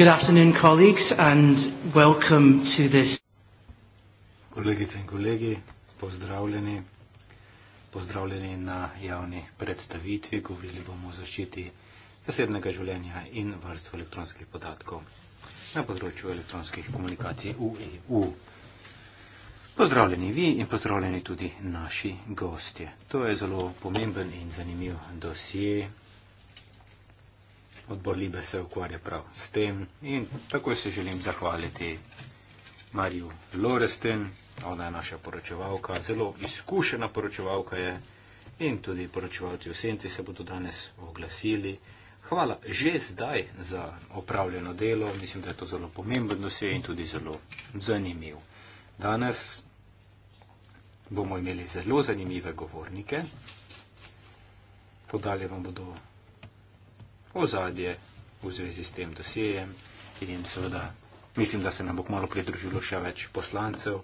Good afternoon, colleagues, and welcome to this. Kolegice in kolegi, pozdravljeni. Pozdravljeni na javni predstavitvi. Govorili bomo o zaščiti zasebnega življenja in varstvu elektronskih podatkov na področju elektronskih komunikacij v EU. Pozdravljeni vi in pozdravljeni tudi naši gostje. To je zelo pomemben in zanimiv dosje, Odbor Libe se ukvarja prav s tem in takoj se želim zahvaliti Marju Loresten, ona je naša poročevalka, zelo izkušena poročevalka je in tudi poročevalci v Senci se bodo danes oglasili. Hvala že zdaj za opravljeno delo, mislim, da je to zelo pomembno se in tudi zelo zanimiv. Danes bomo imeli zelo zanimive govornike, podali vam bodo ozadje v zvezi s tem dosijem in seveda mislim, da se nam bo kmalo pridružilo še več poslancev,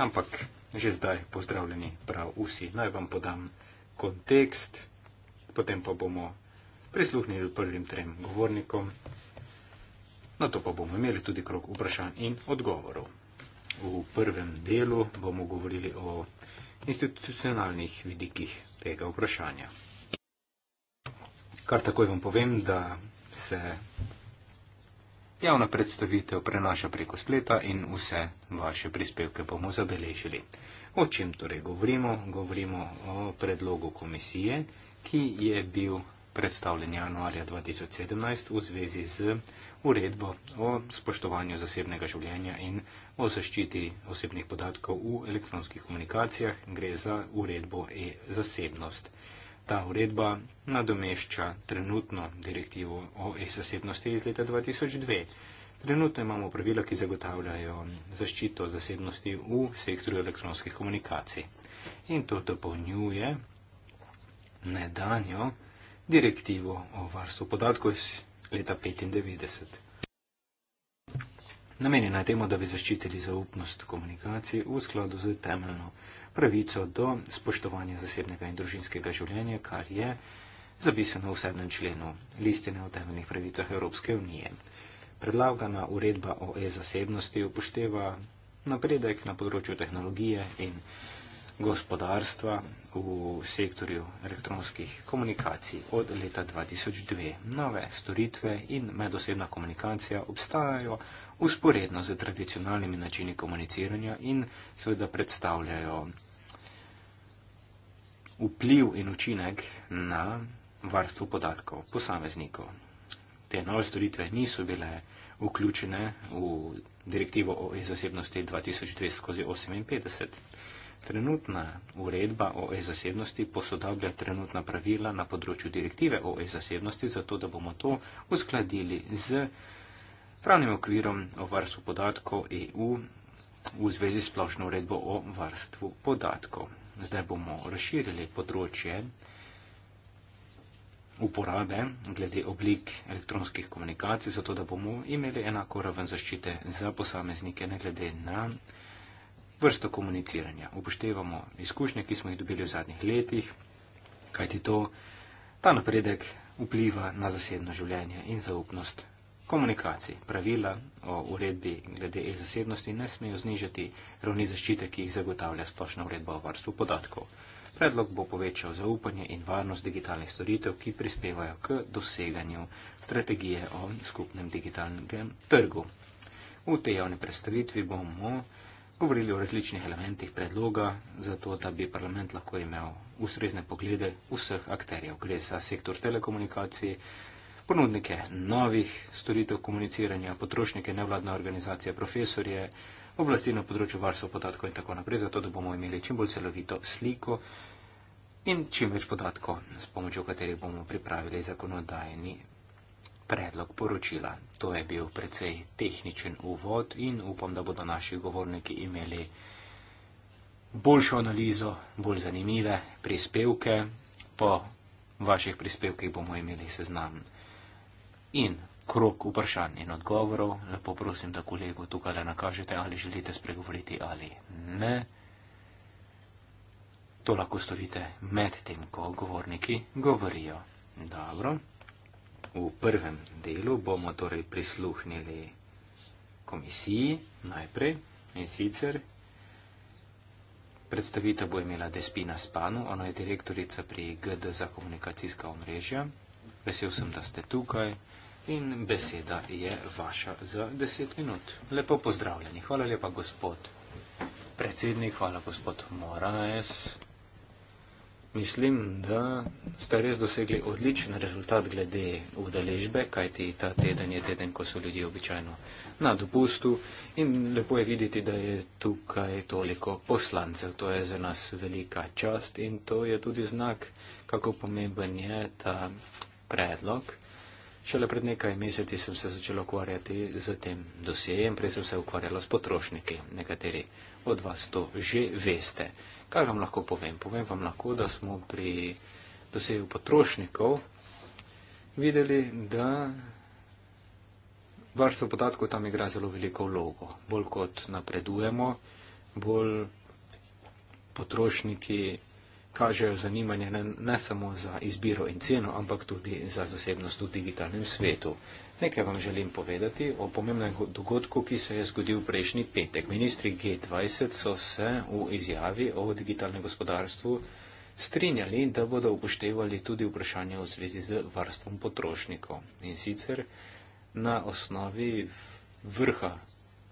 ampak že zdaj pozdravljeni prav vsi. Naj vam podam kontekst, potem pa bomo prisluhnili prvim trem govornikom, na to pa bomo imeli tudi krok vprašanj in odgovorov. V prvem delu bomo govorili o institucionalnih vidikih tega vprašanja. Kar takoj vam povem, da se javna predstavitev prenaša preko spleta in vse vaše prispevke bomo zabeležili. O čem torej govorimo? Govorimo o predlogu komisije, ki je bil predstavljen januarja 2017 v zvezi z uredbo o spoštovanju zasebnega življenja in o zaščiti osebnih podatkov v elektronskih komunikacijah. Gre za uredbo e-zasebnost ta uredba nadomešča trenutno direktivo o e-zasebnosti iz leta 2002. Trenutno imamo pravila, ki zagotavljajo zaščito zasebnosti v sektorju elektronskih komunikacij. In to dopolnjuje nedanjo direktivo o varstvu podatkov iz leta 1995. Namenjena je temu, da bi zaščitili zaupnost komunikacij v skladu z temeljno pravico do spoštovanja zasebnega in družinskega življenja, kar je zapisano v sedmem členu listine o temeljnih pravicah Evropske unije. Predlagana uredba o e-zasebnosti upošteva napredek na področju tehnologije in gospodarstva v sektorju elektronskih komunikacij od leta 2002. Nove storitve in medosebna komunikacija obstajajo usporedno z tradicionalnimi načini komuniciranja in seveda predstavljajo vpliv in učinek na varstvo podatkov posameznikov. Te nove storitve niso bile vključene v direktivo o e-zasebnosti 2002-58. Trenutna uredba o e-zasebnosti posodablja trenutna pravila na področju direktive o e-zasebnosti, zato da bomo to uskladili z direktivo pravnim okvirom o varstvu podatkov EU v zvezi s splošno uredbo o varstvu podatkov. Zdaj bomo razširili področje uporabe glede oblik elektronskih komunikacij, zato da bomo imeli enako raven zaščite za posameznike, ne glede na vrsto komuniciranja. Upoštevamo izkušnje, ki smo jih dobili v zadnjih letih, kajti to, ta napredek vpliva na zasebno življenje in zaupnost komunikacij. Pravila o uredbi glede e-zasebnosti ne smejo znižati ravni zaščite, ki jih zagotavlja splošna uredba o varstvu podatkov. Predlog bo povečal zaupanje in varnost digitalnih storitev, ki prispevajo k doseganju strategije o skupnem digitalnem trgu. V tej javni predstavitvi bomo govorili o različnih elementih predloga, zato da bi parlament lahko imel ustrezne poglede vseh akterjev. Gre za sektor telekomunikacije, ponudnike novih storitev komuniciranja, potrošnike, nevladne organizacije, profesorje, oblasti na področju varstva podatkov in tako naprej, zato da bomo imeli čim bolj celovito sliko in čim več podatkov, s pomočjo katerih bomo pripravili zakonodajni predlog poročila. To je bil precej tehničen uvod in upam, da bodo naši govorniki imeli boljšo analizo, bolj zanimive prispevke. Po vaših prispevkih bomo imeli seznam. In krok vprašanj in odgovorov, lepo prosim, da kolegu tukaj le nakažete, ali želite spregovoriti ali ne. To lahko storite med tem, ko govorniki govorijo. Dobro. V prvem delu bomo torej prisluhnili komisiji najprej in sicer predstavitev bo imela Despina Spanu, ona je direktorica pri GD za komunikacijska omrežja. Vesel sem, da ste tukaj in beseda je vaša za deset minut. Lepo pozdravljeni. Hvala lepa, gospod predsednik, hvala gospod Moraes. Mislim, da ste res dosegli odličen rezultat glede udeležbe, kajti ta teden je teden, ko so ljudje običajno na dopustu in lepo je videti, da je tukaj toliko poslancev. To je za nas velika čast in to je tudi znak, kako pomemben je ta predlog. Šele pred nekaj meseci sem se začela ukvarjati z tem dosejem, prej sem se ukvarjala s potrošniki. Nekateri od vas to že veste. Kaj vam lahko povem? Povem vam lahko, da smo pri doseju potrošnikov videli, da varstvo podatkov tam igra zelo veliko vlogo. Bolj kot napredujemo, bolj potrošniki kažejo zanimanje ne, ne samo za izbiro in ceno, ampak tudi za zasebnost v digitalnem svetu. Nekaj vam želim povedati o pomembnem dogodku, ki se je zgodil prejšnji petek. Ministri G20 so se v izjavi o digitalnem gospodarstvu strinjali, da bodo upoštevali tudi vprašanje v zvezi z varstvom potrošnikov. In sicer na osnovi vrha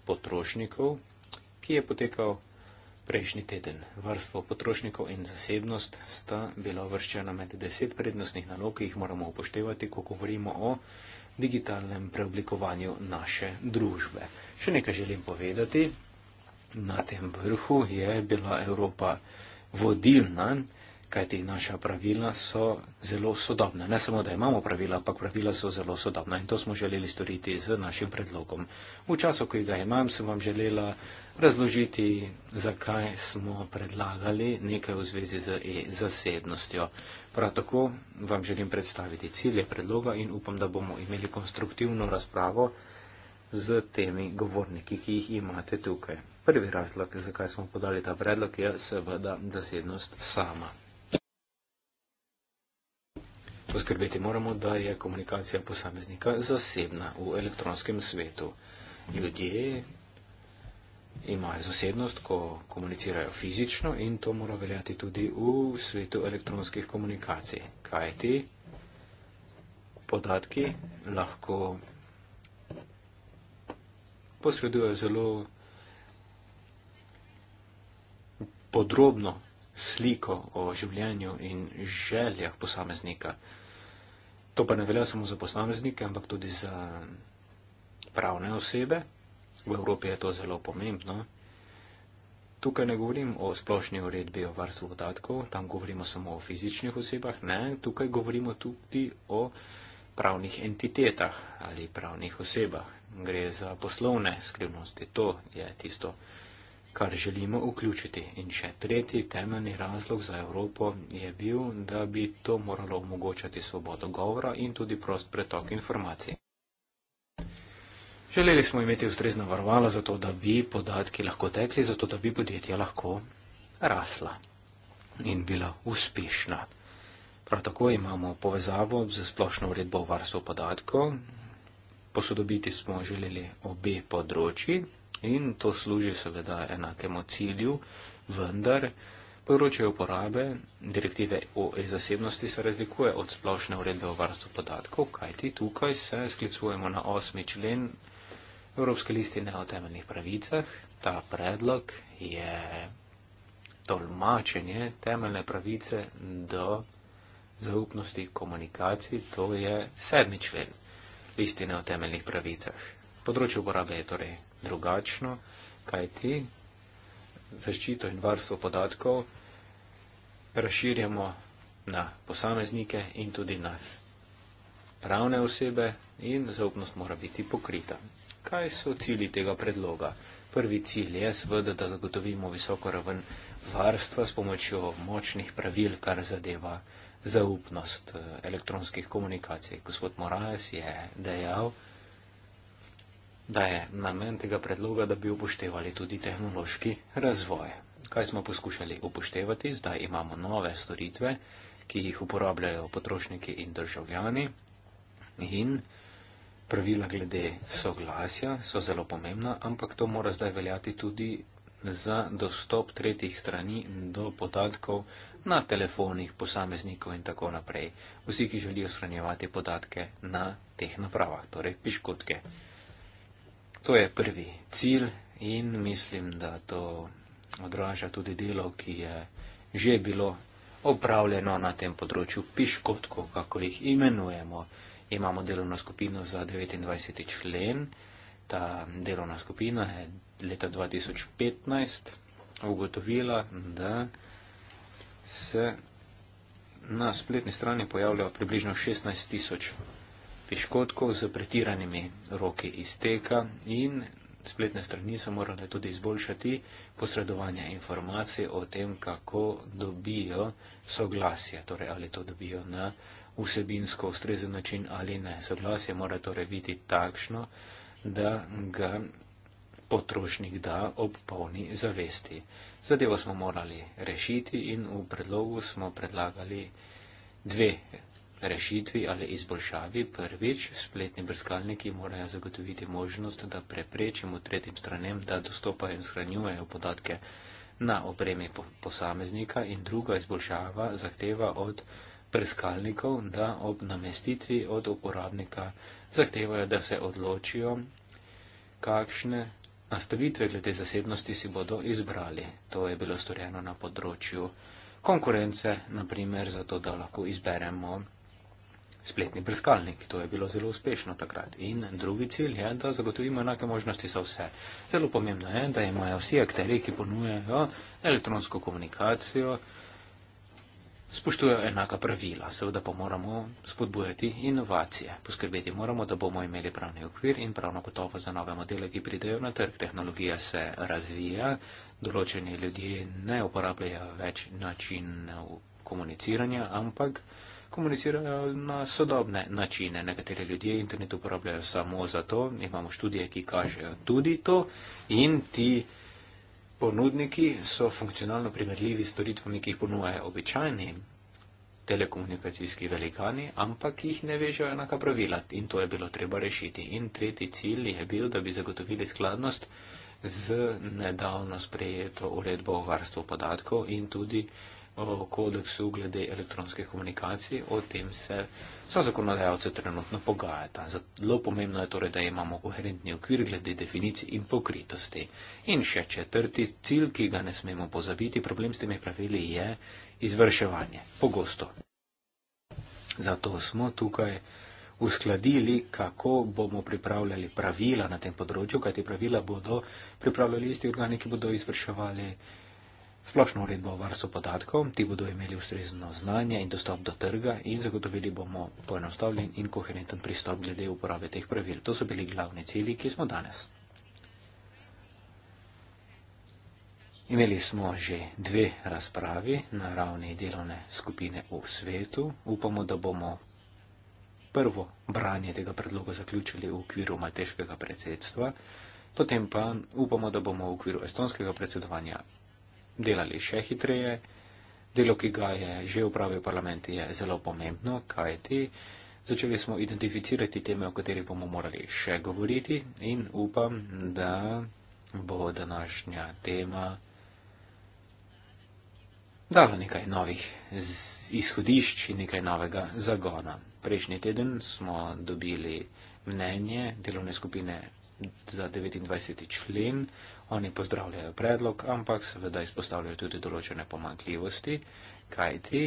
potrošnikov, ki je potekal prejšnji teden. Varstvo potrošnikov in zasebnost sta bila vrščena med deset prednostnih nalog, ki jih moramo upoštevati, ko govorimo o digitalnem preoblikovanju naše družbe. Še nekaj želim povedati. Na tem vrhu je bila Evropa vodilna kajti naša pravila so zelo sodobna. Ne samo, da imamo pravila, ampak pravila so zelo sodobna in to smo želeli storiti z našim predlogom. V času, ki ga imam, sem vam želela razložiti, zakaj smo predlagali nekaj v zvezi z e-zasebnostjo. Prav tako vam želim predstaviti cilje predloga in upam, da bomo imeli konstruktivno razpravo z temi govorniki, ki jih imate tukaj. Prvi razlog, zakaj smo podali ta predlog, je seveda zasebnost sama. Poskrbeti moramo, da je komunikacija posameznika zasebna v elektronskem svetu. Ljudje imajo zasebnost, ko komunicirajo fizično in to mora veljati tudi v svetu elektronskih komunikacij. Kaj ti podatki lahko posredujejo zelo podrobno sliko o življenju in željah posameznika. To pa ne velja samo za posameznike, ampak tudi za pravne osebe. V Evropi je to zelo pomembno. Tukaj ne govorim o splošni uredbi o varstvu podatkov, tam govorimo samo o fizičnih osebah, ne, tukaj govorimo tudi o pravnih entitetah ali pravnih osebah. Gre za poslovne skrivnosti, to je tisto, kar kar želimo vključiti. In še tretji temeljni razlog za Evropo je bil, da bi to moralo omogočati svobodo govora in tudi prost pretok informacij. Želeli smo imeti ustrezna varovala za to, da bi podatki lahko tekli, zato da bi podjetja lahko rasla in bila uspešna. Prav tako imamo povezavo z splošno uredbo o varstvu podatkov. Posodobiti smo želeli obe področji, In to služi seveda enakemu cilju, vendar področje uporabe direktive o e-zasebnosti se razlikuje od splošne uredbe o varstvu podatkov, kajti tukaj se sklicujemo na osmi člen Evropske listine o temeljnih pravicah. Ta predlog je tolmačenje temeljne pravice do zaupnosti komunikacij, to je sedmi člen listine o temeljnih pravicah. Področje uporabe je torej drugačno, kaj ti zaščito in varstvo podatkov razširjamo na posameznike in tudi na pravne osebe in zaupnost mora biti pokrita. Kaj so cilji tega predloga? Prvi cilj je seveda, da zagotovimo visoko raven varstva s pomočjo močnih pravil, kar zadeva zaupnost eh, elektronskih komunikacij. Gospod Moraes je dejal, da je namen tega predloga, da bi upoštevali tudi tehnološki razvoj. Kaj smo poskušali upoštevati? Zdaj imamo nove storitve, ki jih uporabljajo potrošniki in državljani in pravila glede soglasja so zelo pomembna, ampak to mora zdaj veljati tudi za dostop tretjih strani do podatkov na telefonih posameznikov in tako naprej. Vsi, ki želijo shranjevati podatke na teh napravah, torej piškotke. To je prvi cilj in mislim, da to odraža tudi delo, ki je že bilo opravljeno na tem področju piškotkov, kako jih imenujemo. Imamo delovno skupino za 29. člen. Ta delovna skupina je leta 2015 ugotovila, da se na spletni strani pojavljajo približno 16 tisoč piškotkov z pretiranimi roki izteka in spletne strani so morale tudi izboljšati posredovanje informacij o tem, kako dobijo soglasje, torej ali to dobijo na vsebinsko ustrezen način ali ne. Soglasje mora torej biti takšno, da ga potrošnik da ob polni zavesti. Zadevo smo morali rešiti in v predlogu smo predlagali dve rešitvi ali izboljšavi. Prvič, spletni brskalniki morajo zagotoviti možnost, da preprečimo tretjim stranem, da dostopajo in shranjujejo podatke na opremi posameznika in druga izboljšava zahteva od brskalnikov, da ob namestitvi od uporabnika zahtevajo, da se odločijo, kakšne nastavitve glede zasebnosti si bodo izbrali. To je bilo storjeno na področju konkurence, naprimer zato, da lahko izberemo spletni brskalnik. To je bilo zelo uspešno takrat. In drugi cilj je, da zagotovimo enake možnosti za vse. Zelo pomembno je, da imajo vsi akteri, ki ponujejo elektronsko komunikacijo, spoštujejo enaka pravila. Seveda pa moramo spodbujati inovacije. Poskrbeti moramo, da bomo imeli pravni okvir in pravno gotovo za nove modele, ki pridejo na trg. Tehnologija se razvija, določeni ljudje ne uporabljajo več načinov komuniciranja, ampak komunicirajo eh, na sodobne načine. Nekateri ljudje internet uporabljajo samo za to, imamo študije, ki kažejo tudi to in ti ponudniki so funkcionalno primerljivi s storitvami, ki jih ponujajo običajni telekomunikacijski velikani, ampak jih ne vežejo enaka pravila in to je bilo treba rešiti. In tretji cilj je bil, da bi zagotovili skladnost z nedavno sprejeto uredbo o varstvu podatkov in tudi o kodeksu glede elektronske komunikacije, o tem se so zakonodajalce trenutno pogajata. Zelo pomembno je torej, da imamo koherentni okvir glede definicij in pokritosti. In še četrti cilj, ki ga ne smemo pozabiti, problem s temi pravili je izvrševanje. Pogosto. Zato smo tukaj uskladili, kako bomo pripravljali pravila na tem področju, kajti pravila bodo pripravljali isti organi, ki bodo izvrševali Splošno uredbo o varstvu podatkov, ti bodo imeli ustrezno znanje in dostop do trga in zagotovili bomo poenostavljen in koherenten pristop glede uporabe teh pravil. To so bili glavni cilji, ki smo danes. Imeli smo že dve razpravi na ravni delovne skupine v svetu. Upamo, da bomo prvo branje tega predloga zaključili v okviru malteškega predsedstva. Potem pa upamo, da bomo v okviru estonskega predsedovanja delali še hitreje. Delo, ki ga je že upravil parlament, je zelo pomembno, kaj ti. Začeli smo identificirati teme, o kateri bomo morali še govoriti in upam, da bo današnja tema dala nekaj novih izhodišč in nekaj novega zagona. Prejšnji teden smo dobili mnenje delovne skupine za 29. člen Oni pozdravljajo predlog, ampak seveda izpostavljajo tudi določene pomankljivosti, kajti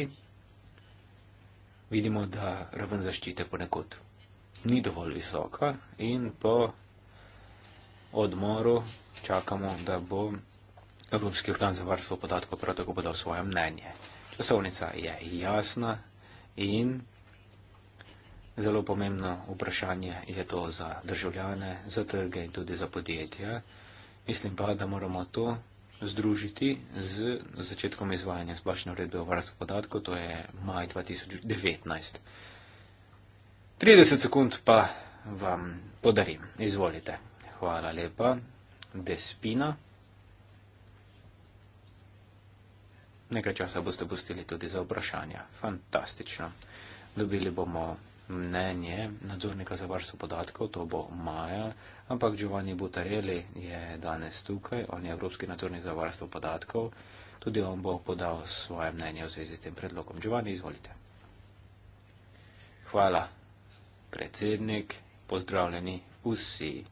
vidimo, da raven zaščite ponekod ni dovolj visoka in po odmoru čakamo, da bo Evropski organ za varstvo podatkov prav tako podal svoje mnenje. Časovnica je jasna in zelo pomembno vprašanje je to za državljane, za trge in tudi za podjetja. Mislim pa, da moramo to združiti z začetkom izvajanja splošne uredbe o varstvu podatkov, to je maj 2019. 30 sekund pa vam podarim. Izvolite. Hvala lepa. Despina. Nekaj časa boste pustili tudi za vprašanja. Fantastično. Dobili bomo mnenje nadzornika za varstvo podatkov, to bo maja, ampak Giovanni Butarelli je danes tukaj, on je Evropski nadzornik za varstvo podatkov, tudi on bo podal svoje mnenje v zvezi s tem predlogom. Giovanni, izvolite. Hvala, predsednik, pozdravljeni vsi.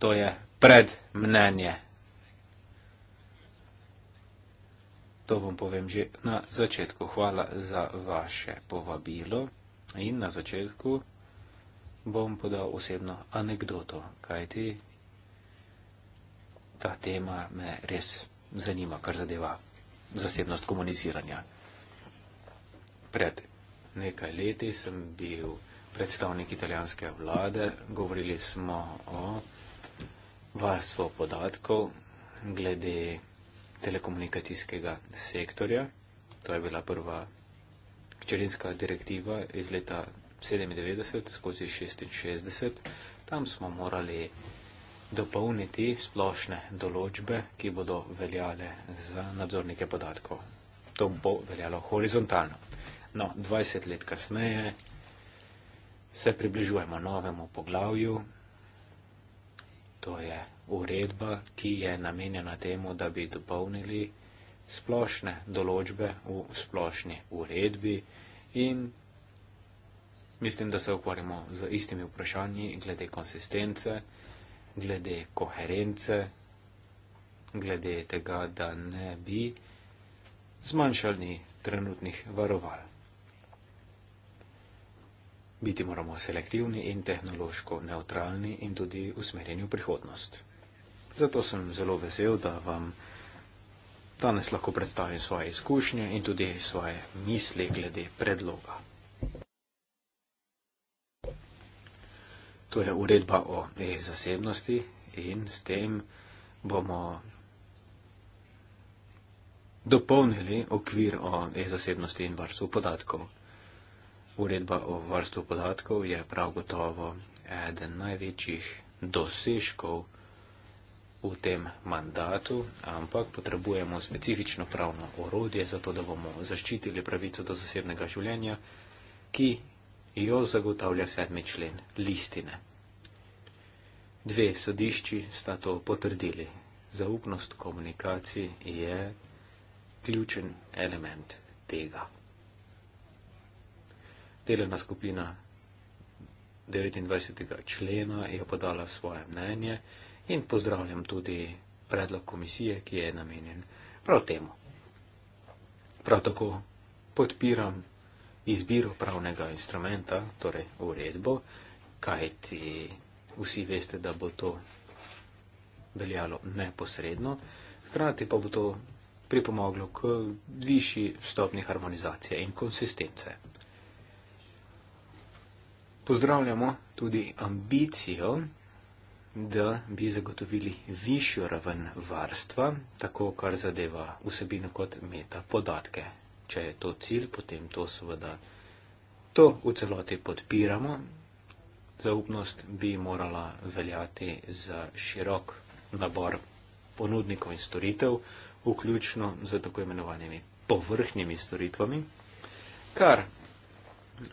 To je pred mnenje. to vam povem že na začetku. Hvala za vaše povabilo in na začetku bom podal osebno anegdoto, kajti ta tema me res zanima, kar zadeva zasebnost komuniciranja. Pred nekaj leti sem bil predstavnik italijanske vlade, govorili smo o varstvo podatkov glede telekomunikacijskega sektorja. To je bila prva hčerinska direktiva iz leta 97 skozi 66. Tam smo morali dopolniti splošne določbe, ki bodo veljale za nadzornike podatkov. To bo veljalo horizontalno. No, 20 let kasneje se približujemo novemu poglavju, to je uredba, ki je namenjena temu, da bi dopolnili splošne določbe v splošni uredbi in mislim, da se ukvarjamo z istimi vprašanji glede konsistence, glede koherence, glede tega, da ne bi zmanjšali trenutnih varoval. Biti moramo selektivni in tehnološko neutralni in tudi usmerjeni v prihodnost. Zato sem zelo vesel, da vam danes lahko predstavim svoje izkušnje in tudi svoje misli glede predloga. To je uredba o e-zasebnosti in s tem bomo dopolnili okvir o e-zasebnosti in varstvu podatkov. Uredba o varstvu podatkov je prav gotovo eden največjih dosežkov, v tem mandatu, ampak potrebujemo specifično pravno orodje, zato da bomo zaščitili pravico do zasebnega življenja, ki jo zagotavlja sedmi člen listine. Dve sodišči sta to potrdili. Zaupnost komunikacij je ključen element tega. Delena skupina 29. člena je podala svoje mnenje, in pozdravljam tudi predlog komisije, ki je namenjen prav temu. Prav tako podpiram izbiro pravnega instrumenta, torej uredbo, kajti vsi veste, da bo to veljalo neposredno, hkrati pa bo to pripomoglo k višji stopni harmonizacije in konsistence. Pozdravljamo tudi ambicijo, da bi zagotovili višjo raven varstva, tako kar zadeva vsebino kot meta podatke. Če je to cilj, potem to seveda to v celoti podpiramo. Zaupnost bi morala veljati za širok nabor ponudnikov in storitev, vključno z tako imenovanimi povrhnjimi storitvami, kar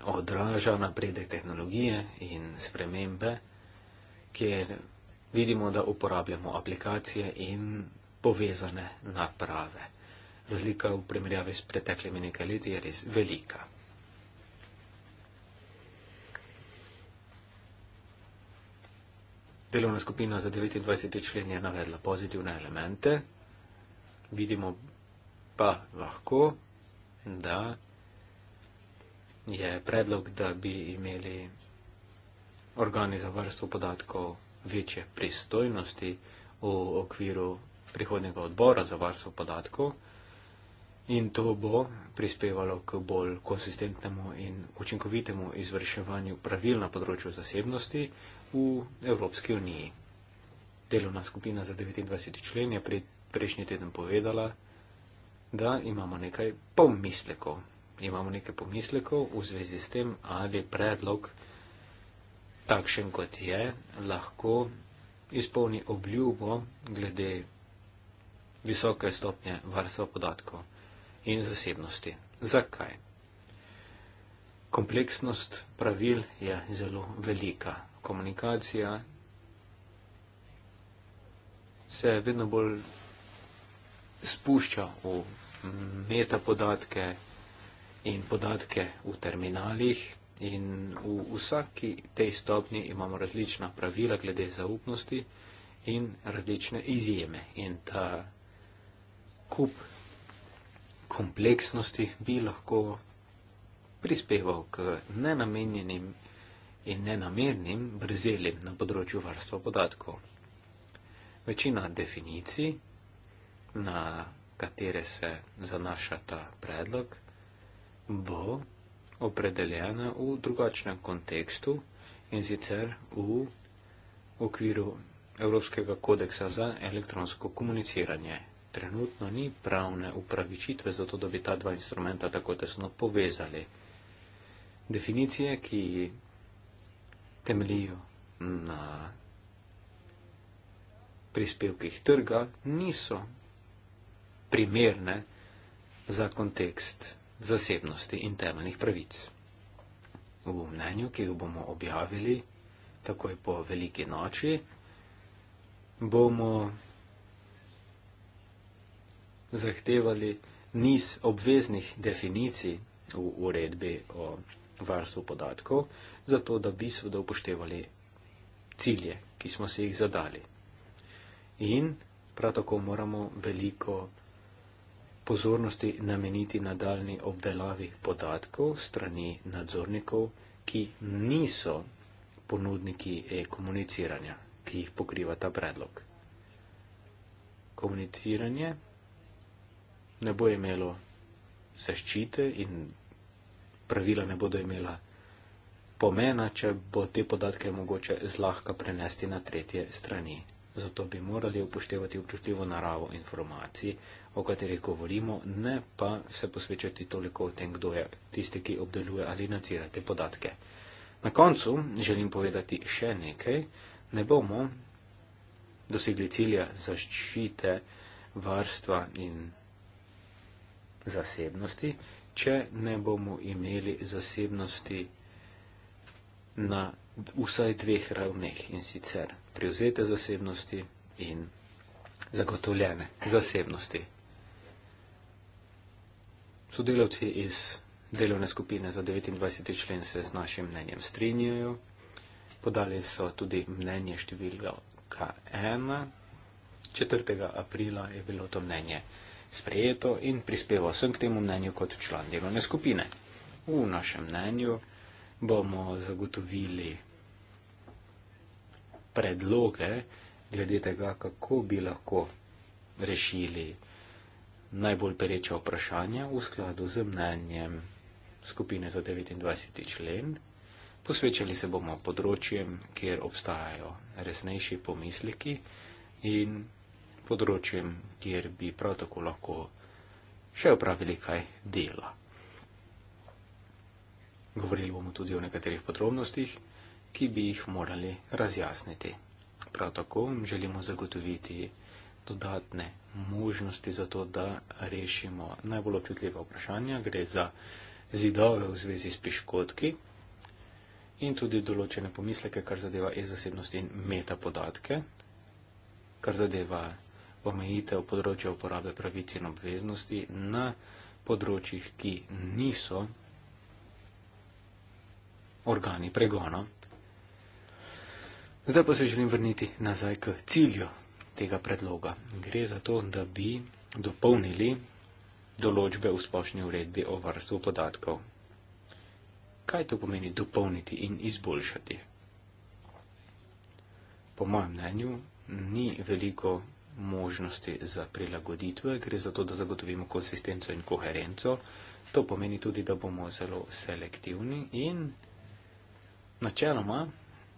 odraža napredek tehnologije in spremembe kjer vidimo, da uporabljamo aplikacije in povezane naprave. Razlika v primerjavi s preteklimi nekaj leti je res velika. Delovna skupina za 29. člen je navedla pozitivne elemente, vidimo pa lahko, da je predlog, da bi imeli organi za varstvo podatkov večje pristojnosti v okviru prihodnega odbora za varstvo podatkov in to bo prispevalo k bolj konsistentnemu in učinkovitemu izvrševanju pravil na področju zasebnosti v Evropski uniji. Delovna skupina za 29. člen je pred prejšnji teden povedala, da imamo nekaj pomislekov. Imamo nekaj pomislekov v zvezi s tem, ali predlog takšen, kot je, lahko izpolni obljubo glede visoke stopnje varstva podatkov in zasebnosti. Zakaj? Kompleksnost pravil je zelo velika. Komunikacija se vedno bolj spušča v metapodatke in podatke v terminalih, In v vsaki tej stopnji imamo različna pravila glede zaupnosti in različne izjeme. In ta kup kompleksnosti bi lahko prispeval k nenamenjenim in nenamernim brzelim na področju varstva podatkov. Večina definicij, na katere se zanaša ta predlog, bo opredeljena v drugačnem kontekstu in sicer v okviru Evropskega kodeksa za elektronsko komuniciranje. Trenutno ni pravne upravičitve za to, da bi ta dva instrumenta tako tesno povezali. Definicije, ki temelijo na prispevkih trga, niso primerne za kontekst zasebnosti in temeljnih pravic. V mnenju, ki ga bomo objavili takoj po veliki noči, bomo zahtevali niz obveznih definicij v uredbi o varstvu podatkov, zato da bi seveda upoštevali cilje, ki smo si jih zadali. In prav tako moramo veliko pozornosti nameniti nadaljni obdelavi podatkov strani nadzornikov, ki niso ponudniki e-komuniciranja, ki jih pokriva ta predlog. Komuniciranje ne bo imelo zaščite in pravila ne bodo imela pomena, če bo te podatke mogoče zlahka prenesti na tretje strani. Zato bi morali upoštevati občutljivo naravo informacij, o katerih govorimo, ne pa se posvečati toliko o tem, kdo je tisti, ki obdeluje ali nadzira te podatke. Na koncu želim povedati še nekaj. Ne bomo dosegli cilja zaščite, varstva in zasebnosti, če ne bomo imeli zasebnosti na vsaj dveh ravneh in sicer prevzete zasebnosti in zagotovljene zasebnosti. Sodelavci iz delovne skupine za 29. člen se z našim mnenjem strinjajo. Podali so tudi mnenje številka K1. 4. aprila je bilo to mnenje sprejeto in prispeval sem k temu mnenju kot član delovne skupine. V našem mnenju bomo zagotovili predloge glede tega, kako bi lahko rešili najbolj pereča vprašanja v skladu z mnenjem skupine za 29. člen. Posvečali se bomo področjem, kjer obstajajo resnejši pomisleki in področjem, kjer bi prav tako lahko še upravili kaj dela. Govorili bomo tudi o nekaterih podrobnostih, ki bi jih morali razjasniti. Prav tako želimo zagotoviti, dodatne možnosti za to, da rešimo najbolj občutljiva vprašanja. Gre za zidove v zvezi s piškotki in tudi določene pomisleke, kar zadeva e-zasebnost in metapodatke, kar zadeva omejitev področja uporabe pravic in obveznosti na področjih, ki niso organi pregona. Zdaj pa se želim vrniti nazaj k cilju tega predloga. Gre za to, da bi dopolnili določbe v splošni uredbi o varstvu podatkov. Kaj to pomeni dopolniti in izboljšati? Po mojem mnenju ni veliko možnosti za prilagoditve, gre za to, da zagotovimo konsistenco in koherenco. To pomeni tudi, da bomo zelo selektivni in načeloma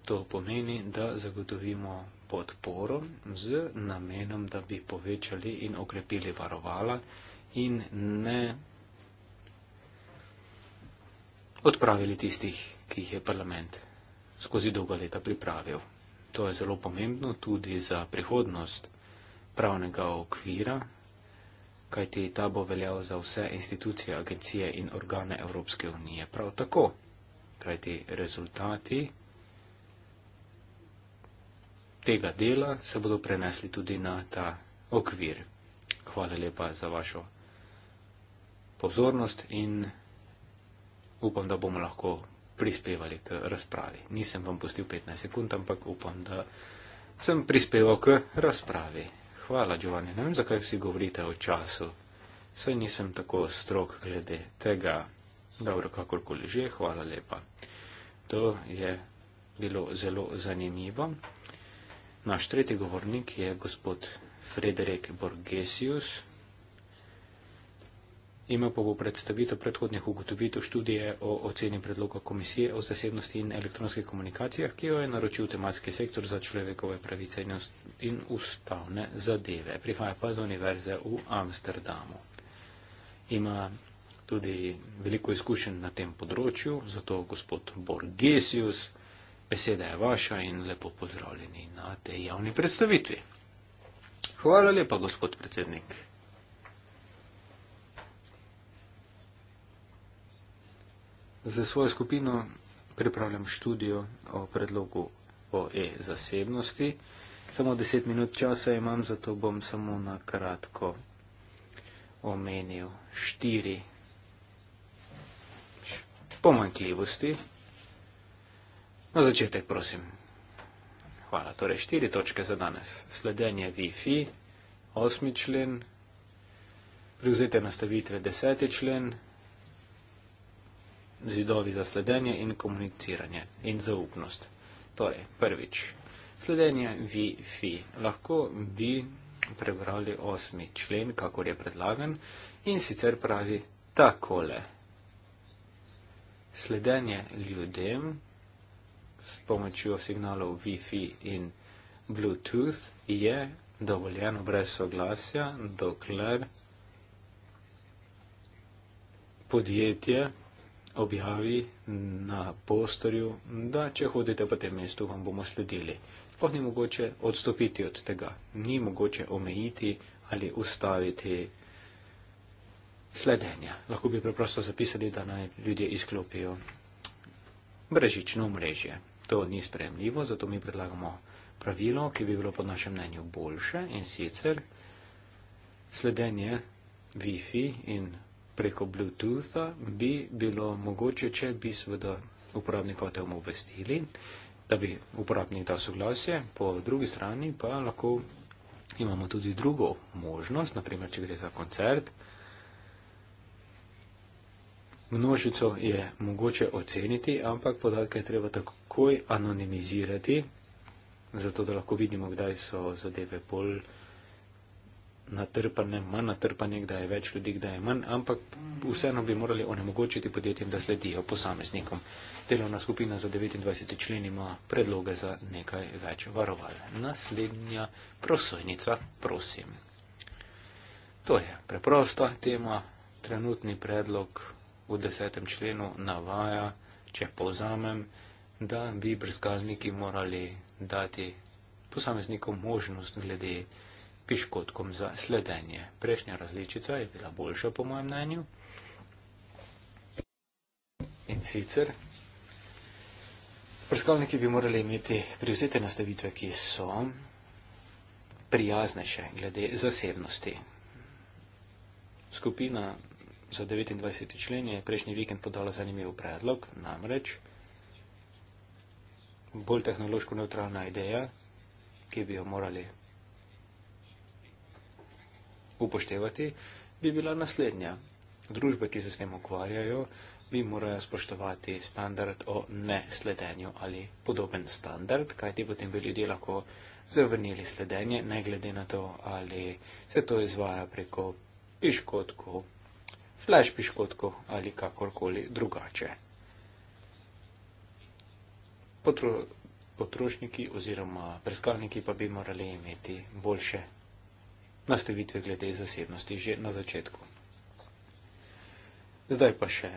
to pomeni, da zagotovimo podporo z namenom, da bi povečali in okrepili varovala in ne odpravili tistih, ki jih je parlament skozi dolga leta pripravil. To je zelo pomembno tudi za prihodnost pravnega okvira, kajti ta bo veljal za vse institucije, agencije in organe Evropske unije. Prav tako, kajti rezultati tega dela se bodo prenesli tudi na ta okvir. Hvala lepa za vašo pozornost in upam, da bomo lahko prispevali k razpravi. Nisem vam pustil 15 sekund, ampak upam, da sem prispeval k razpravi. Hvala, Giovanni. Ne vem, zakaj vsi govorite o času. Saj nisem tako strok glede tega. Dobro, kakorkoli že, hvala lepa. To je bilo zelo zanimivo. Naš tretji govornik je gospod Frederik Borgesius. Ima pa bo predstavitev predhodnih ugotovitev študije o oceni predloga Komisije o zasebnosti in elektronskih komunikacijah, ki jo je naročil tematski sektor za človekove pravice in ustavne zadeve. Prihaja pa z univerze v Amsterdamu. Ima tudi veliko izkušenj na tem področju, zato gospod Borgesius. Beseda je vaša in lepo pozdravljeni na tej javni predstavitvi. Hvala lepa, gospod predsednik. Za svojo skupino pripravljam študijo o predlogu o e-zasebnosti. Samo deset minut časa imam, zato bom samo na kratko omenil štiri pomankljivosti Na začetek, prosim. Hvala. Torej, štiri točke za danes. Sledenje Wi-Fi, osmi člen, privzete nastavitve, deseti člen, zidovi za sledenje in komuniciranje in zaupnost. Torej, prvič, sledenje Wi-Fi. Lahko bi prebrali osmi člen, kakor je predlagan, in sicer pravi takole. Sledenje ljudem, s pomočjo signalov Wi-Fi in Bluetooth je dovoljeno brez soglasja, dokler podjetje objavi na posterju, da če hodite po tem mestu, vam bomo sledili. Sploh ni mogoče odstopiti od tega, ni mogoče omejiti ali ustaviti sledenja. Lahko bi preprosto zapisali, da naj ljudje izklopijo brežično mrežje. To ni sprejemljivo, zato mi predlagamo pravilo, ki bi bilo po našem mnenju boljše in sicer sledenje Wi-Fi in preko Bluetootha bi bilo mogoče, če bi seveda uporabnika o tem obvestili, da bi uporabnik dal soglasje, po drugi strani pa lahko imamo tudi drugo možnost, naprimer, če gre za koncert, Množico je mogoče oceniti, ampak podatke je treba takoj anonimizirati, zato da lahko vidimo, kdaj so zadeve bolj natrpane, manj natrpane, kdaj je več ljudi, kdaj je manj, ampak vseeno bi morali onemogočiti podjetjem, da sledijo posameznikom. Delovna skupina za 29. člen ima predloge za nekaj več varoval. Naslednja prosojnica, prosim. To je preprosta tema, trenutni predlog v desetem členu navaja, če povzamem, da bi brskalniki morali dati posamezniku možnost glede piškotkom za sledenje. Prejšnja različica je bila boljša, po mojem mnenju. In sicer, brskalniki bi morali imeti privzete nastavitve, ki so prijaznejše glede zasebnosti. Skupina za 29. člen je prejšnji vikend podala zanimiv predlog, namreč bolj tehnološko neutralna ideja, ki bi jo morali upoštevati, bi bila naslednja. Družbe, ki se s tem ukvarjajo, bi morajo spoštovati standard o nesledenju ali podoben standard, kajti potem bi ljudje lahko zavrnili sledenje, ne glede na to, ali se to izvaja preko piškotkov, flash piškotko ali kakorkoli drugače. Potru, potrošniki oziroma preskalniki pa bi morali imeti boljše nastavitve glede zasebnosti že na začetku. Zdaj pa še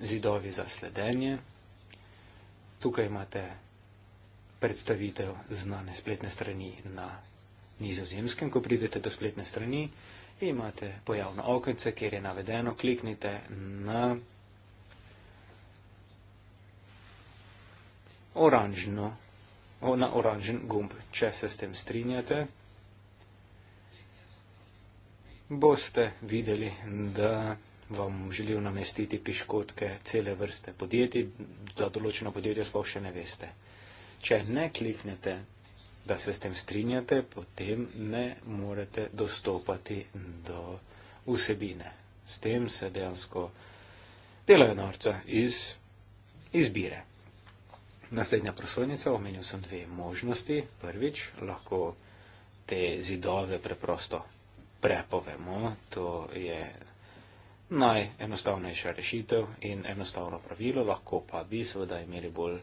zidovi za sledenje. Tukaj imate predstavitev znane spletne strani na nizozemskem, ko pridete do spletne strani imate pojavno okence, kjer je navedeno, kliknite na oranžno, na oranžen gumb, če se s tem strinjate, boste videli, da vam želijo namestiti piškotke cele vrste podjetij, za določeno podjetje sploh še ne veste. Če ne kliknete na da se s tem strinjate, potem ne morete dostopati do vsebine. S tem se dejansko delajo norca iz izbire. Naslednja prosojnica, omenil sem dve možnosti. Prvič, lahko te zidove preprosto prepovemo. To je najenostavnejša rešitev in enostavno pravilo, lahko pa bi seveda imeli bolj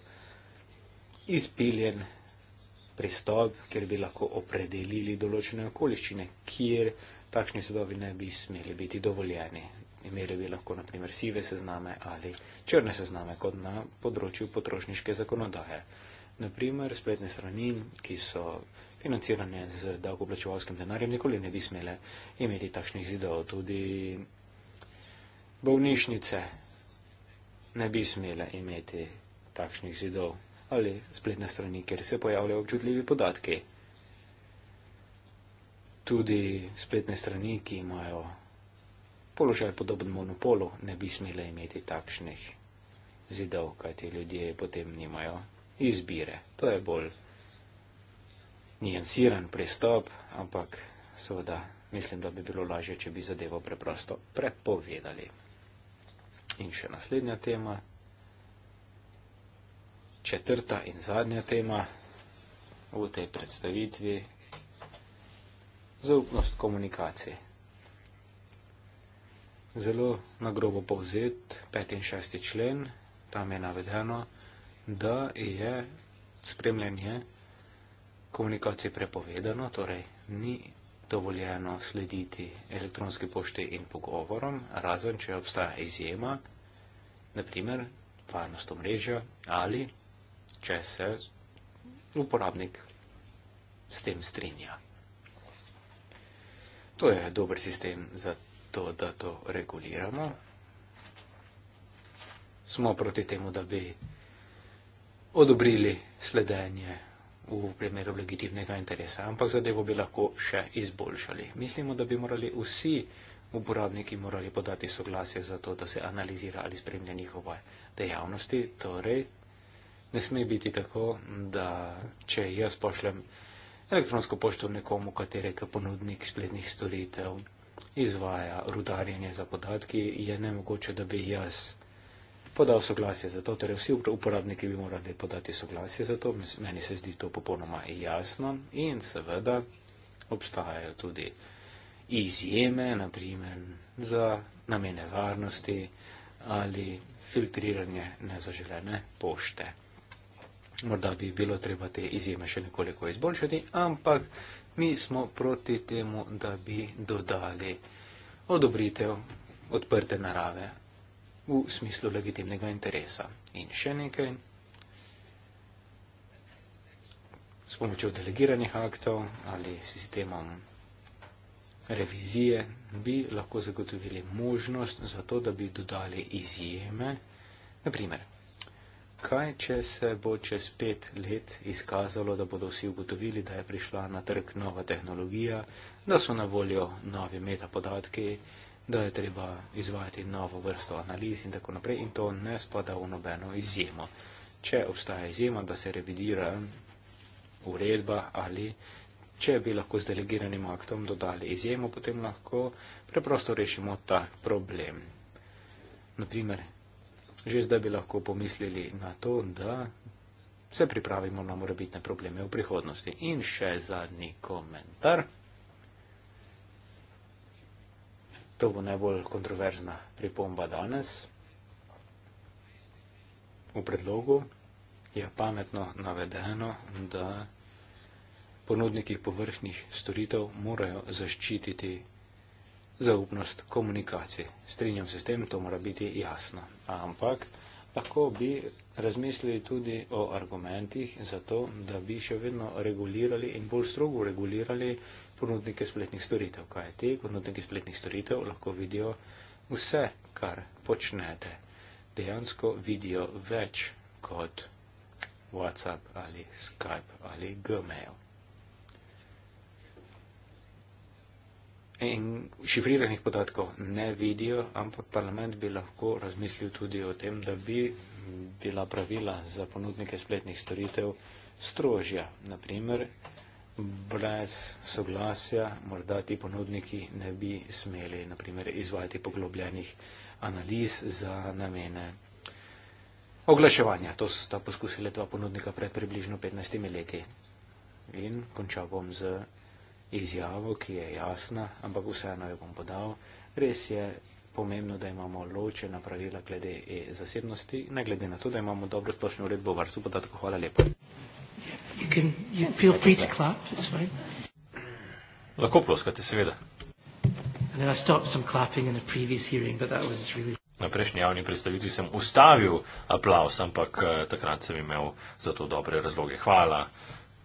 izpiljen pristop, kjer bi lahko opredelili določene okoliščine, kjer takšni sadovi ne bi smeli biti dovoljeni. Imeli bi lahko naprimer sive sezname ali črne sezname, kot na področju potrošniške zakonodaje. Naprimer, spletne strani, ki so financirane z davkoplačevalskim denarjem, nikoli ne bi smele imeti takšnih zidov. Tudi bolnišnice ne bi smele imeti takšnih zidov ali spletne strani, kjer se pojavljajo občutljivi podatki. Tudi spletne strani, ki imajo položaj podoben monopolu, ne bi smele imeti takšnih zidov, kajti ljudje potem nimajo izbire. To je bolj nijansiran pristop, ampak seveda mislim, da bi bilo lažje, če bi zadevo preprosto prepovedali. In še naslednja tema četrta in zadnja tema v tej predstavitvi - zaupnost komunikacije. Zelo na grobo povzet 5. in 6. člen, tam je navedeno, da je spremljanje komunikacije prepovedano, torej ni dovoljeno slediti elektronski pošti in pogovorom, razen če obstaja izjema, naprimer varnost omrežja ali če se uporabnik s tem strinja. To je dober sistem za to, da to reguliramo. Smo proti temu, da bi odobrili sledenje v primeru legitimnega interesa, ampak zadevo bi lahko še izboljšali. Mislimo, da bi morali vsi uporabniki morali podati soglasje za to, da se analizira ali spremlja njihove dejavnosti, torej ne sme biti tako, da če jaz pošljem elektronsko pošto nekomu, katerega ponudnik spletnih storitev izvaja rudarjenje za podatki, je nemogoče, da bi jaz podal soglasje za to. Torej vsi uporabniki bi morali podati soglasje za to, meni se zdi to popolnoma jasno in seveda obstajajo tudi izjeme, naprimer za namene varnosti ali filtriranje nezaželene pošte morda bi bilo treba te izjeme še nekoliko izboljšati, ampak mi smo proti temu, da bi dodali odobritev odprte narave v smislu legitimnega interesa. In še nekaj, s pomočjo delegiranih aktov ali sistemom revizije bi lahko zagotovili možnost za to, da bi dodali izjeme, naprimer kaj če se bo čez pet let izkazalo, da bodo vsi ugotovili, da je prišla na trg nova tehnologija, da so na voljo novi metapodatki, da je treba izvajati novo vrsto analiz in tako naprej in to ne spada v nobeno izjemo. Če obstaja izjema, da se revidira uredba ali. Če bi lahko z delegiranim aktom dodali izjemo, potem lahko preprosto rešimo ta problem. Naprimer, Že zdaj bi lahko pomislili na to, da se pripravimo na morebitne probleme v prihodnosti. In še zadnji komentar. To bo najbolj kontroverzna pripomba danes. V predlogu je pametno navedeno, da ponudniki površnih storitev morajo zaščititi zaupnost komunikacije. Strinjam se s tem, to mora biti jasno. Ampak lahko bi razmislili tudi o argumentih za to, da bi še vedno regulirali in bolj strogo regulirali ponudnike spletnih storitev. Kaj je te? Ponudniki spletnih storitev lahko vidijo vse, kar počnete. Dejansko vidijo več kot WhatsApp ali Skype ali Gmail. in šifriranih podatkov ne vidijo, ampak parlament bi lahko razmislil tudi o tem, da bi bila pravila za ponudnike spletnih storitev strožja. Naprimer, brez soglasja morda ti ponudniki ne bi smeli naprimer, izvajati poglobljenih analiz za namene oglaševanja. To sta poskusila dva ponudnika pred približno 15 leti. In končal bom z izjavo, ki je jasna, ampak vseeno jo bom podal. Res je pomembno, da imamo ločena pravila glede e zasebnosti, ne glede na to, da imamo dobro splošno uredbo o varstvu podatkov. Hvala lepa. You can, you feel free to clap, it's fine. Lahko ploskate, seveda. Na prejšnji javni predstavitvi sem ustavil aplaus, ampak eh, takrat sem imel za to dobre razloge. Hvala,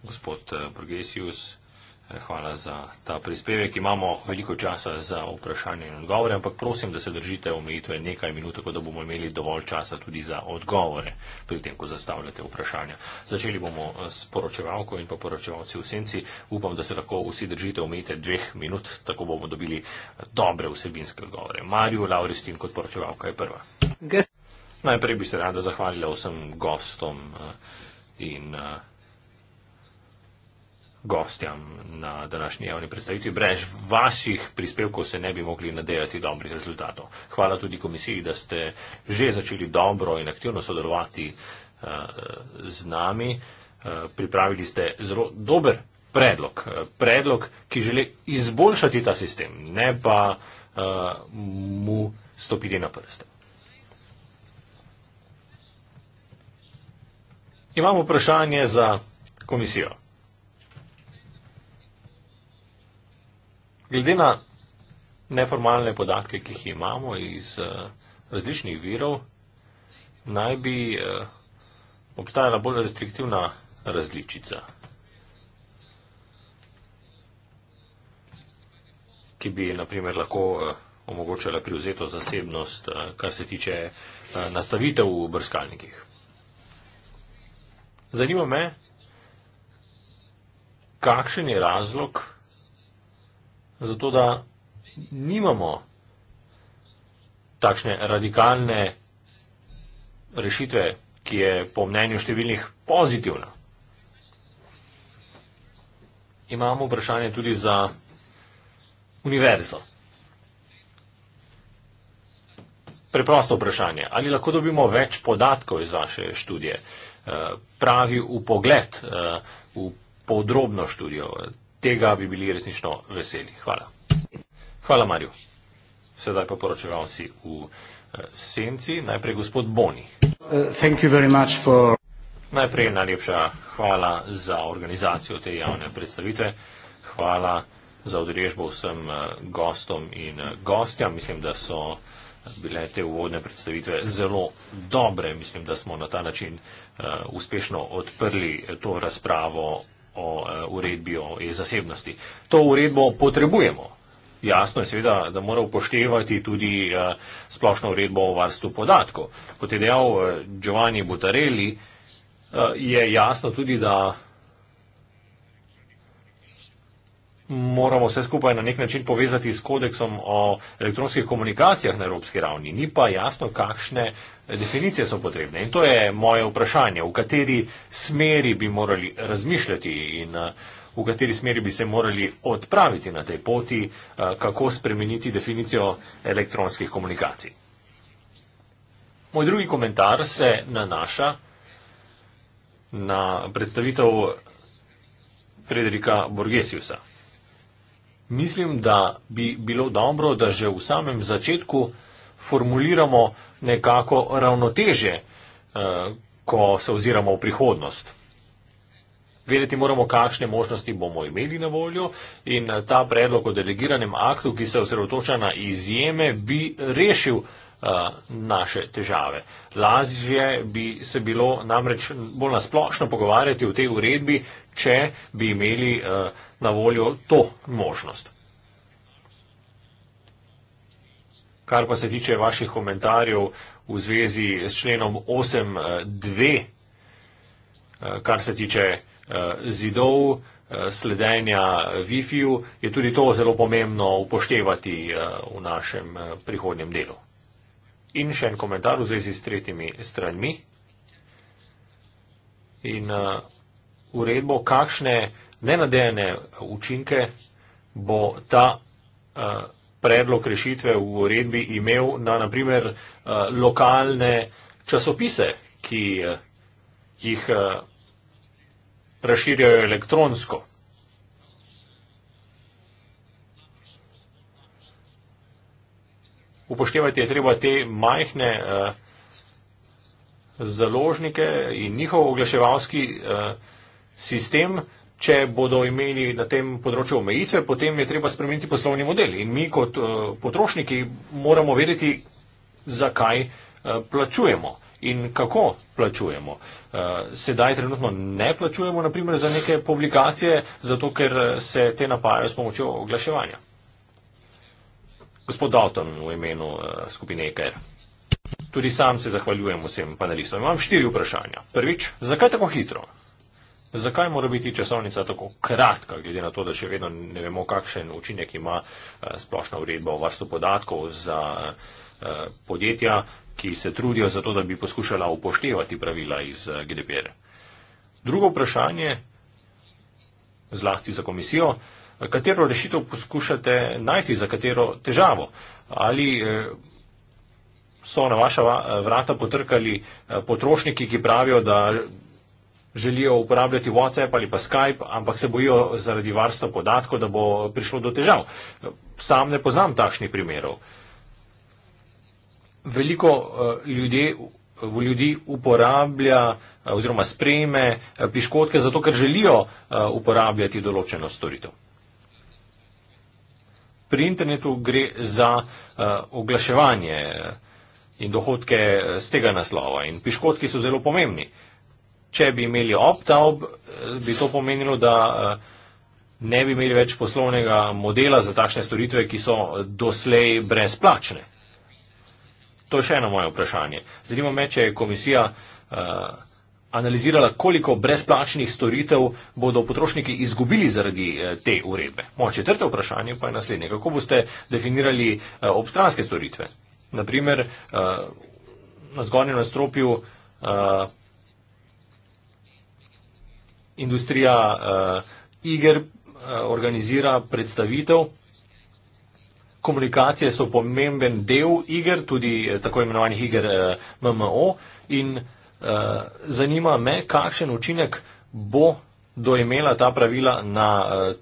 gospod eh, Borgesius. Uh, Hvala za ta prispevek. Imamo veliko časa za vprašanje in odgovore, ampak prosim, da se držite omejitve nekaj minut, tako da bomo imeli dovolj časa tudi za odgovore pri tem, ko zastavljate vprašanja. Začeli bomo eh, s poročevalko in pa poročevalci v senci. Upam, da se lahko vsi držite omejitve dveh minut, tako bomo dobili eh, dobre vsebinske odgovore. Marju Lauristin kot poročevalka je prva. Guess. Najprej bi se rada zahvalila vsem gostom eh, in. Uh, gostjam na današnji javni predstavitvi. Brez vaših prispevkov se ne bi mogli nadejati dobrih rezultatov. Hvala tudi komisiji, da ste že začeli dobro in aktivno sodelovati uh, z nami. Uh, pripravili ste zelo dober predlog, uh, predlog, ki želi izboljšati ta sistem, ne pa uh, mu stopiti na prste. Imamo vprašanje za komisijo. Glede na neformalne podatke, ki jih imamo iz eh, različnih virov, naj bi eh, obstajala bolj restriktivna različica, ki bi naprimer lahko eh, omogočala privzeto zasebnost, kar se tiče nastavitev v brskalnikih. Zanima me, kakšen je razlog, da je razlog, zato da nimamo takšne radikalne rešitve, ki je po mnenju številnih pozitivna. Imamo vprašanje tudi za univerzo. Preprosto vprašanje. Ali lahko dobimo več podatkov iz vaše študije? Eh, pravi v pogled, eh, v podrobno študijo tega bi bili resnično veseli. Hvala. Hvala, Marju. Sedaj pa poročevalci si v eh, senci. Najprej gospod Boni. Uh, for... Najprej najlepša hvala za organizacijo te javne predstavitve. Hvala za odrežbo vsem eh, gostom in gostjam. Mislim, da so bile te uvodne predstavitve zelo dobre. Mislim, da smo na ta način uh, uspešno odprli to razpravo o e, uredbi o e-zasebnosti. To uredbo potrebujemo. Jasno je seveda, da mora upoštevati tudi e, splošno uredbo o varstvu podatkov. Kot je dejal e, Giovanni Butarelli, je jasno tudi, da moramo vse skupaj na nek način povezati s kodeksom o elektronskih komunikacijah na evropski ravni. Ni pa jasno, kakšne definicije so potrebne. In to je moje vprašanje, v kateri smeri bi morali razmišljati in eh, v kateri smeri bi se morali odpraviti na tej poti, eh, kako spremeniti definicijo elektronskih komunikacij. Moj drugi komentar se nanaša na predstavitev Frederika Borgesiusa. Mislim, da bi bilo dobro, da že v samem začetku formuliramo nekako ravnoteže, eh, ko se oziramo v prihodnost. Vedeti moramo, kakšne možnosti bomo imeli na voljo in eh, ta predlog o delegiranem aktu, ki se osredotoča na izjeme, bi rešil Eh, naše težave. Lažje bi se bilo namreč bolj nasplošno pogovarjati o tej uredbi, če bi imeli eh, na voljo to možnost. Kar pa se tiče vaših komentarjev v zvezi s členom 8.2, eh, kar se tiče zidov, sledenja Wi-Fi-ju, je tudi to zelo pomembno upoštevati v našem prihodnjem delu in še en komentar v zvezi s tretjimi stranmi in uh, uredbo, kakšne nenadejene učinke bo ta uh, predlog rešitve v uredbi imel na naprimer uh, eh, lokalne časopise, ki uh, jih uh, razširjajo elektronsko. upoštevati je treba te majhne uh, založnike in njihov oglaševalski uh, sistem. Če bodo imeli na tem področju omejitve, potem je treba spremeniti poslovni model. In mi kot uh, potrošniki moramo vedeti, zakaj uh, plačujemo in kako plačujemo. Uh, sedaj trenutno ne plačujemo, naprimer, za neke publikacije, zato ker se te napajajo s pomočjo oglaševanja gospod Dalton v imenu uh, skupine EKR. Tudi sam se zahvaljujem vsem panelistom. Imam štiri vprašanja. Prvič, zakaj tako hitro? Zakaj mora biti časovnica tako kratka, glede na to, da še vedno ne vemo, kakšen učinek ima eh, splošna uredba o varstvu podatkov za eh, podjetja, ki se trudijo za to, da bi poskušala upoštevati pravila iz GDPR? Drugo vprašanje, zlasti za komisijo katero rešitev poskušate najti, za katero težavo. Ali eh, so na vaša eh, vrata potrkali eh, potrošniki, ki pravijo, da želijo uporabljati WhatsApp ali pa Skype, ampak se bojijo zaradi varstva podatkov, da bo prišlo do težav. Sam ne poznam takšnih primerov. Veliko ljudje, ljudi uporablja oziroma sprejme piškotke zato, ker želijo uporabljati določeno storitev pri internetu gre za uh, oglaševanje eh, in dohodke z eh, tega naslova in piškotki so zelo pomembni. Če bi imeli opt-out, bi to pomenilo, da ne bi imeli več poslovnega modela za takšne storitve, ki so doslej brezplačne. To je še eno moje vprašanje. Zanima me, če je komisija uh, analizirala, koliko brezplačnih storitev bodo potrošniki izgubili zaradi eh, te uredbe. Moje četrte vprašanje pa je naslednje. Kako boste definirali eh, obstranske storitve? Naprimer, eh, na zgornjem nastropju industrija iger organizira predstavitev. Komunikacije so pomemben del iger, tudi tako imenovanih iger MMO in Eh, zanima me, kakšen učinek bo doimela ta pravila na eh,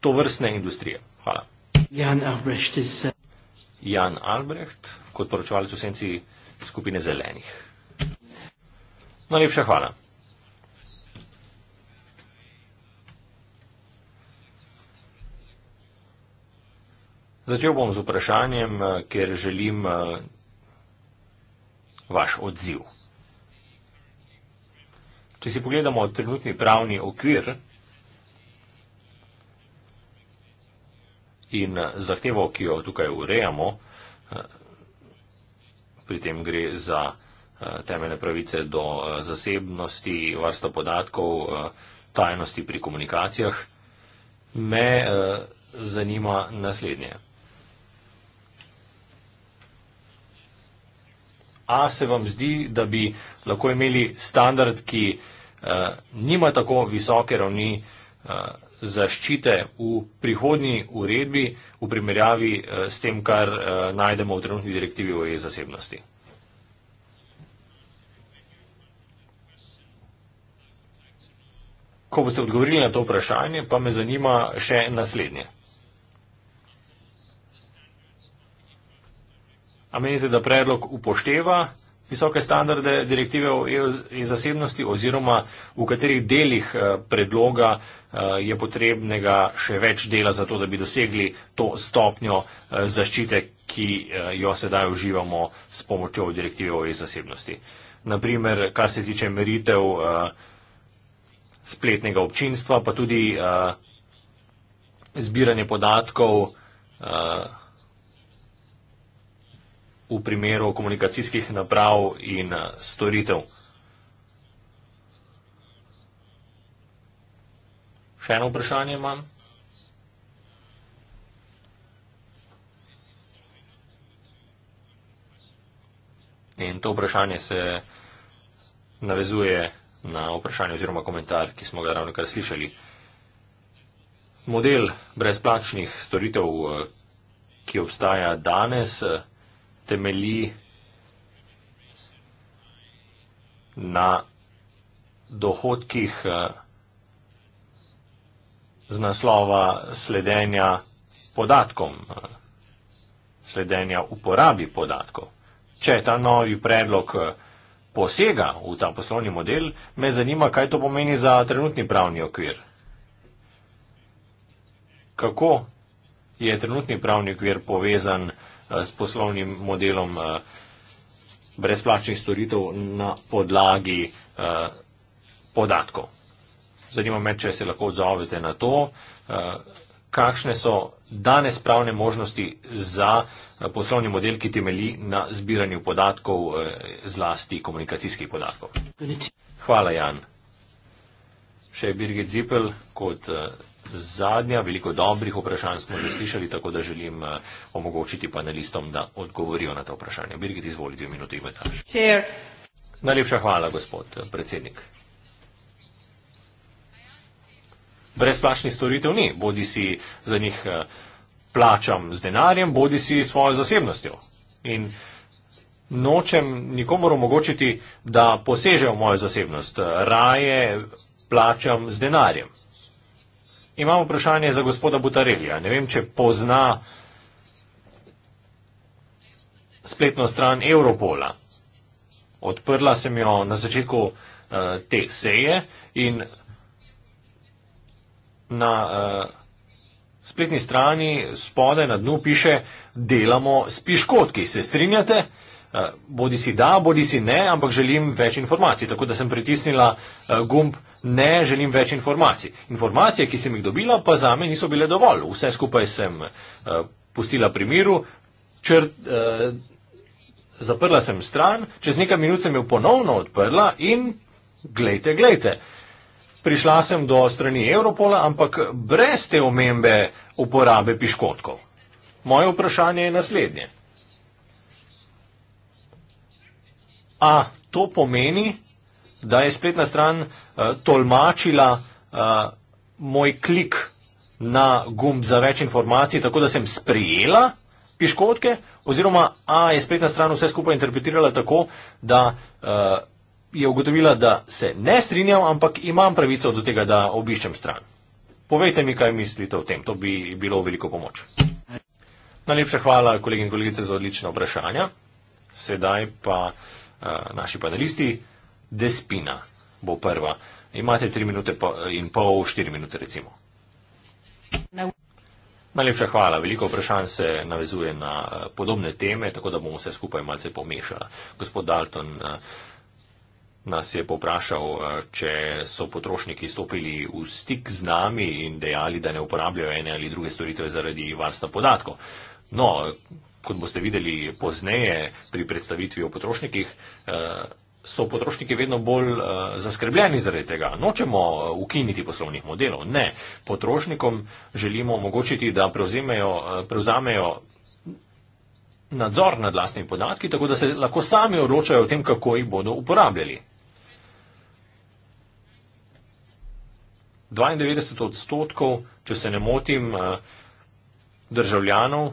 to vrstne industrije. Hvala. Jan Albrecht, is... Eh, Jan Albrecht kot poročevalec v senci skupine zelenih. Najlepša hvala. Začel bom z vprašanjem, ker želim vaš odziv. Če si pogledamo trenutni pravni okvir in zahtevo, ki jo tukaj urejamo, eh, pri tem gre za eh, temeljne pravice do eh, zasebnosti, varstva podatkov, tajnosti pri komunikacijah, me zanima naslednje. A se vam zdi, da bi lahko imeli standard, ki eh, nima tako visoke ravni eh, zaščite v prihodnji uredbi v primerjavi eh, s tem, kar eh, najdemo v trenutni direktivi o e-zasebnosti? Ko boste odgovorili na to vprašanje, pa me zanima še naslednje. A menite, da predlog upošteva visoke standarde direktive o EU in zasebnosti oziroma v katerih delih eh, predloga eh, je potrebnega še več dela za to, da bi dosegli to stopnjo eh, zaščite, ki jo sedaj uživamo s pomočjo direktive o EU zasebnosti. Naprimer, kar se tiče meritev spletnega občinstva, pa tudi zbiranje podatkov v primeru komunikacijskih naprav in eh, storitev. Še eno vprašanje imam. In to vprašanje se navezuje na vprašanje oziroma komentar, ki smo ga ravno kar slišali. Model brezplačnih storitev, eh, ki obstaja danes, eh, temelji na dohodkih eh, z naslova sledenja podatkom, eh, sledenja uporabi podatkov. Če ta novi predlog eh, posega v ta poslovni model, me zanima, kaj to pomeni za trenutni pravni okvir. Kako je trenutni pravni okvir povezan Eh, s poslovnim modelom eh, brezplačnih storitev na podlagi eh, podatkov. Zanima me, če se lahko odzovete na to, kakšne so danes pravne možnosti za poslovni model, ki temeli na zbiranju podatkov, zlasti komunikacijskih podatkov. Hvala, Jan. Še Birgit Zipel kot zadnja. Veliko dobrih vprašanj smo že slišali, tako da želim eh, omogočiti panelistom, da odgovorijo na ta vprašanja. Birgit, izvoli dve minuti, imetaš. Najlepša hvala, gospod eh, predsednik. Brezplačni storitev ni, bodi si za njih eh, plačam z denarjem, bodi si svojo zasebnostjo. In nočem nikomor omogočiti, da posežejo v mojo zasebnost. Raje plačam z denarjem. Imam vprašanje za gospoda Butarelija. Ne vem, če pozna spletno stran Europola. Odprla sem jo na začetku uh, te seje in na uh, spletni strani spode na dnu piše, delamo s piškotki. Se strinjate? Uh, eh, bodi si da, bodi si ne, ampak želim več informacij. Tako da sem pritisnila uh, gumb ne želim več informacij. Informacije, ki sem jih dobila, pa za me niso bile dovolj. Vse skupaj sem uh, pustila pri miru, črt, uh, zaprla sem stran, čez nekaj minut sem jo ponovno odprla in glejte, glejte. Prišla sem do strani Europola, ampak brez te omembe uporabe piškotkov. Moje vprašanje je naslednje. A to pomeni, da je spletna stran uh, Eh, tolmačila uh, moj klik na gumb za več informacij, tako da sem sprijela piškotke, oziroma A je spletna stran vse skupaj interpretirala tako, da uh, je ugotovila, da se ne strinjam, ampak imam pravico do tega, da obiščem stran. Povejte mi, kaj mislite o tem, to bi bilo veliko pomoč. Najlepša hvala, kolegi in kolegice, za odlične vprašanja. Sedaj pa uh, naši panelisti, Despina bo prva. Imate tri minute in pol, štiri minute recimo. Najlepša hvala. Veliko vprašanj se navezuje na eh, podobne teme, tako da bomo vse skupaj malce pomešali. Gospod Dalton eh, nas je poprašal, eh, če so potrošniki stopili v stik z nami in dejali, da ne uporabljajo ene ali druge storitve zaradi varstva podatkov. No, kot boste videli pozneje pri predstavitvi o potrošnikih, so potrošniki vedno bolj uh, zaskrbljeni zaradi tega. Nočemo eh, ukiniti poslovnih modelov. Ne, potrošnikom želimo omogočiti, da prevzemejo, uh, prevzamejo nadzor nad lastnimi podatki, tako da se lahko sami odločajo o tem, kako jih bodo uporabljali. 92 odstotkov, če se ne motim, uh, državljanov,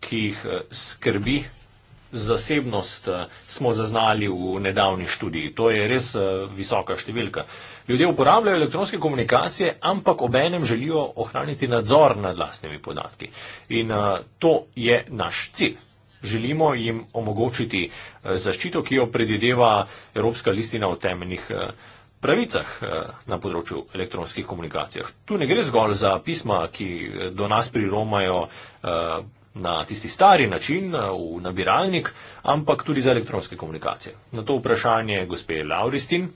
ki jih uh, skrbi zasebnost eh, smo zaznali v nedavni študiji. To je res eh, visoka številka. Ljudje uporabljajo elektronske komunikacije, ampak obenem želijo ohraniti nadzor nad lastnimi podatki. In eh, to je naš cilj. Želimo jim omogočiti zaščito, ki jo predvideva Evropska listina o temeljnih pravicah na področju elektronskih komunikacij. Tu ne gre zgolj za pisma, ki do nas priromajo na tisti stari način, eh, v nabiralnik, ampak tudi za elektronske komunikacije. Na to vprašanje gospe Lauristin.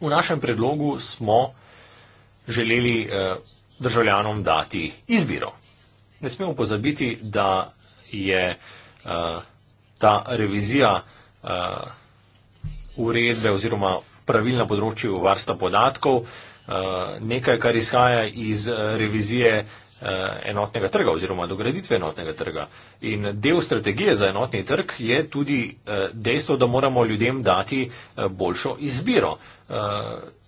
V našem predlogu smo želeli eh, državljanom dati izbiro. Ne smemo pozabiti, da je eh, ta revizija uredbe oziroma pravil na področju varstva podatkov nekaj, kar izhaja iz revizije Eh, enotnega trga oziroma dograditve enotnega trga. In del strategije za enotni trg je tudi eh, dejstvo, da moramo ljudem dati eh, boljšo izbiro.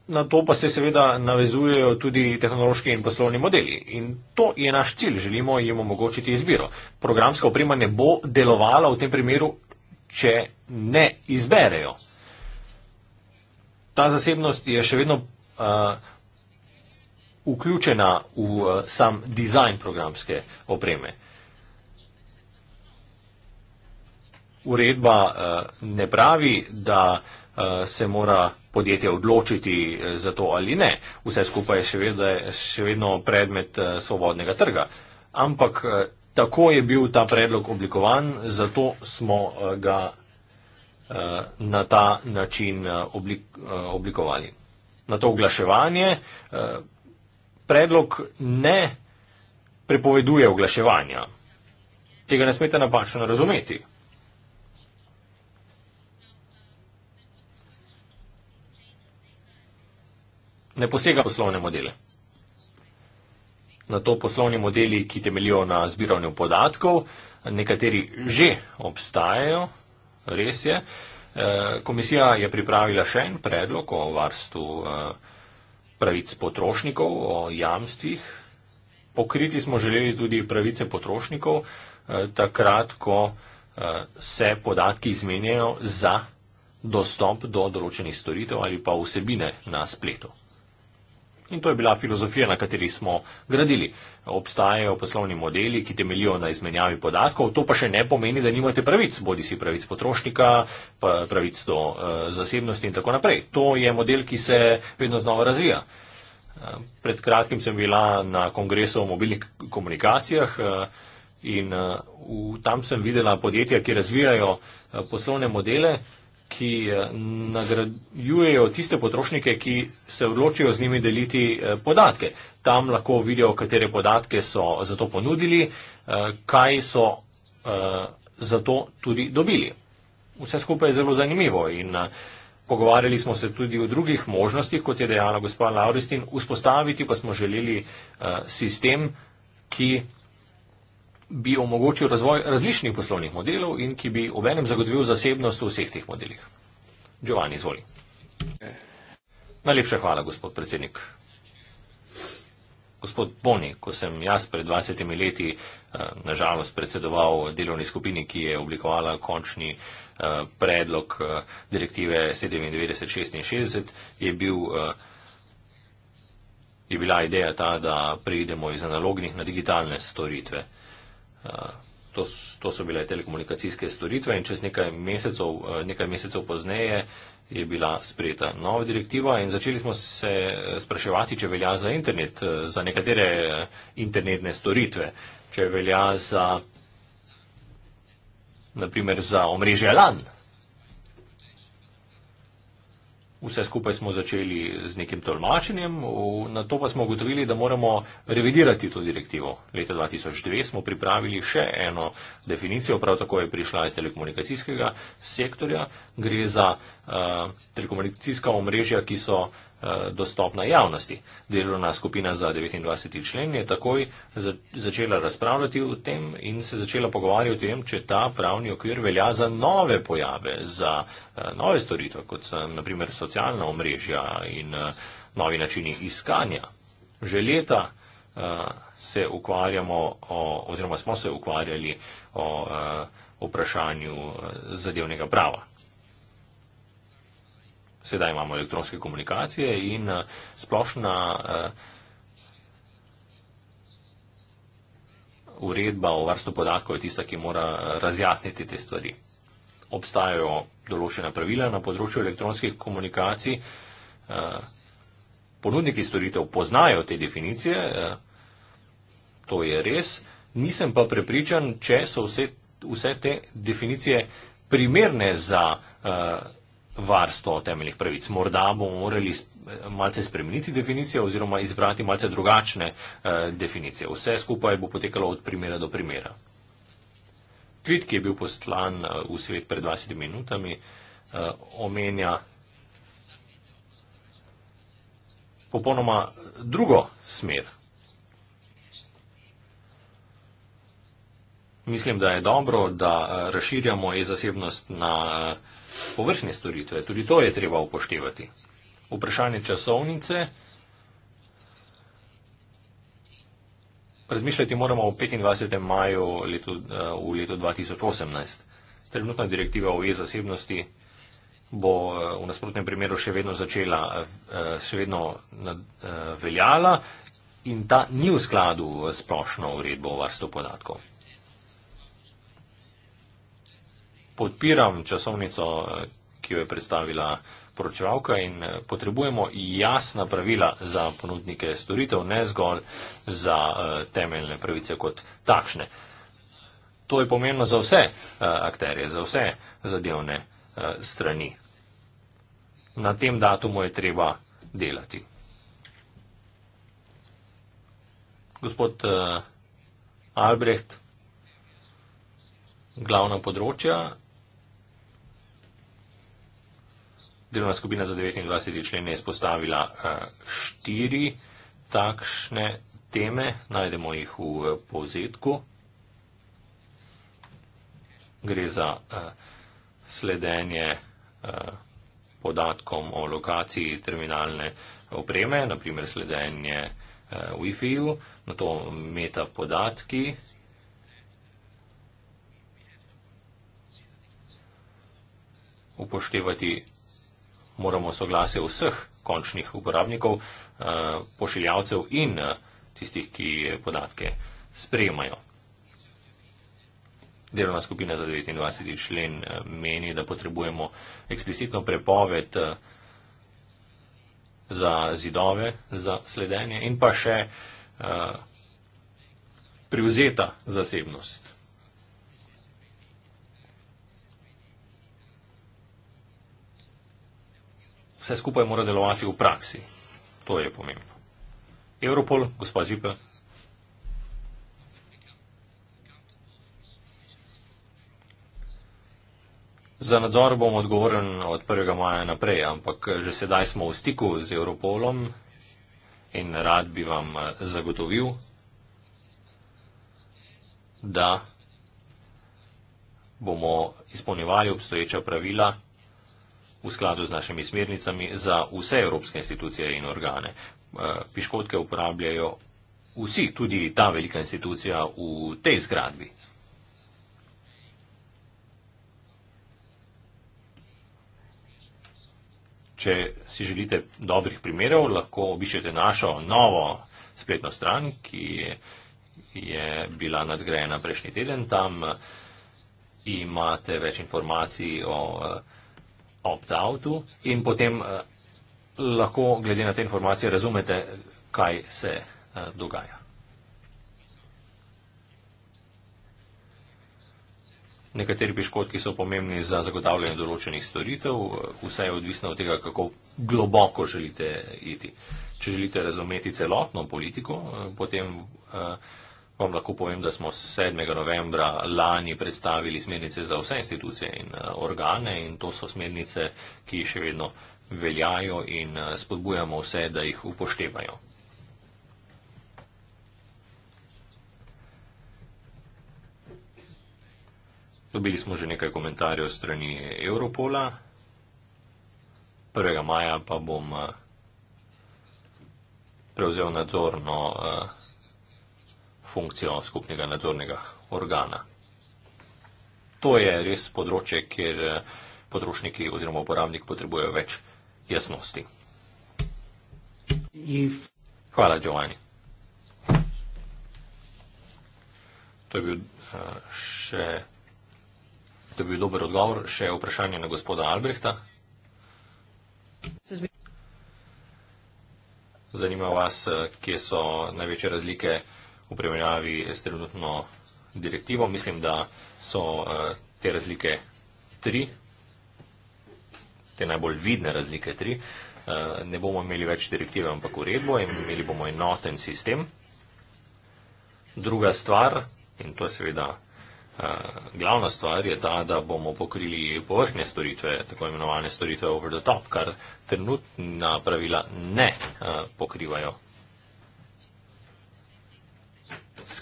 Na to pa se seveda navezujejo tudi tehnološki in poslovni modeli. In to je naš cilj, želimo jim omogočiti izbiro. Programska oprema ne bo delovala v tem primeru, če ne izberejo. Ta zasebnost je še vedno. Uh, vključena v eh, sam dizajn programske opreme. Uredba eh, ne pravi, da eh, se mora podjetje odločiti za to ali ne. Vse skupaj je še vedno predmet svobodnega trga. Ampak tako je bil ta predlog oblikovan, zato smo ga na ta način oblikovali. Na to oglaševanje predlog ne prepoveduje oglaševanja. Tega ne smete napačno razumeti. Ne posega poslovne modele. Na to poslovni modeli, ki temeljijo na zbiranju podatkov, nekateri že obstajajo, res je. Eh, komisija je pripravila še en predlog o varstvu podatkov. Eh, pravic potrošnikov, o jamstvih. Pokriti smo želeli tudi pravice potrošnikov, eh, takrat, ko eh, se podatki izmenjajo za dostop do določenih storitev ali pa vsebine na spletu. In to je bila filozofija, na kateri smo gradili. Obstajajo poslovni modeli, ki temeljijo na izmenjavi podatkov, to pa še ne pomeni, da nimate pravic, bodi si pravic potrošnika, pravic do eh, zasebnosti in tako naprej. To je model, ki se vedno znova razvija. Eh, pred kratkim sem bila na kongresu o mobilnih komunikacijah eh, in tam sem videla podjetja, ki razvijajo poslovne modele, ki eh, nagrajujejo tiste potrošnike, ki se odločijo z njimi deliti eh, podatke. Tam lahko vidijo, katere podatke so za to ponudili, eh, kaj so za to tudi dobili. Vse skupaj je zelo zanimivo in pogovarjali smo se tudi o drugih možnostih, kot je dejala gospod Lauristin, vzpostaviti pa smo želeli sistem, ki bi omogočil razvoj različnih poslovnih modelov in ki bi obenem zagotovil zasebnost v vseh teh modelih. Giovanni, izvoli. Najlepša hvala, gospod predsednik. Gospod Boni, ko sem jaz pred 20 leti eh, nažalost predsedoval delovni skupini, ki je oblikovala končni eh, predlog eh, direktive 9766, je, bil, je bila ideja ta, da preidemo iz analognih na digitalne storitve to, to so bile telekomunikacijske storitve in čez nekaj mesecev, nekaj mesecev pozneje je bila sprejeta nova direktiva in začeli smo se spraševati, če velja za internet, za nekatere internetne storitve, če velja za, naprimer, za omrežje LAN. Vse skupaj smo začeli z nekim tolmačenjem, na to pa smo ugotovili, da moramo revidirati to direktivo. Leta 2002 smo pripravili še eno definicijo, prav tako je prišla iz telekomunikacijskega sektorja. Gre za uh, telekomunikacijska omrežja, ki so uh, Eh, dostopna javnosti. Delovna skupina za 29. člen je takoj začela razpravljati o tem in se začela pogovarjati o tem, če ta pravni okvir velja za nove pojave, za eh, nove storitve, kot so naprimer socialna omrežja in eh, novi načini iskanja. Že leta se ukvarjamo o, oziroma smo se ukvarjali o vprašanju zadevnega prava sedaj imamo elektronske komunikacije in eh, splošna eh, uredba o varstvu podatkov je tista, ki mora eh, razjasniti te stvari. Obstajajo določena pravila na področju elektronskih komunikacij. Ponudniki storitev poznajo te definicije, to je res, nisem pa prepričan, če so vse, vse te definicije primerne za uh, varstvo temeljnih pravic. Morda bomo morali eh, malce spremeniti definicijo oziroma izbrati malce drugačne eh, definicije. Vse skupaj bo potekalo od primera do primera. Tweet, ki je bil poslan eh, v svet pred 20 minutami, eh, omenja popolnoma drugo smer. Mislim, da je dobro, da eh, razširjamo e-zasebnost na eh, povrhne storitve, tudi to je treba upoštevati. Vprašanje časovnice. Razmišljati moramo o 25. maju letu, eh, v letu 2018. Trenutna direktiva o e-zasebnosti bo eh, v nasprotnem primeru še vedno začela, eh, še vedno veljala in ta ni v skladu s splošno uredbo o varstvu podatkov. podpiram časovnico, eh, ki jo je predstavila poročevalka in eh, potrebujemo jasna pravila za ponudnike storitev, ne zgolj za eh, temeljne pravice kot takšne. To je pomembno za vse akterje, za vse zadevne strani. Na tem datumu je treba delati. Gospod Albrecht, glavna področja Delovna skupina za 29. člen je izpostavila eh, štiri takšne teme, najdemo jih v eh, povzetku. Gre za eh, sledenje podatkom o lokaciji terminalne opreme, naprimer sledenje Wi-Fi-ju, na to meta podatki. Upoštevati moramo soglasje vseh končnih uporabnikov, eh, pošiljavcev in eh, tistih, ki podatke sprejemajo. Delovna skupina za 29. člen eh, meni, da potrebujemo eksplicitno prepoved za zidove, za sledenje in pa še privzeta zasebnost. vse skupaj mora delovati v praksi. To je pomembno. Europol, gospa Zipe. Za nadzor bom odgovoren od 1. maja naprej, ampak že sedaj smo v stiku z Europolom in rad bi vam eh, zagotovil, da bomo izpolnjevali obstoječa pravila v skladu z našimi smernicami za vse evropske institucije in organe. Eh, piškotke uporabljajo vsi, tudi ta velika institucija v tej zgradbi. Če si želite dobrih primerov, lahko obišete našo novo spletno stran, ki je, je bila nadgrajena prejšnji teden. Tam eh, imate več informacij o eh, opt-outu in potem eh, lahko glede na te informacije razumete, kaj se eh, dogaja. Nekateri piškotki so pomembni za zagotavljanje določenih storitev, eh, vse je odvisno od tega, kako globoko želite iti. Če želite razumeti celotno politiko, potem uh, vam lahko povem, da smo 7. novembra lani predstavili smernice za vse institucije in eh, organe in to so smernice, ki še vedno veljajo in eh, spodbujamo vse, da jih upoštevajo. Dobili smo že nekaj komentarjev strani Europola. 1. maja pa bom eh, prevzel nadzorno uh, funkcijo skupnega nadzornega organa. To je res področje, kjer eh, potrošniki oziroma uporabnik potrebujejo več jasnosti. Hvala, Giovanni. To je bil eh, še. To je bil dober odgovor. Še vprašanje na gospoda Albrehta. Zanima vas, eh, kje so največje razlike v primerjavi s trenutno direktivo. Mislim, da so eh, te razlike tri, te najbolj vidne razlike tri. Eh, ne bomo imeli več direktive, ampak uredbo in imeli bomo enoten sistem. Druga stvar, in to je seveda eh, glavna stvar, je ta, da bomo pokrili površne storitve, tako imenovane storitve over the top, kar trenutna pravila ne pokrivajo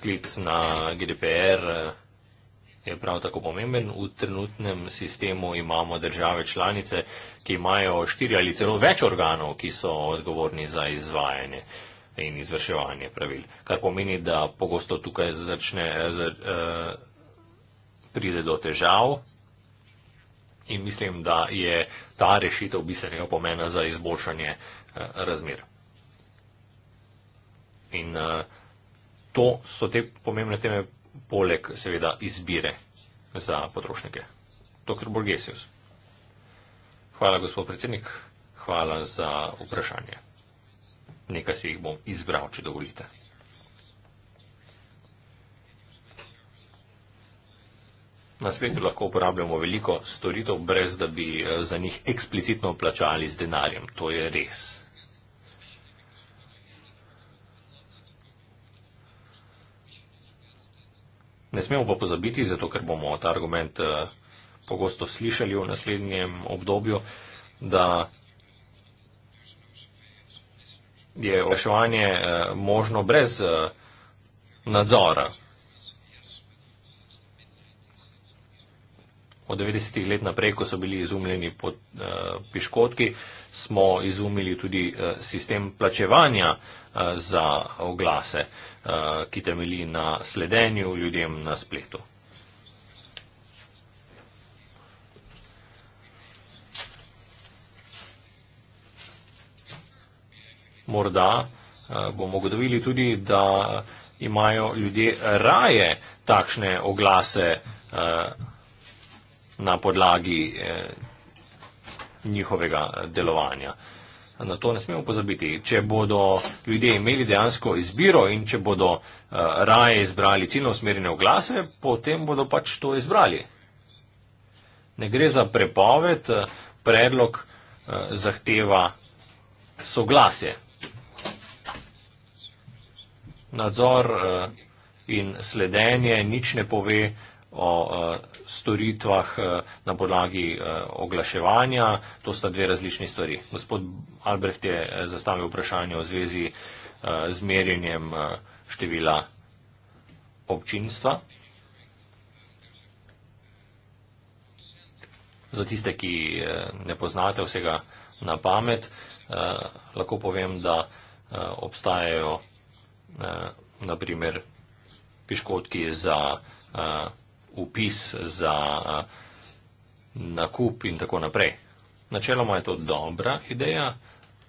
sklic na GDPR eh, je prav tako pomemben. V trenutnem sistemu imamo države članice, ki imajo štiri ali celo več organov, ki so odgovorni za izvajanje in izvrševanje pravil. Kar pomeni, da pogosto tukaj začne, za, uh, pride do težav in mislim, da je ta rešitev bistvenega pomena za izboljšanje uh, razmer. In uh, to so te pomembne teme, poleg seveda izbire za potrošnike. Dr. Borgesius. Hvala, gospod predsednik, hvala za vprašanje. Nekaj si jih bom izbral, če dovolite. Na svetu lahko uporabljamo veliko storitev, brez da bi eh, za njih eksplicitno plačali z denarjem. To je res. Ne smemo pa pozabiti, zato ker bomo ta argument eh, pogosto slišali v naslednjem obdobju, da je reševanje eh, možno brez eh, nadzora, od 90-ih let naprej, ko so bili izumljeni pod, uh, piškotki, smo izumili tudi uh, sistem plačevanja uh, za oglase, uh, ki temeli na sledenju ljudem na spletu. Morda uh, bomo ugotovili tudi, da imajo ljudje raje takšne oglase. Uh, na podlagi eh, njihovega eh, delovanja. Na to ne smemo pozabiti. Če bodo ljudje imeli dejansko izbiro in če bodo eh, raje izbrali ciljno usmerjene oglase, potem bodo pač to izbrali. Ne gre za prepoved, predlog zahteva soglasje. Nadzor in sledenje nič ne pove, o uh, storitvah uh, na podlagi uh, oglaševanja. To sta dve različni stvari. Gospod Albrecht je zastavil vprašanje v zvezi uh, z merjenjem uh, števila občinstva. Za tiste, ki uh, ne poznate vsega na pamet, uh, lahko povem, da uh, obstajajo uh, naprimer piškotki za uh, upis za nakup in tako naprej. Načeloma je to dobra ideja,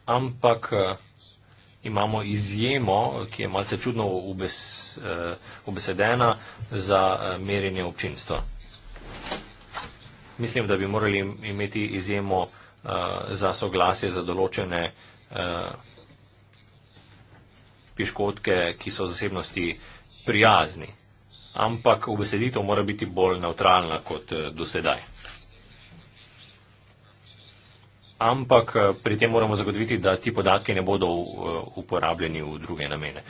ampak imamo izjemo, ki je malce čudno obesedena za merjenje občinstva. Mislim, da bi morali imeti izjemo za soglasje za določene piškotke, ki so zasebnosti prijazni ampak obeseditev mora biti bolj neutralna kot eh, dosedaj. Ampak eh, pri tem moramo zagotoviti, da ti podatki ne bodo eh, uporabljeni v druge namene.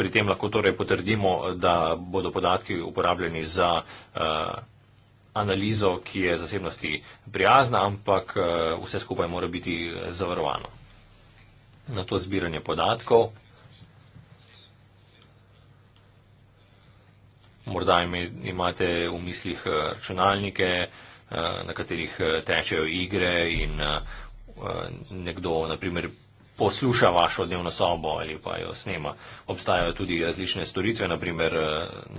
Pri tem lahko torej potrdimo, da bodo podatki uporabljeni za analizo, ki je zasebnosti prijazna, ampak vse skupaj mora biti zavarovano. Na to zbiranje podatkov. morda imate v mislih eh, računalnike, eh, na katerih eh, tečejo igre in nekdo, naprimer, posluša vašo dnevno sobo ali pa jo snema. Obstajajo tudi različne storitve, naprimer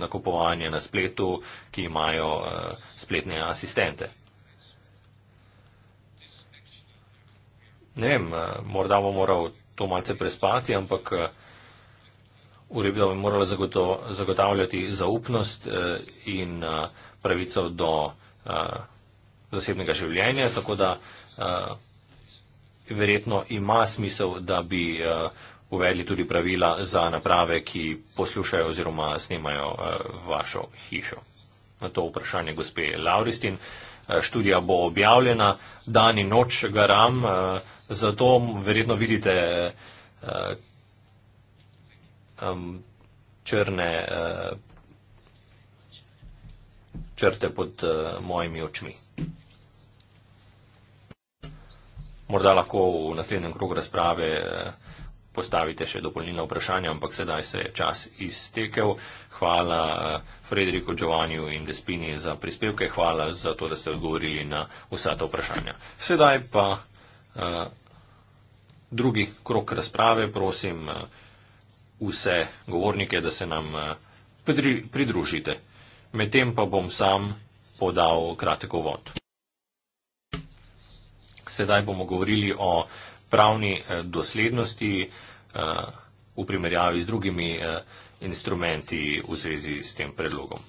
nakupovanje na spletu, ki imajo spletne asistente. Ne vem, morda bom moral to malce prespati, ampak uredba bi morala zagotov, zagotavljati zaupnost eh, in eh, pravico do eh, zasebnega življenja, tako da eh, verjetno ima smisel, da bi eh, uvedli tudi pravila za naprave, ki poslušajo oziroma snimajo eh, vašo hišo. Na to vprašanje gospe Lauristin. Eh, študija bo objavljena, dan in noč garam, eh, zato verjetno vidite, eh, um, črne uh, črte pod uh, mojimi očmi. Morda lahko v naslednjem krogu razprave uh, postavite še dopolnilna vprašanja, ampak sedaj se je čas iztekel. Hvala uh, Frederiku, Giovanniu in Despini za prispevke, hvala za to, da ste odgovorili na vsa ta vprašanja. Sedaj pa uh, drugi krok razprave, prosim. Uh, vse govornike, da se nam eh, pridri, pridružite. Medtem pa bom sam podal kratek uvod. Sedaj bomo govorili o pravni eh, doslednosti eh, v primerjavi z drugimi instrumenti v zvezi s tem predlogom.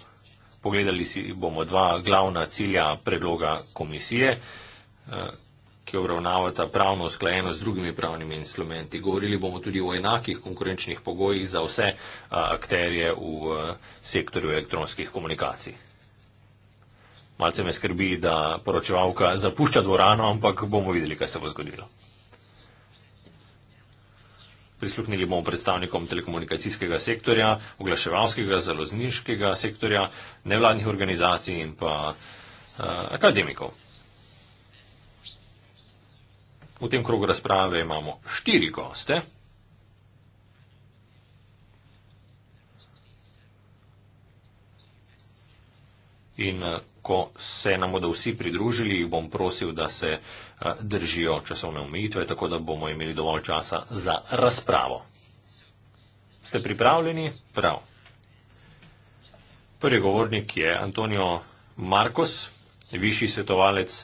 Pogledali si bomo dva glavna cilja predloga komisije, ki obravnavata pravno usklajeno z drugimi pravnimi instrumenti. Govorili bomo tudi o enakih konkurenčnih pogojih za vse a, akterje v a, sektorju elektronskih komunikacij. Malce me skrbi, da poročevalka zapušča dvorano, ampak bomo videli, kaj se bo zgodilo. Prisluhnili bomo predstavnikom telekomunikacijskega sektorja, oglaševalskega, založniškega sektorja, nevladnih organizacij in pa a, akademikov. V tem krogu razprave imamo štiri goste. In eh, ko se nam bodo vsi pridružili, bom prosil, da se eh, držijo časovne omejitve, tako da bomo imeli dovolj časa za razpravo. Ste pripravljeni? Prav. Prvi govornik je Antonio Marcos, višji svetovalec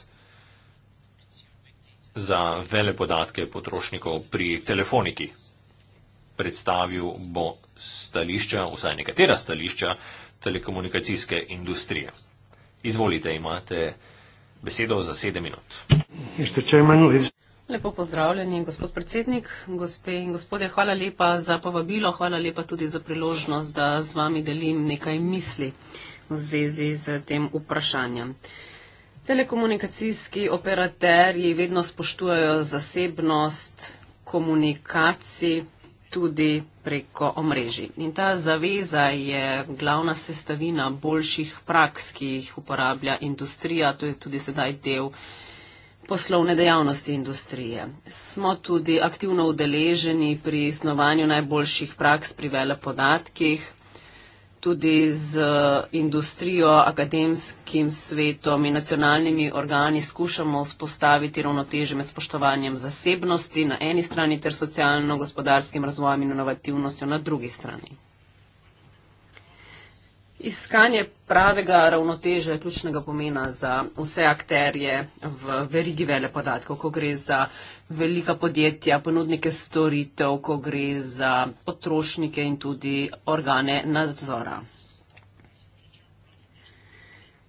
za vele podatke potrošnikov pri telefoniki. Predstavil bo stališča, vsaj nekatera stališča telekomunikacijske industrije. Izvolite, imate besedo za sedem minut. Lepo pozdravljeni, gospod predsednik, gospe in gospodje, hvala lepa za povabilo, hvala lepa tudi za priložnost, da z vami delim nekaj misli v zvezi z tem vprašanjem. Telekomunikacijski operaterji vedno spoštujejo zasebnost komunikacij tudi preko omrežij. In ta zaveza je glavna sestavina boljših praks, ki jih uporablja industrija, to je tudi sedaj del poslovne dejavnosti industrije. Smo tudi aktivno udeleženi pri snovanju najboljših praks pri vele podatkih tudi z eh, industrijo, akademskim svetom in nacionalnimi organi skušamo vzpostaviti ravnoteže med spoštovanjem zasebnosti na eni strani ter socialno-gospodarskim razvojem in inovativnostjo na drugi strani. Iskanje pravega ravnoteža je ključnega pomena za vse akterje v verigi vele podatkov, ko gre za velika podjetja, ponudnike storitev, ko gre za potrošnike in tudi organe nadzora.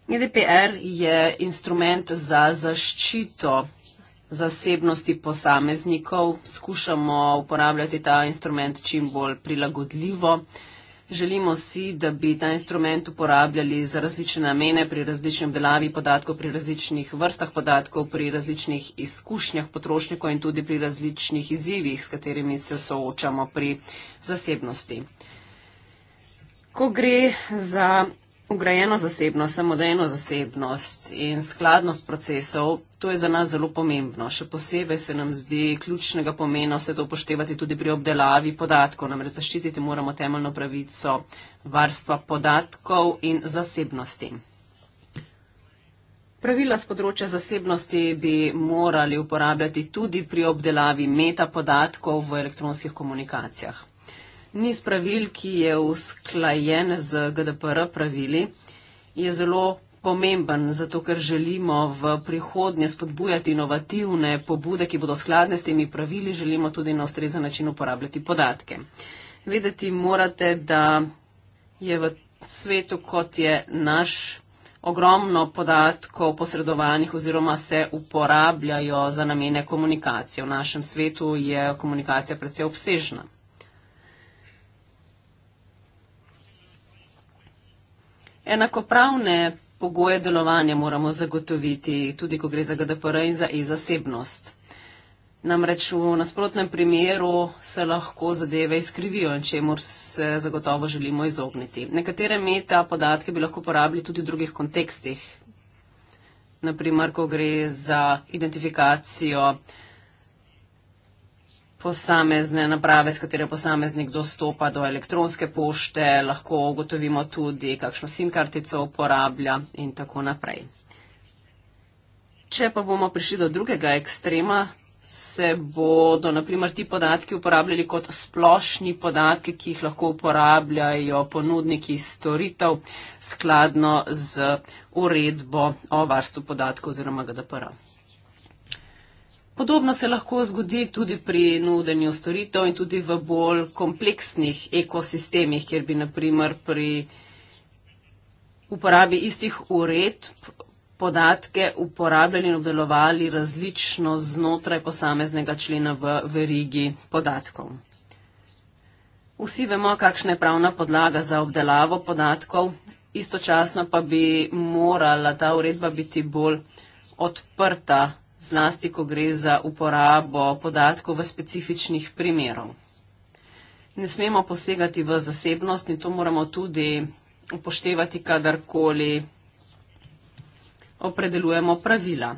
GDPR je instrument za zaščito zasebnosti posameznikov. Skušamo uporabljati ta instrument čim bolj prilagodljivo. Želimo si, da bi ta instrument uporabljali za različne namene, pri različni obdelavi podatkov, pri različnih vrstah podatkov, pri različnih izkušnjah potrošnikov in tudi pri različnih izzivih, s katerimi se soočamo pri zasebnosti. Ko gre za Ugrajeno zasebno, samodejno zasebnost in skladnost procesov, to je za nas zelo pomembno. Še posebej se nam zdi ključnega pomena vse to upoštevati tudi pri obdelavi podatkov. Namreč zaščititi moramo temeljno pravico varstva podatkov in zasebnosti. Pravila z področja zasebnosti bi morali uporabljati tudi pri obdelavi metapodatkov v elektronskih komunikacijah niz pravil, ki je usklajen z GDPR pravili, je zelo pomemben, zato ker želimo v prihodnje spodbujati inovativne pobude, ki bodo skladne s temi pravili, želimo tudi na ustrezen način uporabljati podatke. Vedeti morate, da je v svetu, kot je naš, ogromno podatkov posredovanih oziroma se uporabljajo za namene komunikacije. V našem svetu je komunikacija predvsej obsežna. Enakopravne pogoje delovanja moramo zagotoviti, tudi ko gre za GDPR in za e-zasebnost. Namreč v nasprotnem primeru se lahko zadeve izkrivijo in čemu se zagotovo želimo izogniti. Nekatere meta podatke bi lahko porabili tudi v drugih kontekstih. Naprimer, ko gre za identifikacijo posamezne naprave, s katero posameznik dostopa do elektronske pošte, lahko ugotovimo tudi, kakšno SIM kartico uporablja in tako naprej. Če pa bomo prišli do drugega ekstrema, se bodo naprimer ti podatki uporabljali kot splošni podatki, ki jih lahko uporabljajo ponudniki storitev skladno z uredbo o varstvu podatkov oziroma GDPR. -a. Podobno se lahko zgodi tudi pri nudenju storitev in tudi v bolj kompleksnih ekosistemih, kjer bi naprimer pri uporabi istih uredb podatke uporabljali in obdelovali različno znotraj posameznega člena v verigi podatkov. Vsi vemo, kakšna je pravna podlaga za obdelavo podatkov, istočasno pa bi morala ta uredba biti bolj odprta zlasti, ko gre za uporabo podatkov v specifičnih primerov. Ne smemo posegati v zasebnost in to moramo tudi upoštevati, kadarkoli opredelujemo pravila.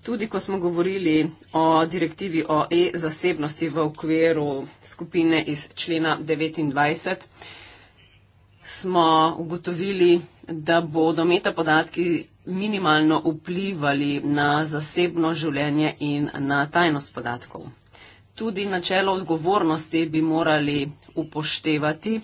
Tudi, ko smo govorili o direktivi o e-zasebnosti v okviru skupine iz člena 29, smo ugotovili, da bodo metapodatki minimalno vplivali na zasebno življenje in na tajnost podatkov. Tudi načelo odgovornosti bi morali upoštevati.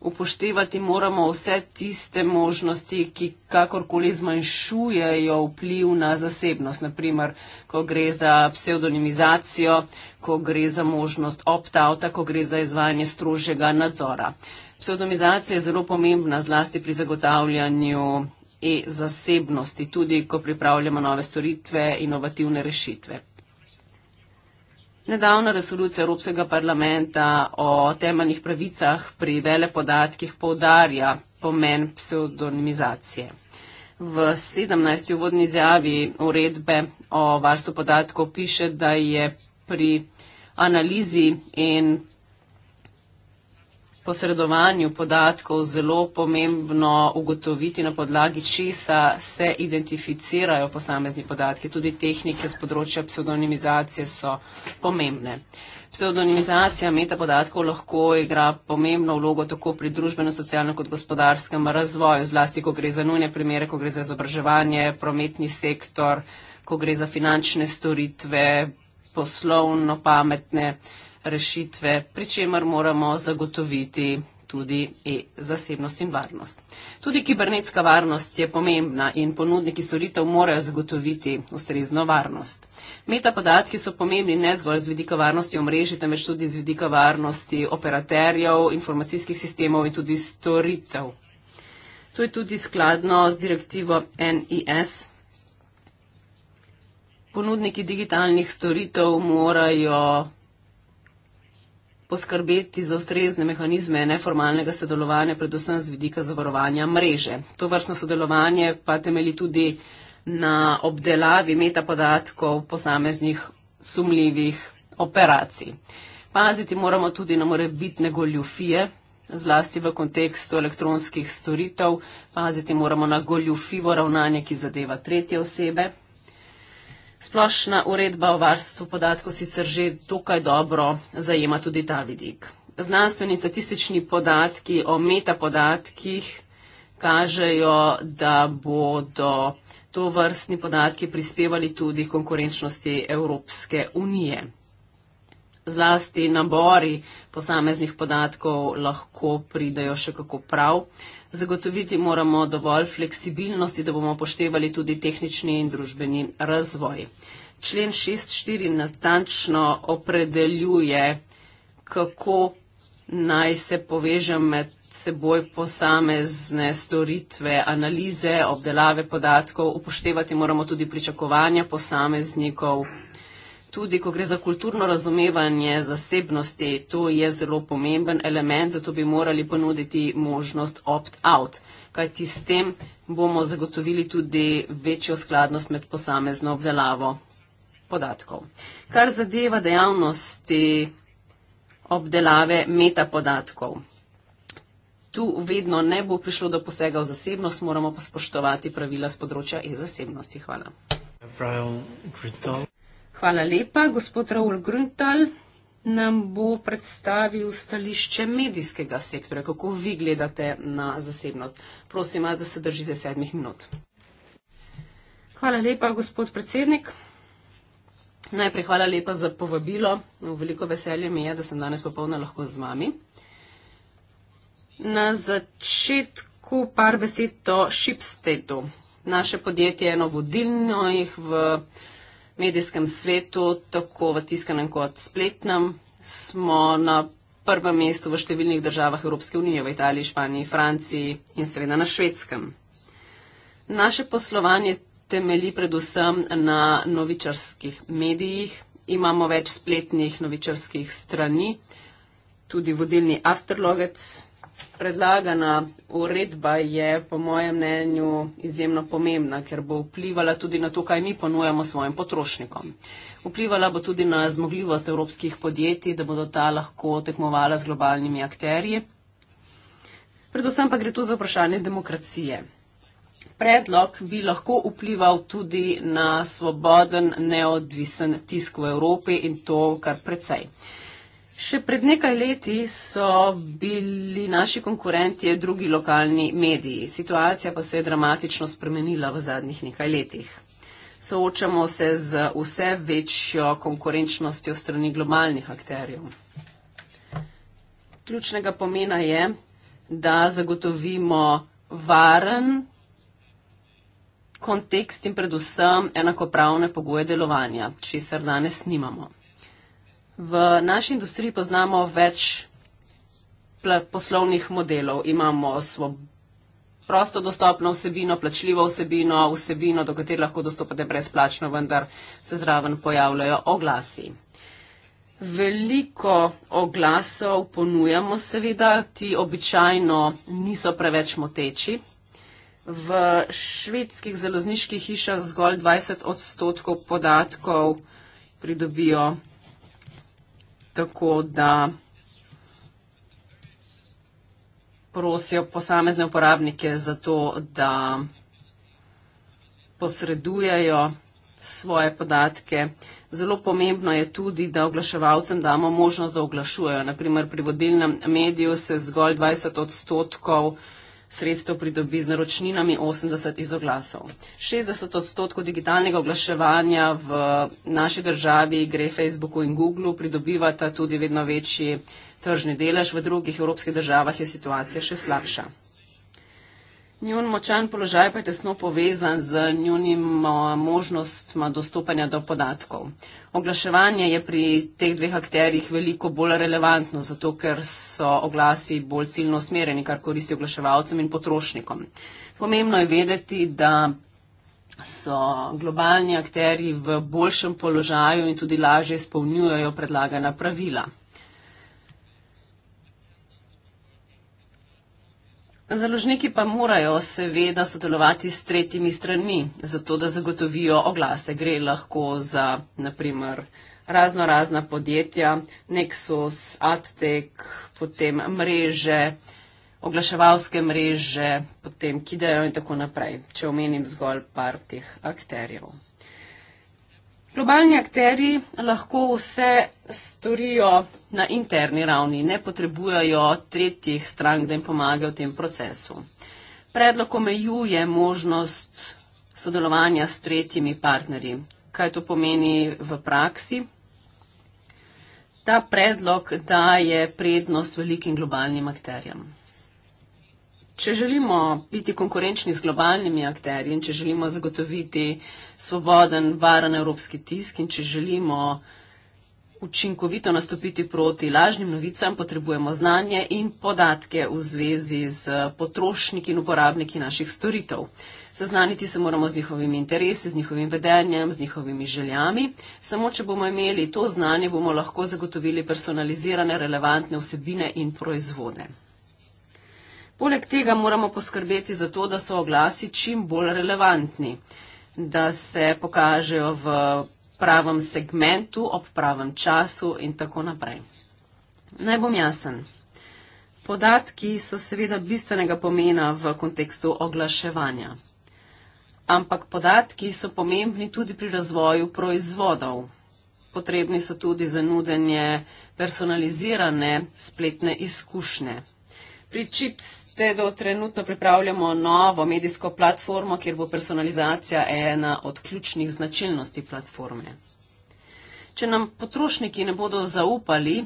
Upoštevati moramo vse tiste možnosti, ki kakorkoli zmanjšujejo vpliv na zasebnost. Naprimer, ko gre za pseudonimizacijo, ko gre za možnost opt-outa, ko gre za izvajanje strožjega nadzora. Uh, Sodomizacija je zelo pomembna zlasti pri zagotavljanju e-zasebnosti, tudi ko pripravljamo nove storitve, inovativne rešitve. Nedavna resolucija Evropskega parlamenta o temeljnih pravicah pri velepodatkih povdarja pomen pseudonimizacije. V 17. uvodni izjavi uredbe o varstvu podatkov piše, da je pri analizi in posredovanju podatkov zelo pomembno ugotoviti, na podlagi česa se identificirajo posamezni podatki. Tudi tehnike z področja pseudonimizacije so pomembne. Pseudonimizacija metapodatkov lahko igra pomembno vlogo tako pri družbeno, socialno kot gospodarskem razvoju, zlasti ko gre za nujne primere, ko gre za izobraževanje, prometni sektor, ko gre za finančne storitve, poslovno pametne rešitve, pri čemer moramo zagotoviti tudi e-zasebnost in varnost. Tudi kibernetska varnost je pomembna in ponudniki storitev morajo zagotoviti ustrezno varnost. Metapodatki so pomembni ne zgolj z vidika varnosti omrežij, temveč tudi z vidika varnosti operaterjev, informacijskih sistemov in tudi storitev. To je tudi skladno z direktivo NIS. Ponudniki digitalnih storitev morajo poskrbeti za ustrezne mehanizme neformalnega sodelovanja, predvsem z vidika zavarovanja mreže. To vrstno sodelovanje pa temeli tudi na obdelavi metapodatkov posameznih sumljivih operacij. Paziti moramo tudi na morebitne goljufije, zlasti v kontekstu elektronskih storitev. Paziti moramo na goljufivo ravnanje, ki zadeva tretje osebe. Splošna uredba o varstvu podatkov sicer že dokaj dobro zajema tudi ta vidik. Znanstveni statistični podatki o metapodatkih kažejo, da bodo to vrstni podatki prispevali tudi konkurenčnosti Evropske unije. Zlasti nabori posameznih podatkov lahko pridajo še kako prav. Zagotoviti moramo dovolj fleksibilnosti, da bomo poštevali tudi tehnični in družbeni razvoj. Člen 6.4 natančno opredeljuje, kako naj se poveže med seboj posamezne storitve, analize, obdelave podatkov. Upoštevati moramo tudi pričakovanja posameznikov tudi ko gre za kulturno razumevanje zasebnosti, to je zelo pomemben element, zato bi morali ponuditi možnost opt-out, kajti s tem bomo zagotovili tudi večjo skladnost med posamezno obdelavo podatkov. Kar zadeva dejavnosti obdelave metapodatkov. Tu vedno ne bo prišlo do posega v zasebnost, moramo pa spoštovati pravila z področja e-zasebnosti. Hvala. Pravil, Hvala lepa. Gospod Raul Gruntal nam bo predstavil stališče medijskega sektorja, kako vi gledate na zasebnost. Prosim, da se držite sedmih minut. Hvala lepa, gospod predsednik. Najprej hvala lepa za povabilo. Veliko veselje mi je, da sem danes popolna lahko z vami. Na začetku par besed o Shipsteadu. Naše podjetje je eno vodilnojih v medijskem svetu, tako v tiskanem kot spletnem, smo na prvem mestu v številnih državah Evropske unije, v Italiji, Španiji, Franciji in seveda na švedskem. Naše poslovanje temeli predvsem na novičarskih medijih. Imamo več spletnih novičarskih strani, tudi vodilni Afterloggets, Predlagana uredba je po mojem mnenju izjemno pomembna, ker bo vplivala tudi na to, kaj mi ponujemo svojim potrošnikom. Vplivala bo tudi na zmogljivost evropskih podjetij, da bodo ta lahko tekmovala z globalnimi akterji. Predvsem pa gre tu za vprašanje demokracije. Predlog bi lahko vplival tudi na svoboden, neodvisen tisk v Evropi in to kar precej. Še pred nekaj leti so bili naši konkurenti drugi lokalni mediji. Situacija pa se je dramatično spremenila v zadnjih nekaj letih. Soočamo se z vse večjo konkurenčnostjo strani globalnih akterjev. Ključnega pomena je, da zagotovimo varen kontekst in predvsem enakopravne pogoje delovanja, česar danes nimamo. V naši industriji poznamo več poslovnih modelov. Imamo prosto dostopno vsebino, plačljivo vsebino, vsebino, do katere lahko dostopate brezplačno, vendar se zraven pojavljajo oglasi. Veliko oglasov ponujamo seveda, ti običajno niso preveč moteči. V švedskih založniških hišah zgolj 20 odstotkov podatkov pridobijo tako da prosijo posamezne uporabnike za to, da posredujejo svoje podatke. Zelo pomembno je tudi, da oglaševalcem damo možnost, da oglašujejo. Naprimer, pri vodilnem mediju se zgolj 20 odstotkov sredstev pridobi z naročninami 80 iz oglasov. 60 odstotkov digitalnega oglaševanja v naši državi gre Facebooku in Googleu, pridobivata tudi vedno večji tržni delež, v drugih evropskih državah je situacija še slabša. Njun močan položaj pa je tesno povezan z njunim možnostma dostopanja do podatkov. Oglaševanje je pri teh dveh akterjih veliko bolj relevantno, zato ker so oglasi bolj ciljno usmerjeni, kar koristi oglaševalcem in potrošnikom. Pomembno je vedeti, da so globalni akterji v boljšem položaju in tudi lažje izpolnjujejo predlagana pravila. Založniki pa morajo seveda sodelovati s tretjimi strani, zato da zagotovijo oglase. Gre lahko za naprimer razno razna podjetja, Nexus, AdTech, potem mreže, oglaševalske mreže, potem Kidejo in tako naprej, če omenim zgolj par teh akterjev. Globalni akteri lahko vse storijo na interni ravni ne potrebujajo tretjih strank, da jim pomagajo v tem procesu. Predlog omejuje možnost sodelovanja s tretjimi partnerji. Kaj to pomeni v praksi? Ta predlog daje prednost velikim globalnim akterjem. Če želimo biti konkurenčni z globalnimi akterji in če želimo zagotoviti svoboden, varen evropski tisk in če želimo učinkovito nastopiti proti lažnim novicam, potrebujemo znanje in podatke v zvezi z eh, potrošniki in uporabniki naših storitev. Seznaniti se moramo z njihovimi interesi, z njihovim vedenjem, z njihovimi željami. Samo, če bomo imeli to znanje, bomo lahko zagotovili personalizirane, relevantne vsebine in proizvode. Poleg tega moramo poskrbeti za to, da so oglasi čim bolj relevantni, da se pokažejo v pravem segmentu, ob pravem času in tako naprej. Naj bom jasen. Podatki so seveda bistvenega pomena v kontekstu oglaševanja, ampak podatki so pomembni tudi pri razvoju proizvodov. Potrebni so tudi za nudenje personalizirane spletne izkušnje. Pri čips Tedo trenutno pripravljamo novo medijsko platformo, kjer bo personalizacija ena od ključnih značilnosti platforme. Če nam potrošniki ne bodo zaupali,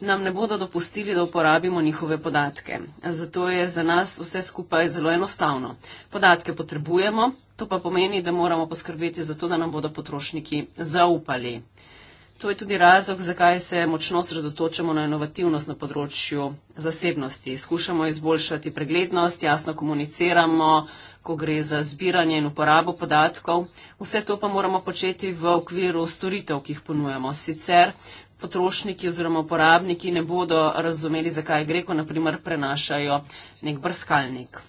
nam ne bodo dopustili, da uporabimo njihove podatke. Zato je za nas vse skupaj zelo enostavno. Podatke potrebujemo, to pa pomeni, da moramo poskrbeti za to, da nam bodo potrošniki zaupali. To je tudi razlog, zakaj se močno sredotočamo na inovativnost na področju zasebnosti. Skušamo izboljšati preglednost, jasno komuniciramo, ko gre za zbiranje in uporabo podatkov. Vse to pa moramo početi v okviru storitev, ki jih ponujamo. Sicer potrošniki oziroma uporabniki ne bodo razumeli, zakaj gre, ko naprimer prenašajo nek brskalnik.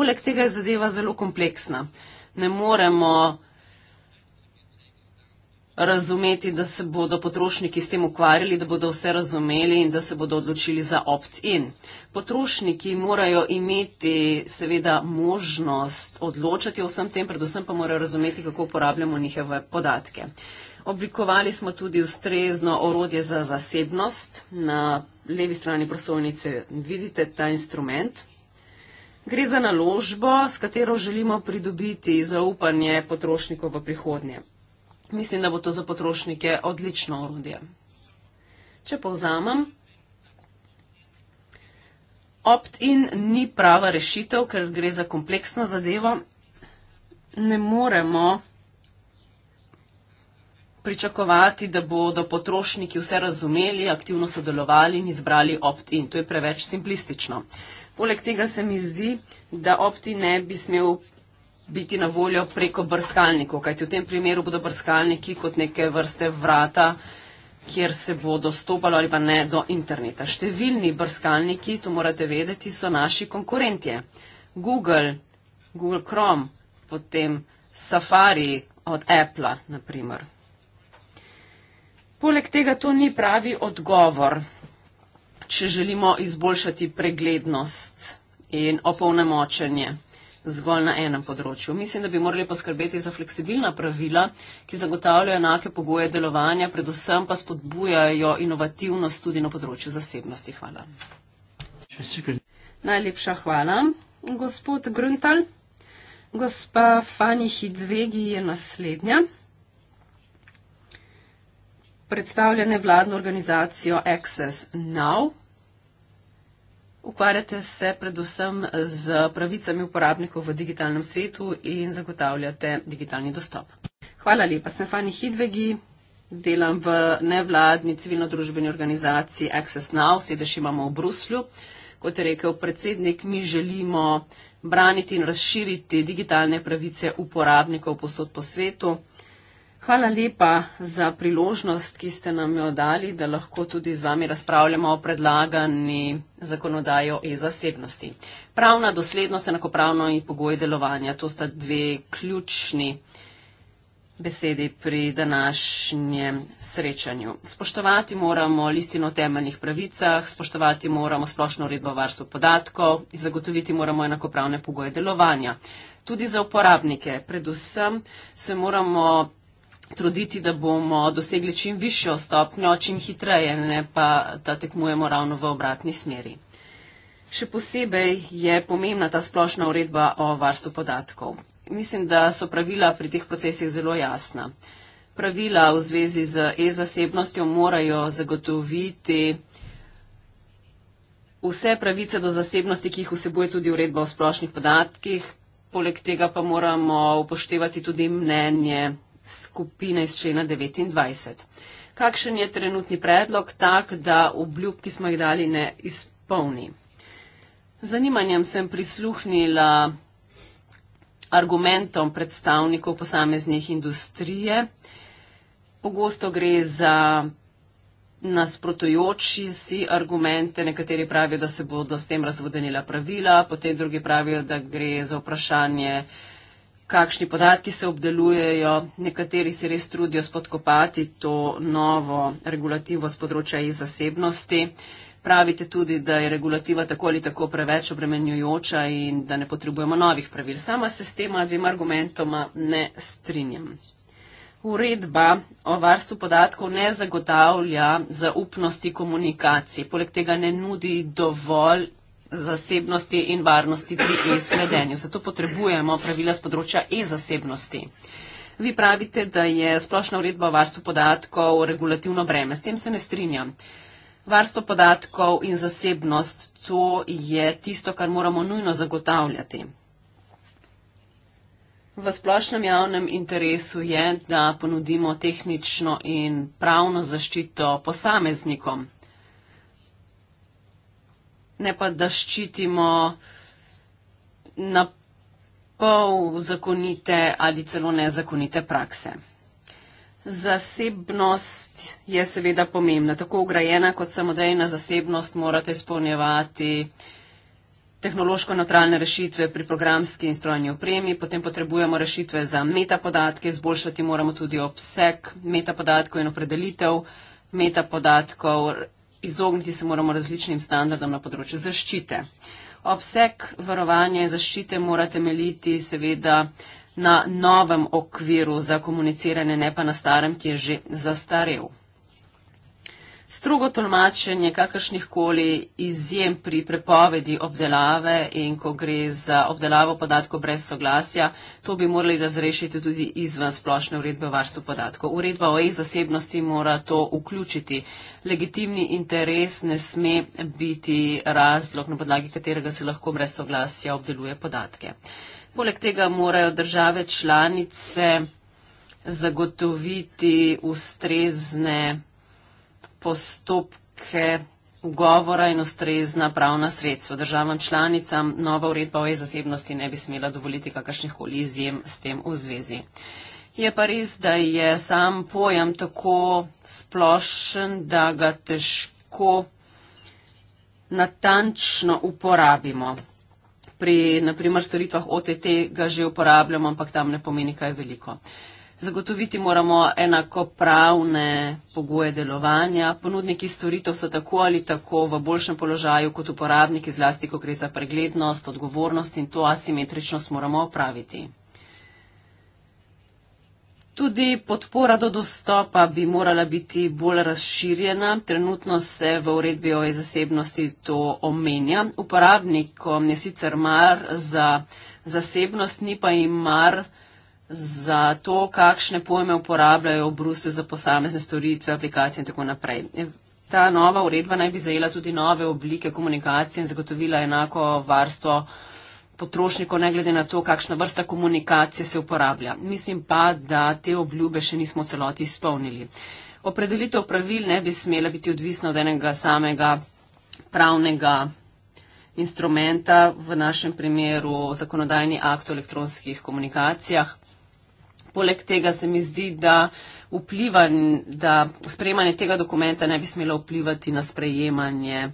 Poleg tega je zadeva zelo kompleksna. Ne moremo razumeti, da se bodo potrošniki s tem ukvarjali, da bodo vse razumeli in da se bodo odločili za opt-in. Potrošniki morajo imeti seveda možnost odločati o vsem tem, predvsem pa morajo razumeti, kako uporabljamo njihove podatke. Oblikovali smo tudi ustrezno orodje za zasebnost. Na levi strani prosovnice vidite ta instrument. Gre za naložbo, s katero želimo pridobiti zaupanje potrošnikov v prihodnje mislim, da bo to za potrošnike odlično orodje. Če povzamem, opt-in ni prava rešitev, ker gre za kompleksno zadevo. Ne moremo pričakovati, da bodo potrošniki vse razumeli, aktivno sodelovali in izbrali opt-in. To je preveč simplistično. Poleg tega se mi zdi, da opt-in ne bi smel biti na voljo preko brskalnikov, kajti v tem primeru bodo brskalniki kot neke vrste vrata, kjer se bo dostopalo ali pa ne do interneta. Številni brskalniki, to morate vedeti, so naši konkurentje. Google, Google Chrome, potem Safari od Apple, naprimer. Poleg tega to ni pravi odgovor, če želimo izboljšati preglednost in opolnemočenje zgolj na enem področju. Mislim, da bi morali poskrbeti za fleksibilna pravila, ki zagotavljajo enake pogoje delovanja, predvsem pa spodbujajo inovativnost tudi na področju zasebnosti. Hvala. Najlepša hvala, gospod Gruntal. Gospa Fani Hidvegi je naslednja. Predstavlja nevladno organizacijo Access Now, Ukvarjate se predvsem z pravicami uporabnikov v digitalnem svetu in zagotavljate digitalni dostop. Hvala lepa, sem Fanny Hidvegi, delam v nevladni civilno-družbeni organizaciji Access Now, sedež imamo v Bruslju. Kot je rekel predsednik, mi želimo braniti in razširiti digitalne pravice uporabnikov posod po svetu. Hvala lepa za priložnost, ki ste nam jo dali, da lahko tudi z vami razpravljamo o predlagani zakonodaji o e-zasebnosti. Pravna doslednost, enakopravno in pogoj delovanja, to sta dve ključni besedi pri današnjem srečanju. Spoštovati moramo listino o temeljnih pravicah, spoštovati moramo splošno uredbo o varstvu podatkov in zagotoviti moramo enakopravne pogoje delovanja. Tudi za uporabnike, predvsem se moramo truditi, da bomo dosegli čim višjo stopnjo, čim hitreje, ne pa da tekmujemo ravno v obratni smeri. Še posebej je pomembna ta splošna uredba o varstvu podatkov. Mislim, da so pravila pri teh procesih zelo jasna. Pravila v zvezi z e-zasebnostjo morajo zagotoviti vse pravice do zasebnosti, ki jih vsebuje tudi uredba o splošnih podatkih, poleg tega pa moramo upoštevati tudi mnenje skupine iz člena 29. Kakšen je trenutni predlog tak, da obljub, ki smo jih dali, ne izpolni? Zanimanjem sem prisluhnila argumentom predstavnikov posameznih industrije. Pogosto gre za nasprotujoči si argumente, nekateri pravijo, da se bodo s tem razvodenila pravila, potem drugi pravijo, da gre za vprašanje uh, kakšni podatki se obdelujejo, nekateri se res trudijo spodkopati to novo regulativo z področja iz zasebnosti. Pravite tudi, da je regulativa tako ali tako preveč obremenjujoča in da ne potrebujemo novih pravil. Sama se s tema dvema argumentoma ne strinjam. Uredba o varstvu podatkov ne zagotavlja zaupnosti komunikacij. Poleg tega ne nudi dovolj zasebnosti in varnosti pri e-sledenju. Zato potrebujemo pravila z področja e-zasebnosti. Vi pravite, da je splošna uredba o varstvu podatkov regulativno breme. S tem se ne strinjam. Varstvo podatkov in zasebnost, to je tisto, kar moramo nujno zagotavljati. V splošnem javnem interesu je, da ponudimo tehnično in pravno zaščito posameznikom ne pa da ščitimo na pol zakonite ali celo nezakonite prakse. Zasebnost je seveda pomembna. Tako ugrajena kot samodejna zasebnost morate izpolnjevati tehnološko-neutralne rešitve pri programski in strojni opremi, potem potrebujemo rešitve za metapodatke, izboljšati moramo tudi obseg metapodatkov in opredelitev metapodatkov, izogniti se moramo različnim standardom na področju zaščite. Obseg varovanja in zaščite mora temeljiti seveda na novem okviru za komuniciranje, ne pa na starem, ki je že zastarel strogo tolmačenje kakršnih koli izjem pri prepovedi obdelave in ko gre za obdelavo podatkov brez soglasja, to bi morali razrešiti tudi izven splošne uredbe o varstvu podatkov. Uredba o e-zasebnosti mora to vključiti. Legitimni interes ne sme biti razlog, na podlagi katerega se lahko brez soglasja obdeluje podatke. Poleg tega morajo države članice zagotoviti ustrezne postopke ugovora in ustrezna pravna sredstva. Državam članicam nova uredba o e-zasebnosti ne bi smela dovoliti kakršnih koli izjem s tem v zvezi. Je pa res, da je sam pojem tako splošen, da ga težko natančno uporabimo. Pri, naprimer, storitvah OTT ga že uporabljamo, ampak tam ne pomeni kaj veliko. Uh, Zagotoviti moramo enakopravne pogoje delovanja. Ponudniki storitev so tako ali tako v boljšem položaju kot uporabniki, zlasti, ko gre za preglednost, odgovornost in to asimetričnost moramo opraviti. Tudi podpora do dostopa bi morala biti bolj razširjena. Trenutno se v uredbi o zasebnosti to omenja. Uporabnikom je sicer mar za zasebnost, ni pa jim mar za za to, kakšne pojme uporabljajo v Bruslju za posamezne storitve, aplikacije in tako naprej. Ta nova uredba naj bi zajela tudi nove oblike komunikacije in zagotovila enako varstvo potrošnikov, ne glede na to, kakšna vrsta komunikacije se uporablja. Mislim pa, da te obljube še nismo celoti izpolnili. Opredelitev pravil ne bi smela biti odvisna od enega samega pravnega instrumenta, v našem primeru zakonodajni akt o elektronskih komunikacijah. Poleg tega se mi zdi, da, vplivan, da sprejemanje tega dokumenta ne bi smelo vplivati na sprejemanje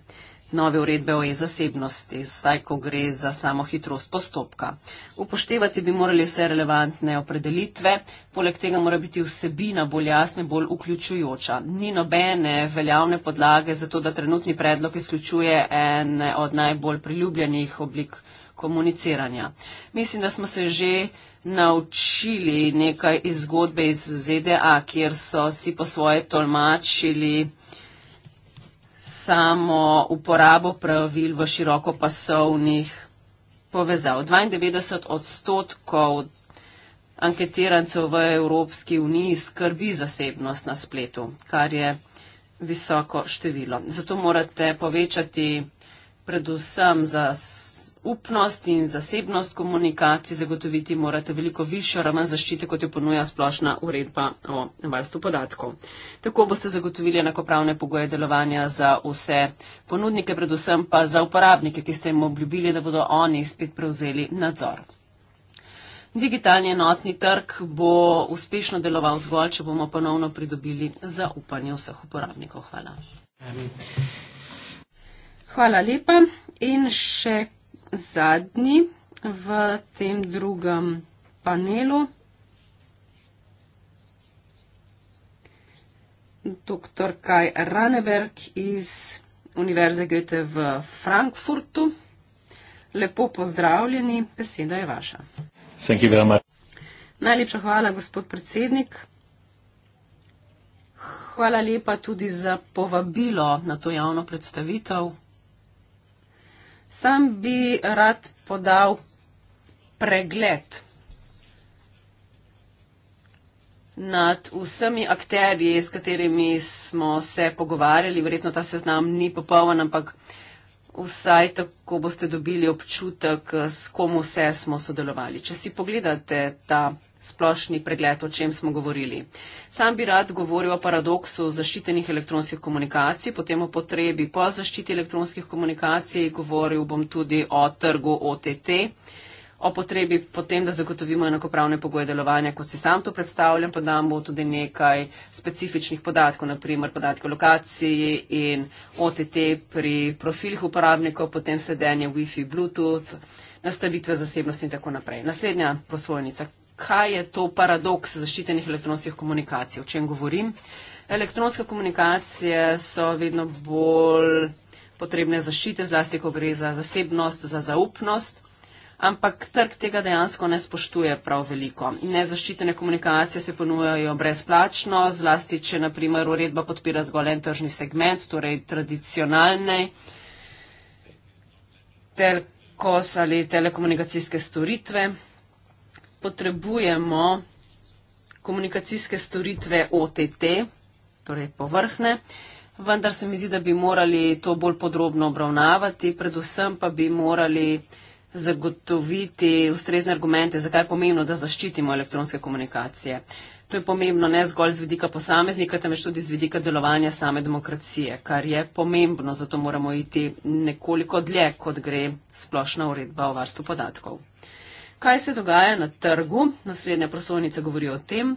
nove uredbe o e-zasebnosti, vsaj ko gre za samo hitrost postopka. Upoštevati bi morali vse relevantne opredelitve, poleg tega mora biti vsebina bolj jasna, bolj vključujoča. Ni nobene veljavne podlage za to, da trenutni predlog izključuje en od najbolj priljubljenih oblik komuniciranja. Mislim, da smo se že naučili nekaj iz zgodbe iz ZDA, kjer so si po svoje tolmačili samo uporabo pravil v širokopasovnih povezav. 92 odstotkov anketirancev v Evropski uniji skrbi zasebnost na spletu, kar je visoko število. Zato morate povečati predvsem za skupnost in zasebnost komunikacij zagotoviti morate veliko višjo raven zaščite, kot jo ponuja splošna uredba o varstvu podatkov. Tako boste zagotovili enakopravne pogoje delovanja za vse ponudnike, predvsem pa za uporabnike, ki ste jim obljubili, da bodo oni spet prevzeli nadzor. Digitalni enotni trg bo uspešno deloval zgolj, če bomo ponovno pridobili zaupanje vseh uporabnikov. Hvala. Hvala lepa. In še zadnji v tem drugem panelu. Dr. Kaj Raneberg iz Univerze Goethe v Frankfurtu. Lepo pozdravljeni, beseda je vaša. Najlepša hvala, gospod predsednik. Hvala lepa tudi za povabilo na to javno predstavitev Sam bi rad podal pregled nad vsemi akterji, s katerimi smo se pogovarjali. Verjetno ta seznam ni popoln, ampak vsaj tako boste dobili občutek, s kom vse smo sodelovali. Če si pogledate ta splošni pregled, o čem smo govorili. Sam bi rad govoril o paradoksu zaščitenih elektronskih komunikacij, potem o potrebi po zaščiti elektronskih komunikacij, govoril bom tudi o trgu OTT o potrebi potem, da zagotovimo enakopravne pogoje delovanja, kot si sam to predstavljam, pa nam bo tudi nekaj specifičnih podatkov, naprimer podatke o lokaciji in OTT pri profilih uporabnikov, potem sledenje Wi-Fi, Bluetooth, nastavitve zasebnosti in tako naprej. Naslednja prosvojnica. Kaj je to paradoks zaščitenih elektronskih komunikacij? O čem govorim? Elektronske komunikacije so vedno bolj potrebne zaščite, zlasti, ko gre za zasebnost, za zaupnost ampak trg tega dejansko ne spoštuje prav veliko. Nezaščitene komunikacije se ponujajo brezplačno, zlasti če naprimer uredba podpira zgolj en tržni segment, torej tradicionalne telkos ali telekomunikacijske storitve. Potrebujemo komunikacijske storitve OTT, torej povrhne. Vendar se mi zdi, da bi morali to bolj podrobno obravnavati, predvsem pa bi morali uh, zagotoviti ustrezne argumente, zakaj je pomembno, da zaščitimo elektronske komunikacije. To je pomembno ne zgolj z vidika posameznika, temveč tudi z vidika delovanja same demokracije, kar je pomembno, zato moramo iti nekoliko dlje, kot gre splošna uredba o varstvu podatkov. Kaj se dogaja na trgu? Naslednja prosovnica govori o tem.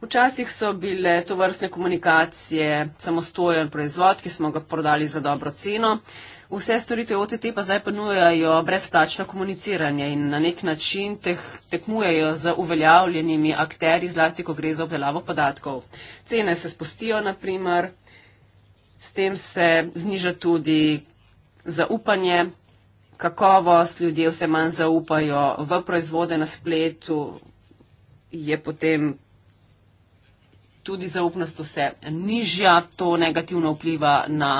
Včasih so bile to vrstne komunikacije samostojen proizvod, ki smo ga prodali za dobro ceno vse storite OTT pa zdaj ponujajo brezplačno komuniciranje in na nek način teh, tekmujejo z uveljavljenimi akteri, zlasti ko gre za obdelavo podatkov. Cene se spustijo, naprimer, s tem se zniža tudi zaupanje, kakovost, ljudje vse manj zaupajo v proizvode na spletu, je potem tudi zaupnost vse nižja, to negativno vpliva na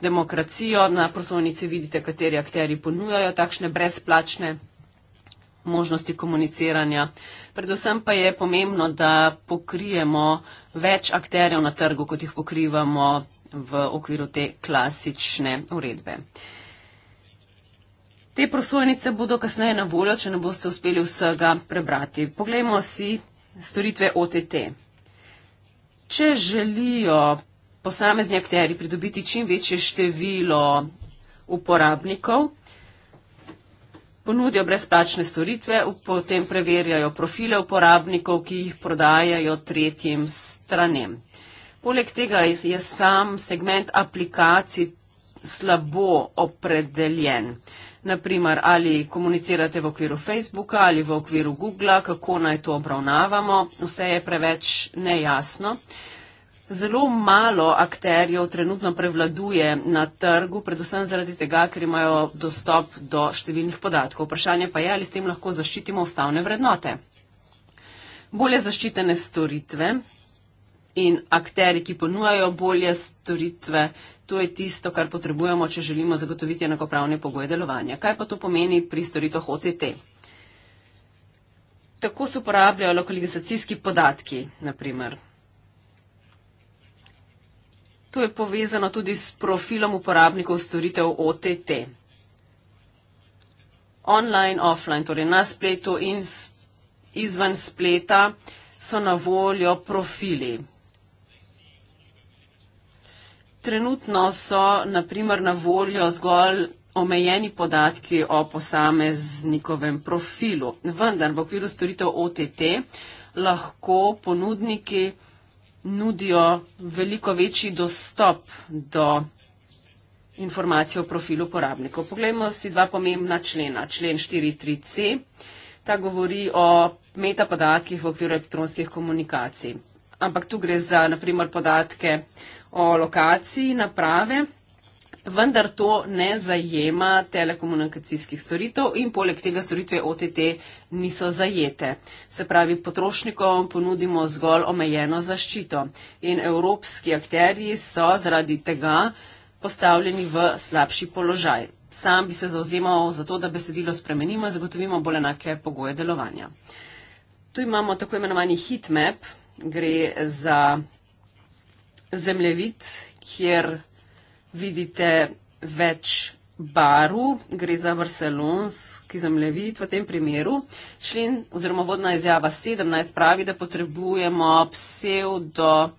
demokracijo, na prosovnici vidite, kateri akteri ponujajo takšne brezplačne možnosti komuniciranja. Predvsem pa je pomembno, da pokrijemo več akterjev na trgu, kot jih pokrivamo v okviru te klasične uredbe. Te prosojnice bodo kasneje na voljo, če ne boste uspeli vsega prebrati. Poglejmo si storitve OTT. Če želijo posamezni akteri pridobiti čim večje število uporabnikov, ponudijo brezplačne storitve, potem preverjajo profile uporabnikov, ki jih prodajajo tretjim stranem. Poleg tega je sam segment aplikacij slabo opredeljen. Naprimer, ali komunicirate v okviru Facebooka ali v okviru Googla, kako naj to obravnavamo, vse je preveč nejasno zelo malo akterjev trenutno prevladuje na trgu, predvsem zaradi tega, ker imajo dostop do številnih podatkov. Vprašanje pa je, ali s tem lahko zaščitimo ustavne vrednote. Bolje zaščitene storitve in akteri, ki ponujajo bolje storitve, to je tisto, kar potrebujemo, če želimo zagotoviti enakopravne pogoje delovanja. Kaj pa to pomeni pri storitvah OTT? Tako se uporabljajo lokalizacijski podatki, naprimer. To je povezano tudi s profilom uporabnikov storitev OTT. Online, offline, torej na spletu in izven spleta so na voljo profili. Trenutno so na primer na voljo zgolj omejeni podatki o posameznikovem profilu, vendar v okviru storitev OTT lahko ponudniki nudijo veliko večji dostop do informacij o profilu uporabnikov. Poglejmo si dva pomembna člena. Člen 4.3c, ta govori o metapodatkih v okviru elektronskih komunikacij. Ampak tu gre za, naprimer, podatke o lokaciji naprave vendar to ne zajema telekomunikacijskih storitev in poleg tega storitve OTT niso zajete. Se pravi, potrošnikom ponudimo zgolj omejeno zaščito in evropski akterji so zaradi tega postavljeni v slabši položaj. Sam bi se zauzemal za to, da besedilo spremenimo in zagotovimo bolj enake pogoje delovanja. Tu imamo tako imenovani heatmap, gre za zemljevid, kjer vidite več barv, gre za barcelonski zemljevid v tem primeru. Člen oziroma vodna izjava 17 pravi, da potrebujemo pseudo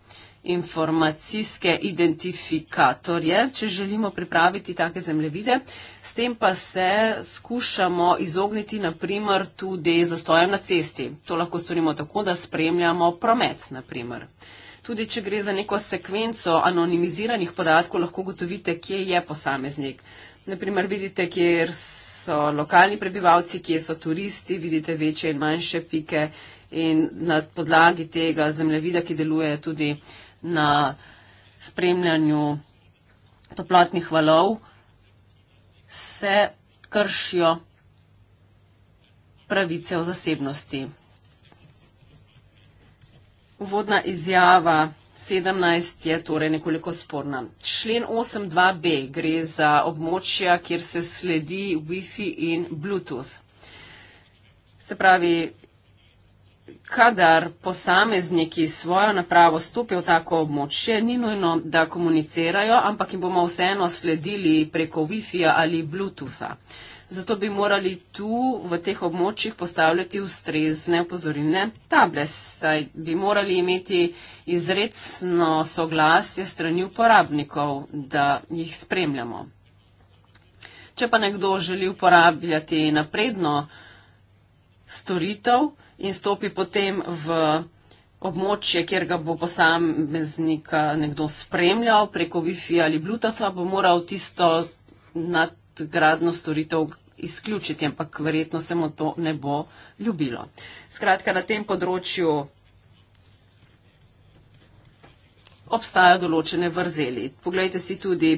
informacijske identifikatorje, če želimo pripraviti take zemljevide. S tem pa se skušamo izogniti naprimer tudi zastojem na cesti. To lahko storimo tako, da spremljamo promet, naprimer. Tudi če gre za neko sekvenco anonimiziranih podatkov, lahko gotovite, kje je posameznik. Naprimer, vidite, kjer so lokalni prebivalci, kje so turisti, vidite večje in manjše pike in na podlagi tega zemljevida, ki deluje tudi na spremljanju toplotnih valov, se kršijo pravice o zasebnosti. Uvodna izjava 17 je torej nekoliko sporna. Člen 8.2b gre za območja, kjer se sledi Wi-Fi in Bluetooth. Se pravi, kadar posamezniki svojo napravo stopijo v tako območje, ni nujno, da komunicirajo, ampak jim bomo vseeno sledili preko Wi-Fi ali Bluetootha zato bi morali tu v teh območjih postavljati ustrezne opozorilne table, saj bi morali imeti izredno soglasje strani uporabnikov, da jih spremljamo. Če pa nekdo želi uporabljati napredno storitev in stopi potem v območje, kjer ga bo posameznika nekdo spremljal preko Wi-Fi ali Bluetooth, bo moral tisto nadgradno storitev izključiti, ampak verjetno se mu to ne bo ljubilo. Skratka, na tem področju obstajajo določene vrzeli. Poglejte si tudi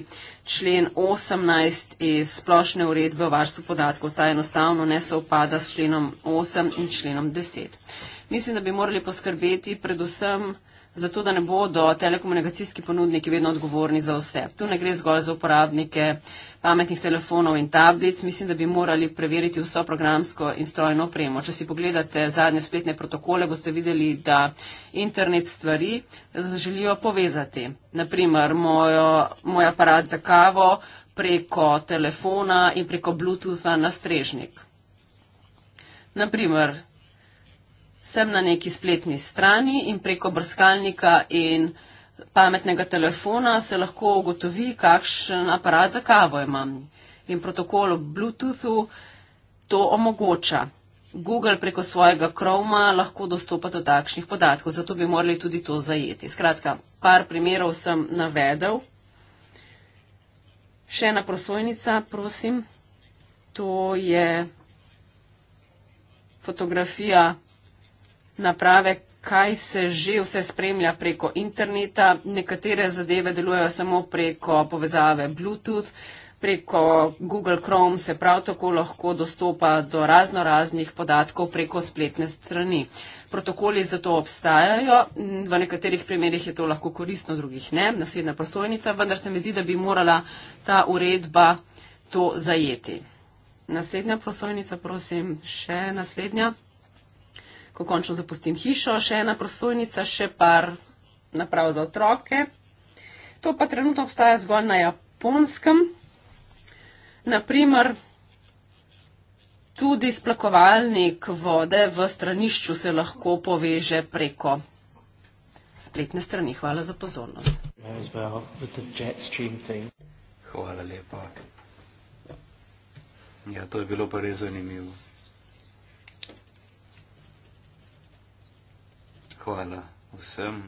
člen 18 iz splošne uredbe o varstvu podatkov. Ta enostavno ne se opada s členom 8 in členom 10. Mislim, da bi morali poskrbeti predvsem zato da ne bodo telekomunikacijski ponudniki vedno odgovorni za vse. Tu ne gre zgolj za uporabnike pametnih telefonov in tablic, mislim, da bi morali preveriti vso programsko in strojno opremo. Če si pogledate zadnje spletne protokole, boste videli, da internet stvari eh, želijo povezati. Naprimer, mojo, moj aparat za kavo preko telefona in preko Bluetootha na strežnik. Naprimer, sem na neki spletni strani in preko brskalnika in pametnega telefona se lahko ugotovi, kakšen aparat za kavo imam. In protokol v Bluetoothu to omogoča. Google preko svojega Chroma lahko dostopa do takšnih podatkov, zato bi morali tudi to zajeti. Skratka, par primerov sem navedel. Še ena prosojnica, prosim. To je fotografija naprave, kaj se že vse spremlja preko interneta. Nekatere zadeve delujejo samo preko povezave Bluetooth, preko Google Chrome se prav tako lahko dostopa do razno raznih podatkov preko spletne strani. Protokoli za to obstajajo, v nekaterih primerjih je to lahko koristno, drugih ne, naslednja prosojnica, vendar se mi zdi, da bi morala ta uredba to zajeti. Naslednja prosojnica, prosim, še naslednja ko končno zapustim hišo, še ena prosojnica, še par naprav za otroke. To pa trenutno obstaja zgolj na japonskem. Naprimer, tudi splakovalnik vode v stranišču se lahko poveže preko spletne strani. Hvala za pozornost. Hvala lepa. Ja, to je bilo pa res zanimivo. hvala vsem.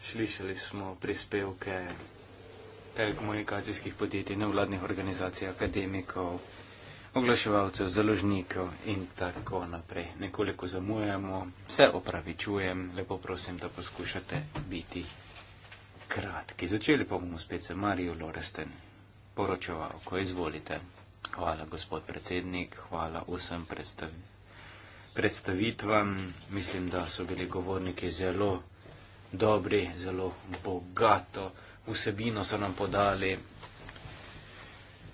Slišali smo prispevke telekomunikacijskih podjetij, nevladnih organizacij, akademikov, oglaševalcev, založnikov in tako naprej. Nekoliko zamujamo, vse opravičujem, lepo prosim, da poskušate biti kratki. Začeli pa bomo spet z Marijo Loresten, poročevalko, izvolite. Hvala, gospod predsednik, hvala vsem predstavnikom predstavitvam. Mislim, da so bili govorniki zelo dobri, zelo bogato vsebino so nam podali.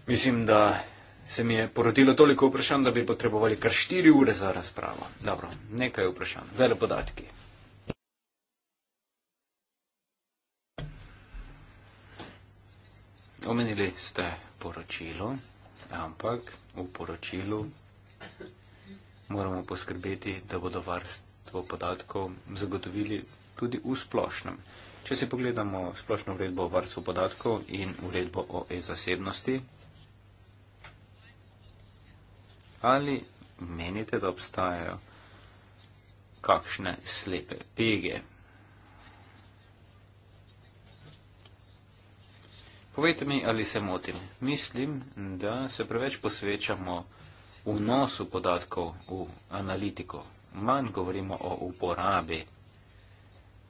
Mislim, da se mi je porodilo toliko vprašanj, da bi potrebovali kar 4 ure za razpravo. Dobro, nekaj vprašanj, vele podatki. Omenili ste poročilo, ampak v poročilu moramo poskrbeti, da bodo varstvo podatkov zagotovili tudi v splošnem. Če se pogledamo splošno uredbo o varstvu podatkov in uredbo o e-zasebnosti, ali menite, da obstajajo kakšne slepe pege? Povejte mi, ali se motim. Mislim, da se preveč posvečamo vnosu podatkov v analitiko, manj govorimo o uporabi,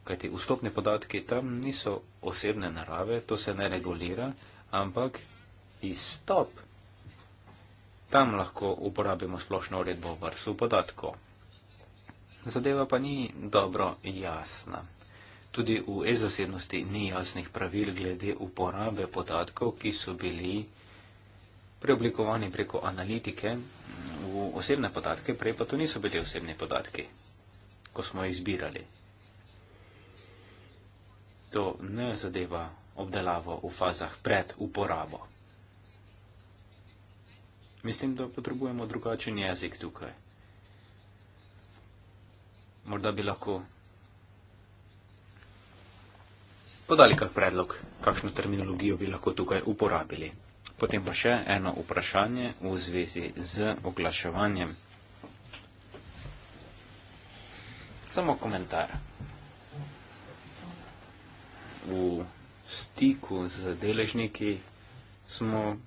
kajti vstopni podatki tam niso osebne narave, to se ne regulira, ampak izstop. Tam lahko uporabimo splošno uredbo o varstvu podatkov. Zadeva pa ni dobro jasna. Tudi v e-zasebnosti ni jasnih pravil glede uporabe podatkov, ki so bili preoblikovani preko analitike v osebne podatke, prej pa to niso bili osebni podatki, ko smo jih zbirali. To ne zadeva obdelavo v fazah pred uporabo. Mislim, da potrebujemo drugačen jezik tukaj. Morda bi lahko podali kak predlog, kakšno terminologijo bi lahko tukaj uporabili. Potem pa še eno vprašanje v zvezi z oglaševanjem. Samo komentar. V stiku z deležniki smo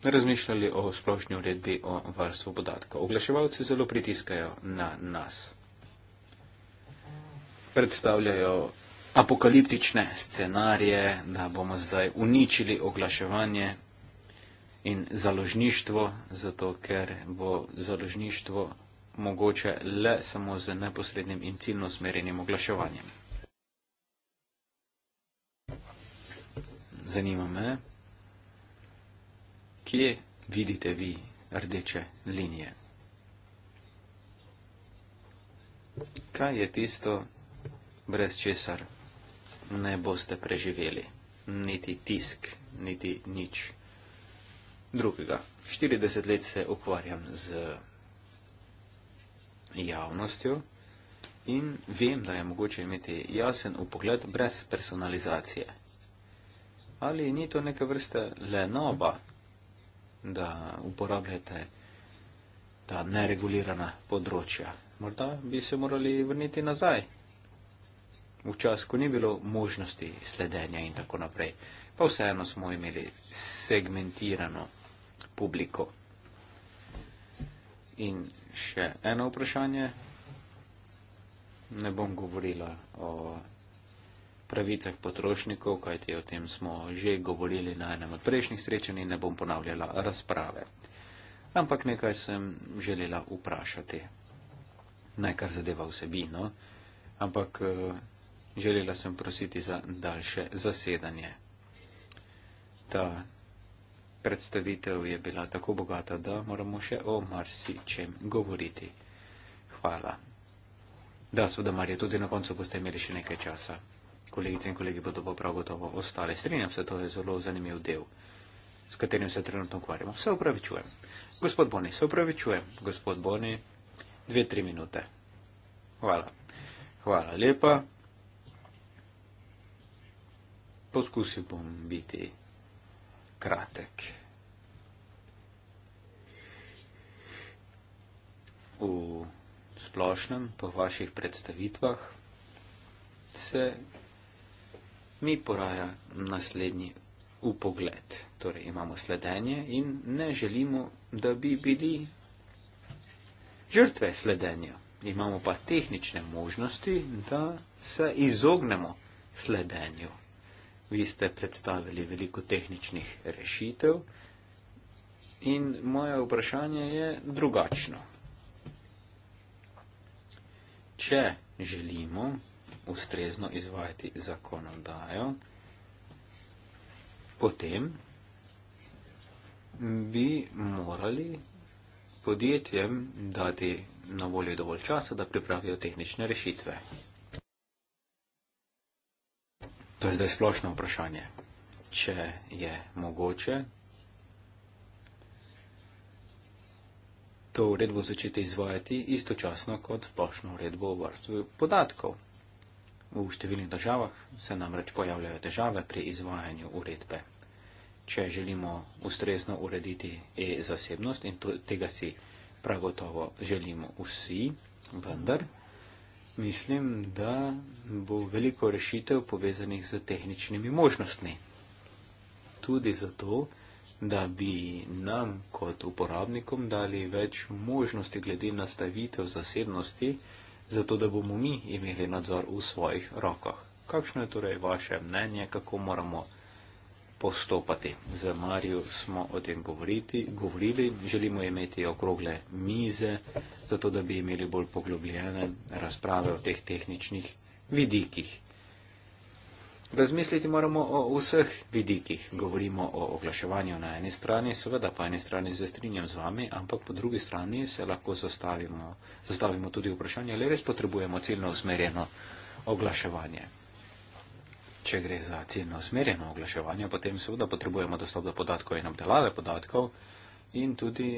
razmišljali o splošni uredbi o varstvu podatkov. Oglaševalci zelo pritiskajo na nas. Predstavljajo apokaliptične scenarije, da bomo zdaj uničili oglaševanje, in založništvo, zato ker bo založništvo mogoče le samo z neposrednim in ciljno smerenim oglaševanjem. Zanima me, kje vidite vi rdeče linije? Kaj je tisto, brez česar ne boste preživeli? Niti tisk, niti nič drugega. 40 let se ukvarjam z javnostjo in vem, da je mogoče imeti jasen upogled brez personalizacije. Ali ni to neka vrste lenoba, da uporabljate ta neregulirana področja? Morda bi se morali vrniti nazaj. V čas, ko ni bilo možnosti sledenja in tako naprej, pa vseeno smo imeli segmentirano publiko. In še eno vprašanje. Ne bom govorila o pravicah potrošnikov, kajti o tem smo že govorili na enem od prejšnjih srečanj in ne bom ponavljala razprave. Ampak nekaj sem želela vprašati. Naj kar zadeva vsebino, ampak eh, želela sem prositi za daljše zasedanje. Ta predstavitev je bila tako bogata, da moramo še o marsičem govoriti. Hvala. Da, seveda, Marija, tudi na koncu boste imeli še nekaj časa. Kolegice in kolegi bodo pa prav gotovo ostali. Strinjam se, to je zelo zanimiv del, s katerim se trenutno ukvarjamo. Se upravičujem. Gospod Boni, se upravičujem. Gospod Boni, dve, tri minute. Hvala. Hvala lepa. Poskusil bom biti kratek. V splošnem, po vaših predstavitvah, se mi poraja naslednji upogled. Torej imamo sledenje in ne želimo, da bi bili žrtve sledenja. Imamo pa tehnične možnosti, da se izognemo sledenju. Vi ste predstavili veliko tehničnih rešitev in moje vprašanje je drugačno. Če želimo ustrezno izvajati zakonodajo, potem bi morali podjetjem dati na voljo dovolj časa, da pripravijo tehnične rešitve. To je zdaj splošno vprašanje. Če je mogoče to uredbo začeti izvajati istočasno kot splošno uredbo o varstvu podatkov. V številnih državah se namreč pojavljajo težave pri izvajanju uredbe. Če želimo ustrezno urediti e-zasebnost in to, tega si prav gotovo želimo vsi, vendar mislim, da bo veliko rešitev povezanih z tehničnimi možnostmi. Tudi zato, da bi nam kot uporabnikom dali več možnosti glede nastavitev zasebnosti, zato da bomo mi imeli nadzor v svojih rokah. Kakšno je torej vaše mnenje, kako moramo postopati. Z Marijo smo o tem govoriti, govorili, želimo imeti okrogle mize, zato da bi imeli bolj poglobljene razprave o teh tehničnih vidikih. Razmisliti moramo o vseh vidikih. Govorimo o oglaševanju na eni strani, seveda po eni strani se strinjam z vami, ampak po drugi strani se lahko zastavimo, zastavimo tudi vprašanje, ali res potrebujemo ciljno usmerjeno oglaševanje. Če gre za ciljno usmerjeno oglaševanje, potem seveda potrebujemo dostop do podatkov in obdelave podatkov in tudi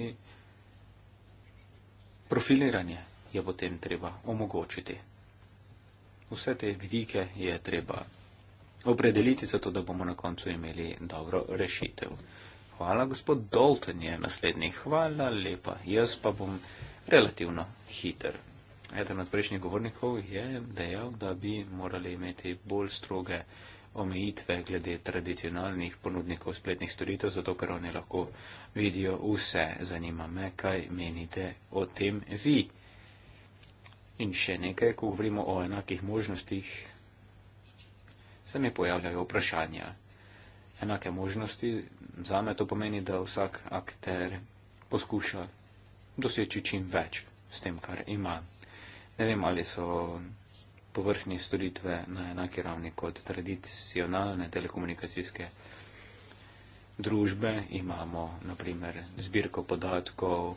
profiliranje je potem treba omogočiti. Vse te vidike je treba opredeliti, zato da bomo na koncu imeli dobro rešitev. Hvala, gospod Dalton je naslednji. Hvala, lepa. Jaz pa bom relativno hiter eden od prejšnjih govornikov je dejal, da bi morali imeti bolj stroge omejitve glede tradicionalnih ponudnikov spletnih storitev, zato ker oni lahko vidijo vse. Zanima me, kaj menite o tem vi. In še nekaj, ko govorimo o enakih možnostih, se mi pojavljajo vprašanja. Enake možnosti, zame to pomeni, da vsak akter poskuša doseči čim več s tem, kar ima. Ne vem, ali so povrhni storitve na enaki ravni kot tradicionalne telekomunikacijske družbe. Imamo, na primer, zbirko podatkov,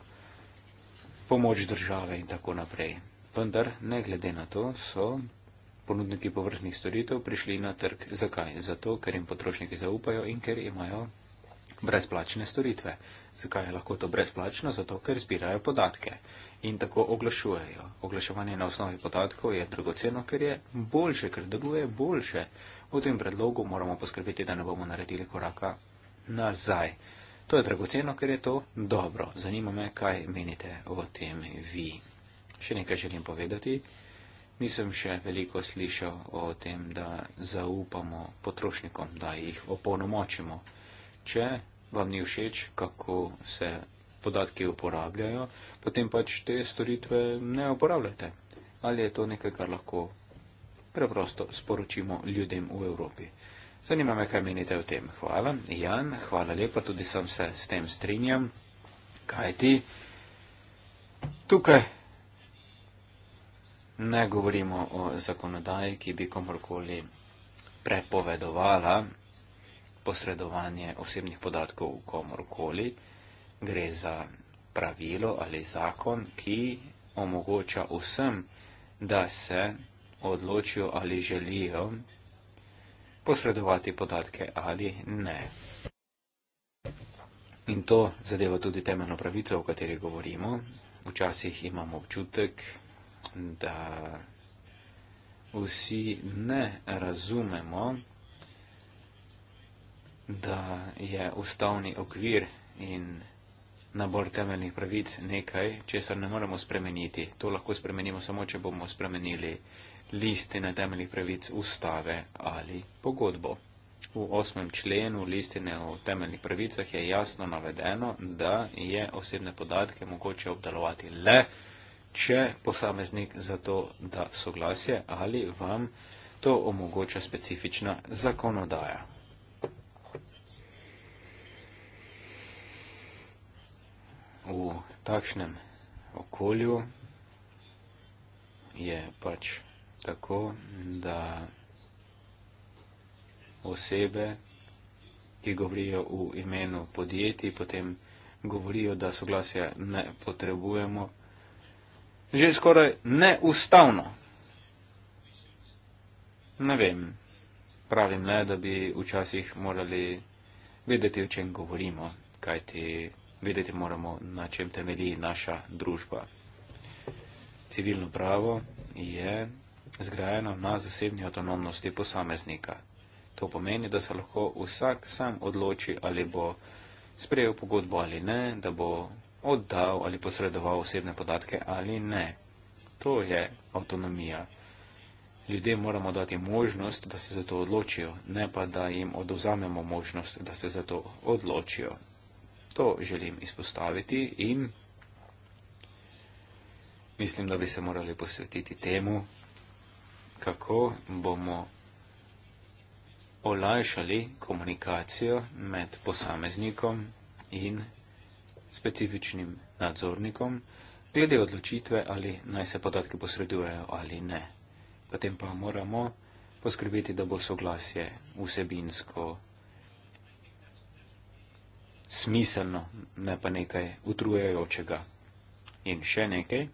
pomoč države in tako naprej. Vendar, ne glede na to, so ponudniki povrhnih storitev prišli na trg. Zakaj? Zato, ker jim potrošniki zaupajo in ker imajo brezplačne storitve. Zakaj je lahko to brezplačno? Zato, ker zbirajo podatke in tako oglašujejo. Oglaševanje na osnovi podatkov je dragoceno, ker je boljše, ker deluje boljše. V tem predlogu moramo poskrbeti, da ne bomo naredili koraka nazaj. To je dragoceno, ker je to dobro. Zanima me, kaj menite o tem vi. Še nekaj želim povedati. Nisem še veliko slišal o tem, da zaupamo potrošnikom, da jih opolnomočimo če vam ni všeč, kako se podatki uporabljajo, potem pač te storitve ne uporabljate. Ali je to nekaj, kar lahko preprosto sporočimo ljudem v Evropi. Zanima me, kaj menite o tem. Hvala, Jan, hvala lepa, tudi sem se s tem strinjam. Kaj ti? Tukaj ne govorimo o zakonodaji, ki bi komorkoli prepovedovala posredovanje osebnih podatkov komorkoli, gre za pravilo ali zakon, ki omogoča vsem, da se odločijo ali želijo posredovati podatke ali ne. In to zadeva tudi temeljno pravico, o kateri govorimo. Včasih imamo občutek, da vsi ne razumemo, da je ustavni okvir in nabor temeljnih pravic nekaj, česar ne moremo spremeniti. To lahko spremenimo samo, če bomo spremenili listine temeljnih pravic ustave ali pogodbo. V osmem členu listine o temeljnih pravicah je jasno navedeno, da je osebne podatke mogoče obdalovati le, če posameznik za to da soglasje ali vam to omogoča specifična zakonodaja. v takšnem okolju je pač tako, da osebe, ki govorijo v imenu podjetij, potem govorijo, da soglasje ne potrebujemo, že skoraj neustavno. Ne vem, pravim le, da bi včasih morali vedeti, o čem govorimo, kaj ti Vedeti moramo, na čem temelji naša družba. Civilno pravo je zgrajeno na zasebni avtonomnosti posameznika. To pomeni, da se lahko vsak sam odloči, ali bo sprejel pogodbo ali ne, da bo oddal ali posredoval osebne podatke ali ne. To je avtonomija. Ljudje moramo dati možnost, da se za to odločijo, ne pa da jim oduzamemo možnost, da se za to odločijo. To želim izpostaviti in mislim, da bi se morali posvetiti temu, kako bomo olajšali komunikacijo med posameznikom in specifičnim nadzornikom, glede odločitve, ali naj se podatki posredujejo ali ne. Potem pa moramo poskrbeti, da bo soglasje vsebinsko smiselno, ne pa nekaj utrujajočega. In še nekaj.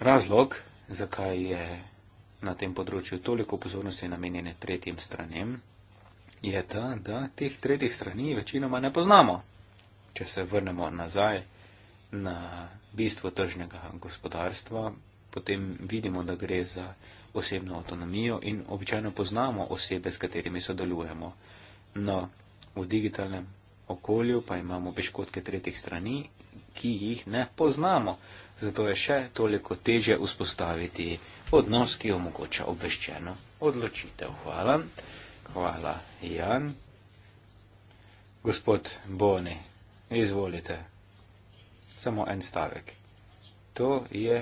Razlog, zakaj je na tem področju toliko pozornosti namenjene tretjim stranem, je ta, da teh tretjih strani večinoma ne poznamo. Če se vrnemo nazaj na bistvo tržnega gospodarstva, potem vidimo, da gre za osebno avtonomijo in običajno poznamo osebe, s katerimi sodelujemo. No, v digitalnem okolju pa imamo piškotke tretjih strani, ki jih ne poznamo. Zato je še toliko teže vzpostaviti odnos, ki omogoča obveščeno odločitev. Hvala. Hvala, Jan. Gospod Boni, izvolite. Samo en stavek. To je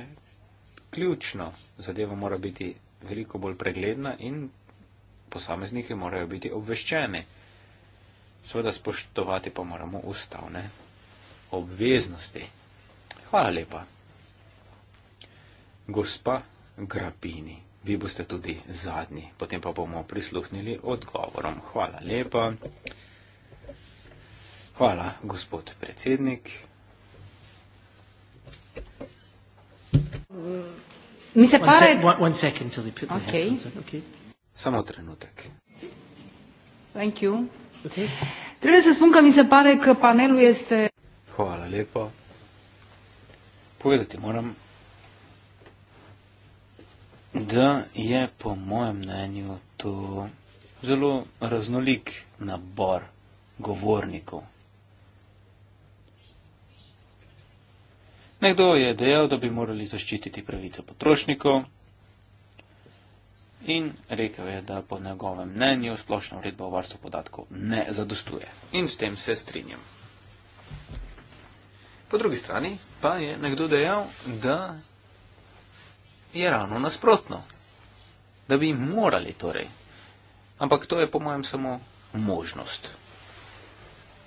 ključno. Zadeva mora biti veliko bolj pregledna in posamezniki morajo biti obveščeni seveda spoštovati pa moramo ustavne obveznosti. Hvala lepa. Gospa Grapini, vi boste tudi zadnji, potem pa bomo prisluhnili odgovorom. Hvala lepa. Hvala, gospod predsednik. Mi se pa pare... okay. okay. samo trenutek. Thank you. Trebuie să spun că mi se pare că panelul este... Hvala lepa. Povedati moram, da je po mojem mnenju to zelo raznolik nabor govornikov. Nekdo je dejal, da bi morali zaščititi pravice potrošnikov, in rekel je, da po njegovem mnenju splošna uredba o varstvu podatkov ne zadostuje. In s tem se strinjam. Po drugi strani pa je nekdo dejal, da je ravno nasprotno, da bi morali torej. Ampak to je po mojem samo možnost.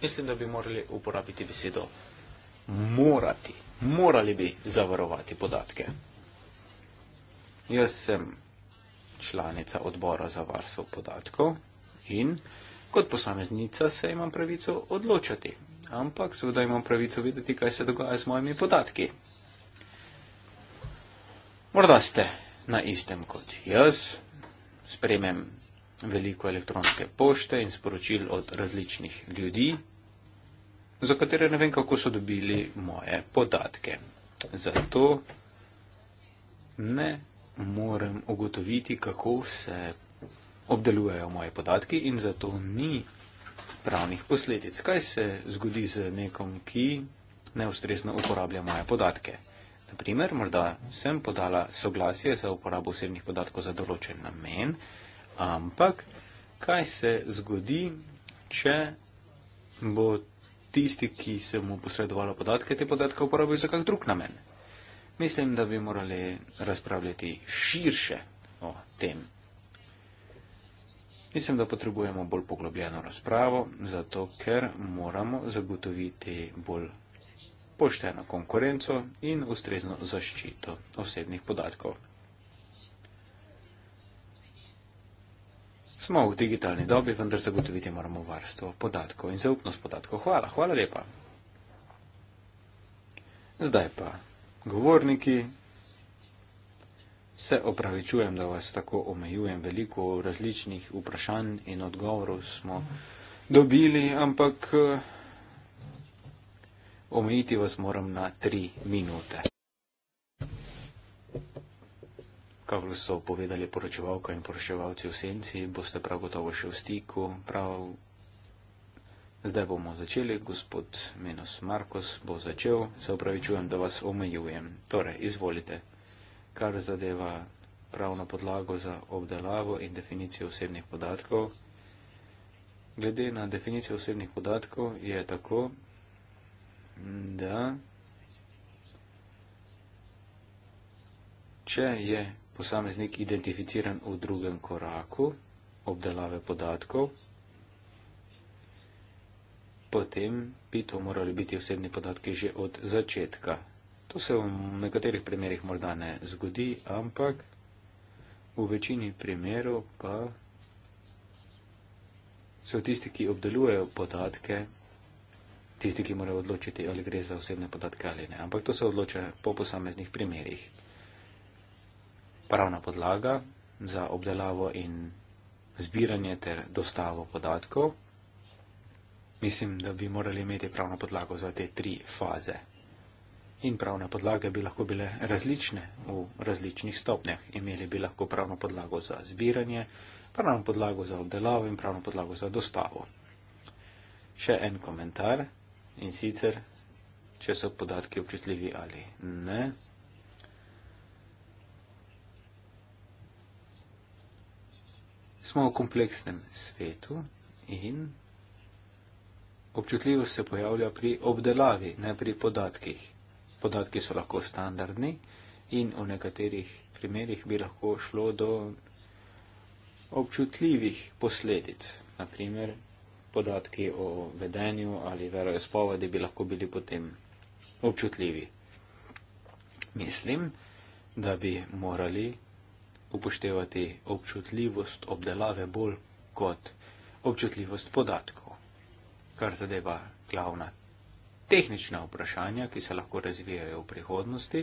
Mislim, da bi morali uporabiti besedo morati. Morali bi zavarovati podatke. Jaz sem članica odbora za varstvo podatkov in kot posameznica se imam pravico odločati. Ampak seveda imam pravico videti, kaj se dogaja z mojimi podatki. Morda ste na istem kot jaz, spremem veliko elektronske pošte in sporočil od različnih ljudi, za katere ne vem, kako so dobili moje podatke. Zato ne moram ugotoviti, kako se obdelujejo moje podatki in zato ni pravnih posledic. Kaj se zgodi z nekom, ki neustrezno uporablja moje podatke? Naprimer, morda sem podala soglasje za uporabo osebnih podatkov za določen namen, ampak kaj se zgodi, če bo tisti, ki se mu posredovala podatke, te podatke uporabil za kak drug namen? mislim, da bi morali razpravljati širše o tem. Mislim, da potrebujemo bolj poglobljeno razpravo, zato ker moramo zagotoviti bolj pošteno konkurenco in ustrezno zaščito osebnih podatkov. Smo v digitalni dobi, vendar zagotoviti moramo varstvo podatkov in zaupnost podatkov. Hvala, hvala lepa. Zdaj pa govorniki. Se opravičujem, da vas tako omejujem. Veliko različnih vprašanj in odgovorov smo dobili, ampak eh, omejiti vas moram na tri minute. Kako so povedali poročevalka in poročevalci v senci, boste prav gotovo še v stiku, prav Zdaj bomo začeli, gospod Menos Markos bo začel, se upravičujem, da vas omejujem. Torej, izvolite, kar zadeva pravno podlago za obdelavo in definicijo osebnih podatkov. Glede na definicijo osebnih podatkov je tako, da če je posameznik identificiran v drugem koraku obdelave podatkov, potem bi to morali biti osebni podatki že od začetka. To se v nekaterih primerjih morda ne zgodi, ampak v večini primerov pa so tisti, ki obdelujejo podatke, tisti, ki morajo odločiti, ali gre za osebne podatke ali ne. Ampak to se odloča po posameznih primerjih. Pravna podlaga za obdelavo in zbiranje ter dostavo podatkov. Mislim, da bi morali imeti pravno podlago za te tri faze. In pravne podlage bi lahko bile različne v različnih stopnjah. Imeli bi lahko pravno podlago za zbiranje, pravno podlago za obdelavo in pravno podlago za dostavo. Še en komentar in sicer, če so podatki občutljivi ali ne. Smo v kompleksnem svetu in Občutljivost se pojavlja pri obdelavi, ne pri podatkih. Podatki so lahko standardni in v nekaterih primerjih bi lahko šlo do občutljivih posledic. Naprimer, podatki o vedenju ali veroizpovedi bi lahko bili potem občutljivi. Mislim, da bi morali upoštevati občutljivost obdelave bolj kot občutljivost podatkov kar zadeva glavna tehnična vprašanja, ki se lahko razvijajo v prihodnosti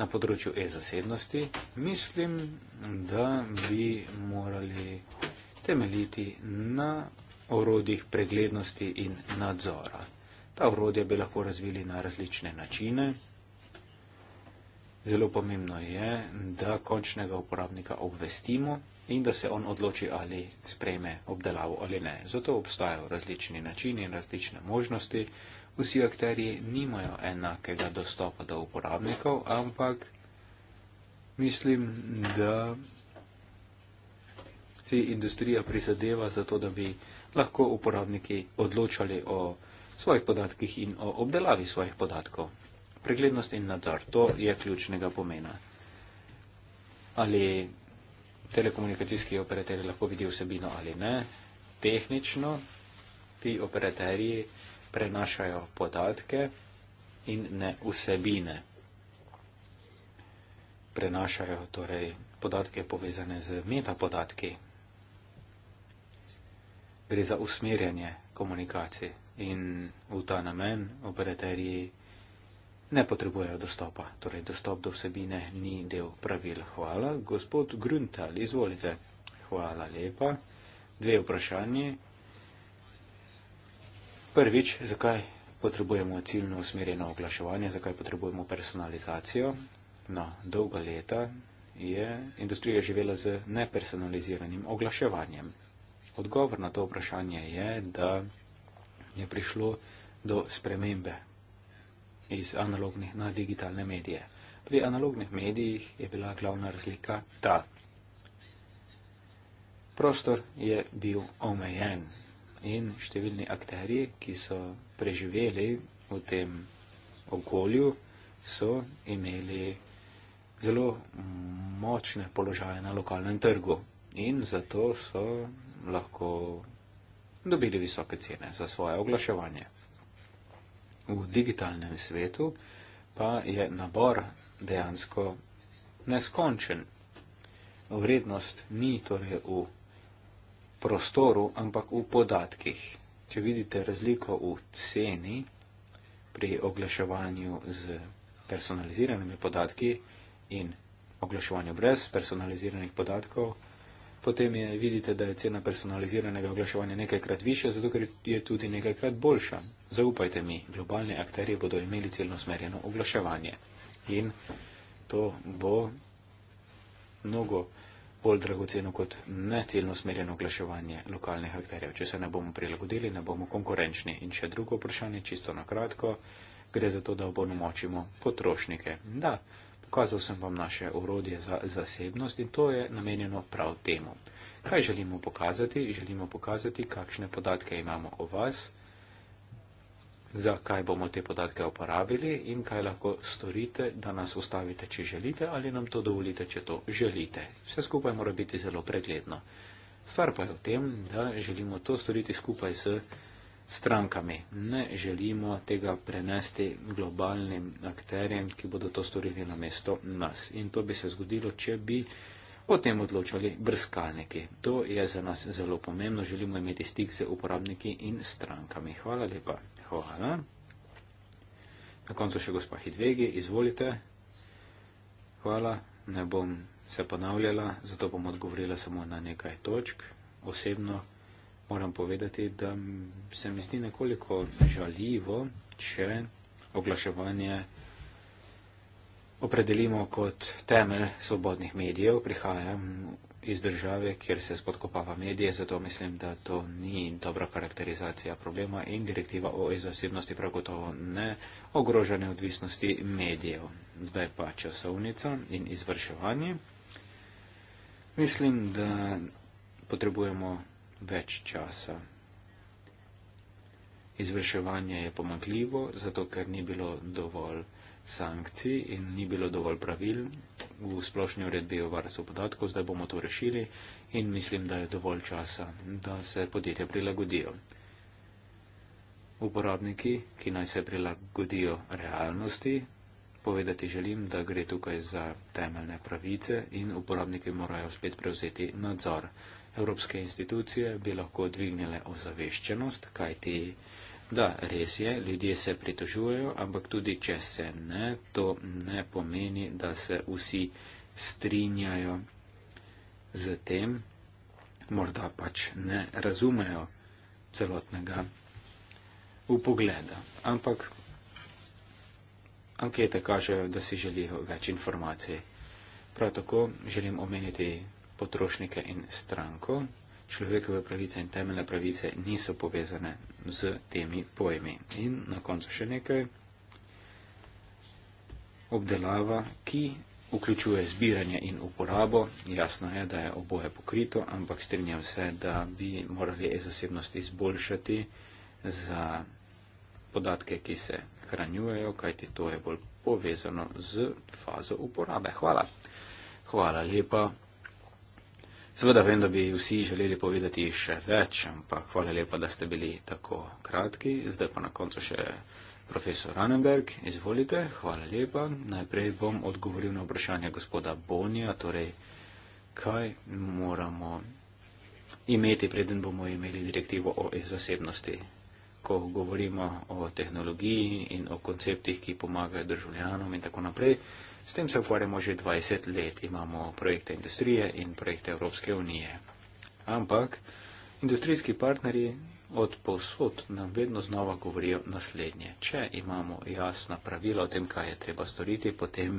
na področju e-zasebnosti, mislim, da bi morali temeljiti na orodjih preglednosti in nadzora. Ta orodja bi lahko razvili na različne načine. Zelo pomembno je, da končnega uporabnika obvestimo in da se on odloči ali sprejme obdelavo ali ne. Zato obstajajo različni načini in različne možnosti. Vsi akterji nimajo enakega dostopa do uporabnikov, ampak mislim, da si industrija prizadeva za to, da bi lahko uporabniki odločali o svojih podatkih in o obdelavi svojih podatkov preglednost in nadzor. To je ključnega pomena. Ali telekomunikacijski operateri lahko vidijo vsebino ali ne, tehnično ti operaterji prenašajo podatke in ne vsebine. Prenašajo torej podatke povezane z metapodatki. Gre za usmerjanje komunikacij in v ta namen operaterji ne potrebujejo dostopa. Torej, dostop do vsebine ni del pravil. Hvala. Gospod Gruntal, izvolite. Hvala lepa. Dve vprašanje. Prvič, zakaj potrebujemo ciljno usmerjeno oglaševanje, zakaj potrebujemo personalizacijo? No, dolga leta je industrija živela z nepersonaliziranim oglaševanjem. Odgovor na to vprašanje je, da je prišlo do spremembe iz analognih na digitalne medije. Pri analognih medijih je bila glavna razlika ta. Prostor je bil omejen in številni akterji, ki so preživeli v tem okolju, so imeli zelo močne položaje na lokalnem trgu in zato so lahko dobili visoke cene za svoje oglaševanje v digitalnem svetu, pa je nabor dejansko neskončen. Vrednost ni torej v prostoru, ampak v podatkih. Če vidite razliko v ceni pri oglaševanju z personaliziranimi podatki in oglaševanju brez personaliziranih podatkov, potem je, vidite, da je cena personaliziranega oglaševanja nekajkrat više, zato ker je tudi nekajkrat boljša. Zaupajte mi, globalni akterji bodo imeli celno smerjeno oglaševanje in to bo mnogo bolj dragoceno kot necelno smerjeno oglaševanje lokalnih akterjev. Če se ne bomo prilagodili, ne bomo konkurenčni. In še drugo vprašanje, čisto na kratko, gre za to, da obonomočimo potrošnike. Da, pokazal sem vam naše orodje za zasebnost in to je namenjeno prav temu. Kaj želimo pokazati? Želimo pokazati, kakšne podatke imamo o vas, za kaj bomo te podatke uporabili in kaj lahko storite, da nas ustavite, če želite ali nam to dovolite, če to želite. Vse skupaj mora biti zelo pregledno. Stvar pa je v tem, da želimo to storiti skupaj s strankami. Ne želimo tega prenesti globalnim akterjem, ki bodo to storili na mesto nas. In to bi se zgodilo, če bi o tem odločali brskalniki. To je za nas zelo pomembno. Želimo imeti stik z uporabniki in strankami. Hvala lepa. Hvala. Na koncu še gospa Hidvegi, izvolite. Hvala, ne bom se ponavljala, zato bom odgovorila samo na nekaj točk. Osebno moram povedati, da se mi zdi nekoliko žaljivo, če oglaševanje opredelimo kot temelj svobodnih medijev. Prihajam iz države, kjer se spodkopava medije, zato mislim, da to ni dobra karakterizacija problema in direktiva o izosebnosti prav gotovo ne ogroža neodvisnosti medijev. Zdaj pa časovnica in izvrševanje. Mislim, da potrebujemo več časa. Izvrševanje je pomakljivo, zato ker ni bilo dovolj sankcij in ni bilo dovolj pravil v splošni uredbi o varstvu podatkov. Zdaj bomo to rešili in mislim, da je dovolj časa, da se podjetja prilagodijo. Uporabniki, ki naj se prilagodijo realnosti, povedati želim, da gre tukaj za temeljne pravice in uporabniki morajo spet prevzeti nadzor evropske institucije bi lahko dvignile ozaveščenost, kajti da, res je, ljudje se pritožujejo, ampak tudi če se ne, to ne pomeni, da se vsi strinjajo z tem, morda pač ne razumejo celotnega upogleda. Ampak ankete kažejo, da si želijo več informacij. Prav tako želim omeniti potrošnike in stranko. Človekove pravice in temeljne pravice niso povezane z temi pojmi. In na koncu še nekaj. Obdelava, ki vključuje zbiranje in uporabo. Jasno je, da je oboje pokrito, ampak strinjam se, da bi morali e-zasebnost izboljšati za podatke, ki se hranjujejo, kajti to je bolj povezano z fazo uporabe. Hvala. Hvala lepa. Seveda vem, da bi vsi želeli povedati še več, ampak hvala lepa, da ste bili tako kratki. Zdaj pa na koncu še profesor Ranenberg. Izvolite, hvala lepa. Najprej bom odgovoril na vprašanje gospoda Bonija, torej kaj moramo imeti, preden bomo imeli direktivo o zasebnosti. Ko govorimo o tehnologiji in o konceptih, ki pomagajo državljanom in tako naprej. S tem se ukvarjamo že 20 let, imamo projekte industrije in projekte Evropske unije. Ampak industrijski partnerji od posod nam vedno znova govorijo naslednje. Če imamo jasna pravila o tem, kaj je treba storiti, potem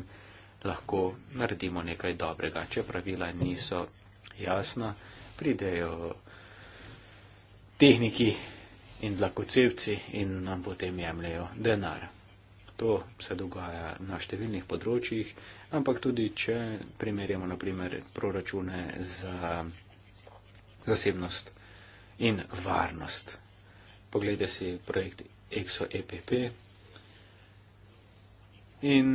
lahko naredimo nekaj dobrega. Če pravila niso jasna, pridejo tehniki in lakocevci in nam potem jemljajo denar. To se dogaja na številnih področjih, ampak tudi če primerjamo naprimer proračune za zasebnost in varnost. Poglejte si projekt EXO-EPP in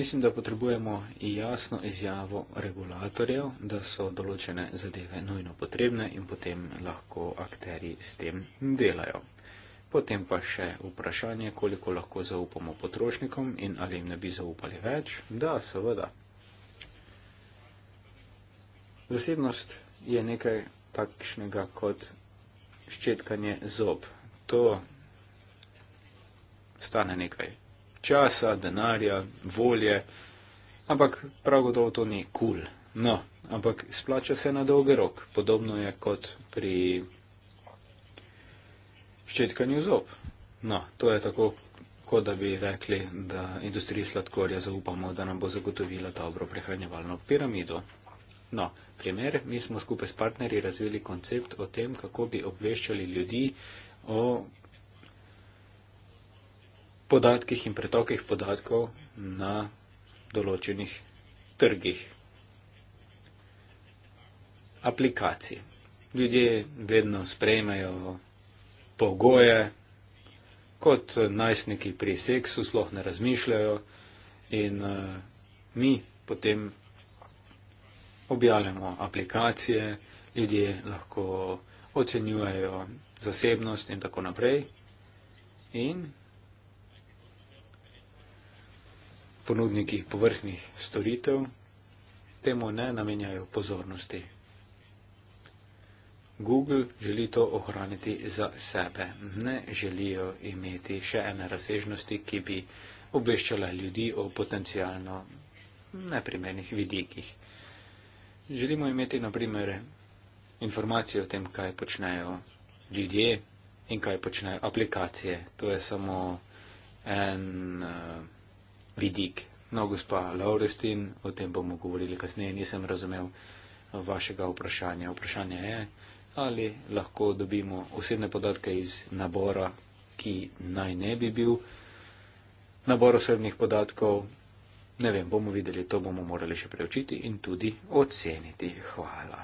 mislim, da potrebujemo jasno izjavo regulatorjev, da so določene zadeve nujno potrebne in potem lahko akteri s tem delajo. Potem pa še vprašanje, koliko lahko zaupamo potrošnikom in ali jim ne bi zaupali več. Da, seveda. Zasebnost je nekaj takšnega kot ščetkanje zob. To stane nekaj časa, denarja, volje, ampak prav gotovo to ni kul. Cool. No, ampak splača se na dolgi rok. Podobno je kot pri ščetkanju zob. No, to je tako, kot da bi rekli, da industriji sladkorja zaupamo, da nam bo zagotovila dobro prehranjevalno piramido. No, primer, mi smo skupaj s partnerji razvili koncept o tem, kako bi obveščali ljudi o podatkih in pretokih podatkov na določenih trgih. Aplikacije. Ljudje vedno sprejmejo pogoje, kot najstniki pri seksu sploh ne razmišljajo in eh, mi potem objavljamo aplikacije, ljudje lahko ocenjujejo zasebnost in tako naprej. In ponudniki povrhnih storitev temu ne namenjajo pozornosti. Google želi to ohraniti za sebe. Ne želijo imeti še ene razsežnosti, ki bi obveščala ljudi o potencijalno neprimernih vidikih. Želimo imeti, na primer, informacije o tem, kaj počnejo ljudje in kaj počnejo aplikacije. To je samo en uh, vidik. No, gospa Laurestin, o tem bomo govorili kasneje, nisem razumel vašega vprašanja. Vprašanje je, ali lahko dobimo osebne podatke iz nabora, ki naj ne bi bil nabor osebnih podatkov. Ne vem, bomo videli, to bomo morali še preučiti in tudi oceniti. Hvala.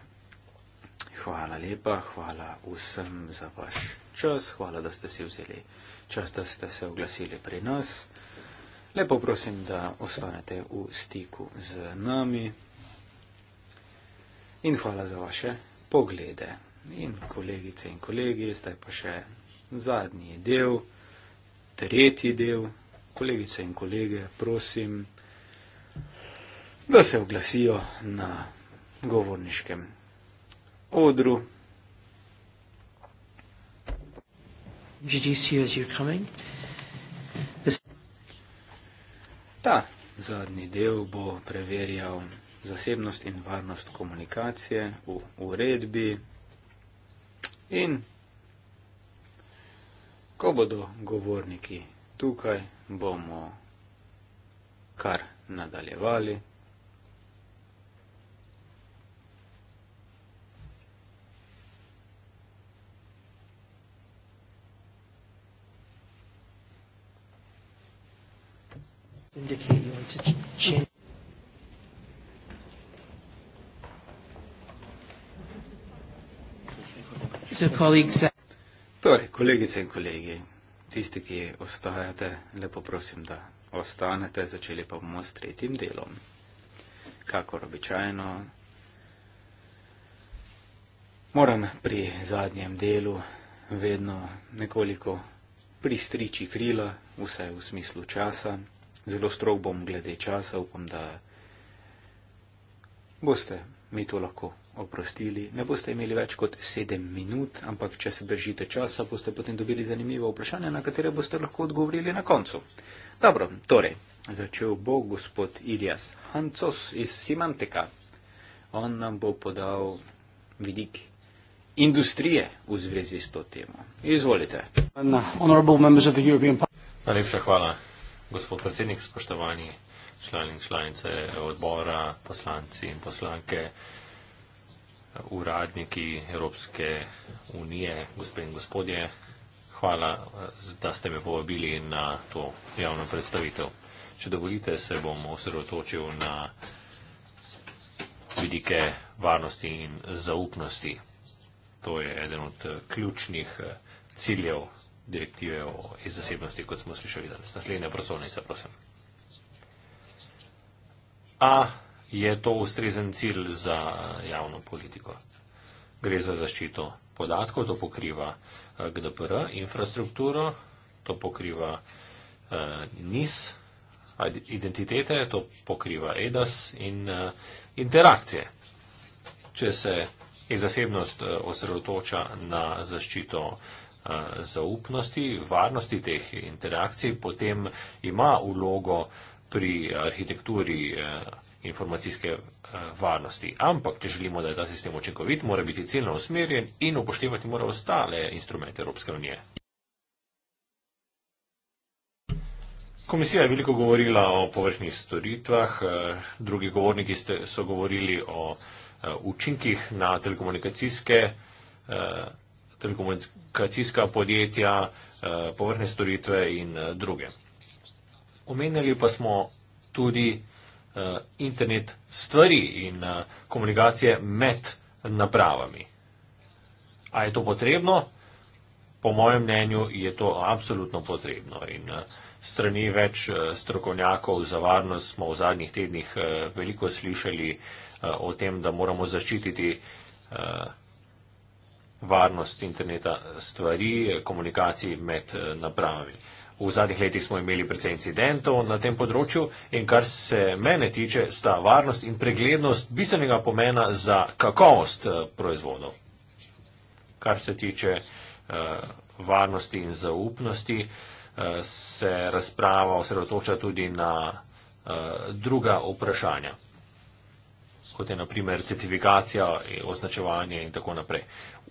Hvala lepa, hvala vsem za vaš čas, hvala, da ste si vzeli čas, da ste se oglasili pri nas. Lepo prosim, da ostanete v stiku z nami. In hvala za vaše poglede. In kolegice in kolegi, zdaj pa še zadnji del, tretji del. Kolegice in kolege, prosim, da se oglasijo na govorniškem odru. Ta zadnji del bo preverjal zasebnost in varnost komunikacije v uredbi In ko bodo govorniki tukaj, bomo kar nadaljevali. indicate you want to change Uh, torej, kolegice in kolegi, tisti, ki ostajate, lepo prosim, da ostanete, začeli pa bomo s tretjim delom. Kakor običajno, moram pri zadnjem delu vedno nekoliko pristriči krila, vse v smislu časa. Zelo strog bom glede časa, upam, da boste mi to lahko oprostili. Ne boste imeli več kot sedem minut, ampak če se držite časa, boste potem dobili zanimivo vprašanje, na katere boste lahko odgovorili na koncu. Dobro, torej, začel bo gospod Ilijas Hancos iz Simanteka. On nam bo podal vidik industrije v zvezi s to temo. Izvolite. Najlepša hvala, gospod predsednik, spoštovani člani in članice odbora, poslanci in poslanke uradniki Evropske unije, gospe in gospodje, hvala, da ste me povabili na to javno predstavitev. Če dovolite, se bom osredotočil na vidike varnosti in zaupnosti. To je eden od eh, ključnih eh, ciljev direktive o zasebnosti, kot smo slišali danes. Naslednja prosovnica, prosim. A je to ustrezen cilj za javno politiko. Gre za zaščito podatkov, to pokriva eh, GDPR infrastrukturo, to pokriva eh, NIS identitete, to pokriva EDAS in eh, interakcije. Če se je zasebnost osredotoča na zaščito zaupnosti, varnosti teh interakcij, potem ima vlogo pri arhitekturi informacijske eh, varnosti. Ampak, če želimo, da je ta sistem očinkovit, mora biti ciljno usmerjen in upoštevati mora ostale instrumente Evropske unije. Komisija je veliko govorila o povrhnih storitvah, eh, drugi govorniki so govorili o eh, učinkih na telekomunikacijske, telekomunikacijska podjetja, povrhne storitve in druge. Omenjali pa smo tudi uh, internet stvari in uh, komunikacije med napravami. A je to potrebno? Po mojem mnenju je to absolutno potrebno in uh, strani več uh, strokovnjakov za varnost smo v zadnjih tednih uh, veliko slišali uh, o tem, da moramo zaščititi uh, varnost interneta stvari, komunikacij med uh, napravami. Uh, V zadnjih letih smo imeli precej incidentov na tem področju in kar se mene tiče, sta varnost in preglednost bistvenega pomena za kakovost eh, proizvodov. Kar se tiče uh, varnosti in zaupnosti, uh, se razprava osredotoča tudi na uh, druga vprašanja, kot je naprimer certifikacija, označevanje in tako naprej.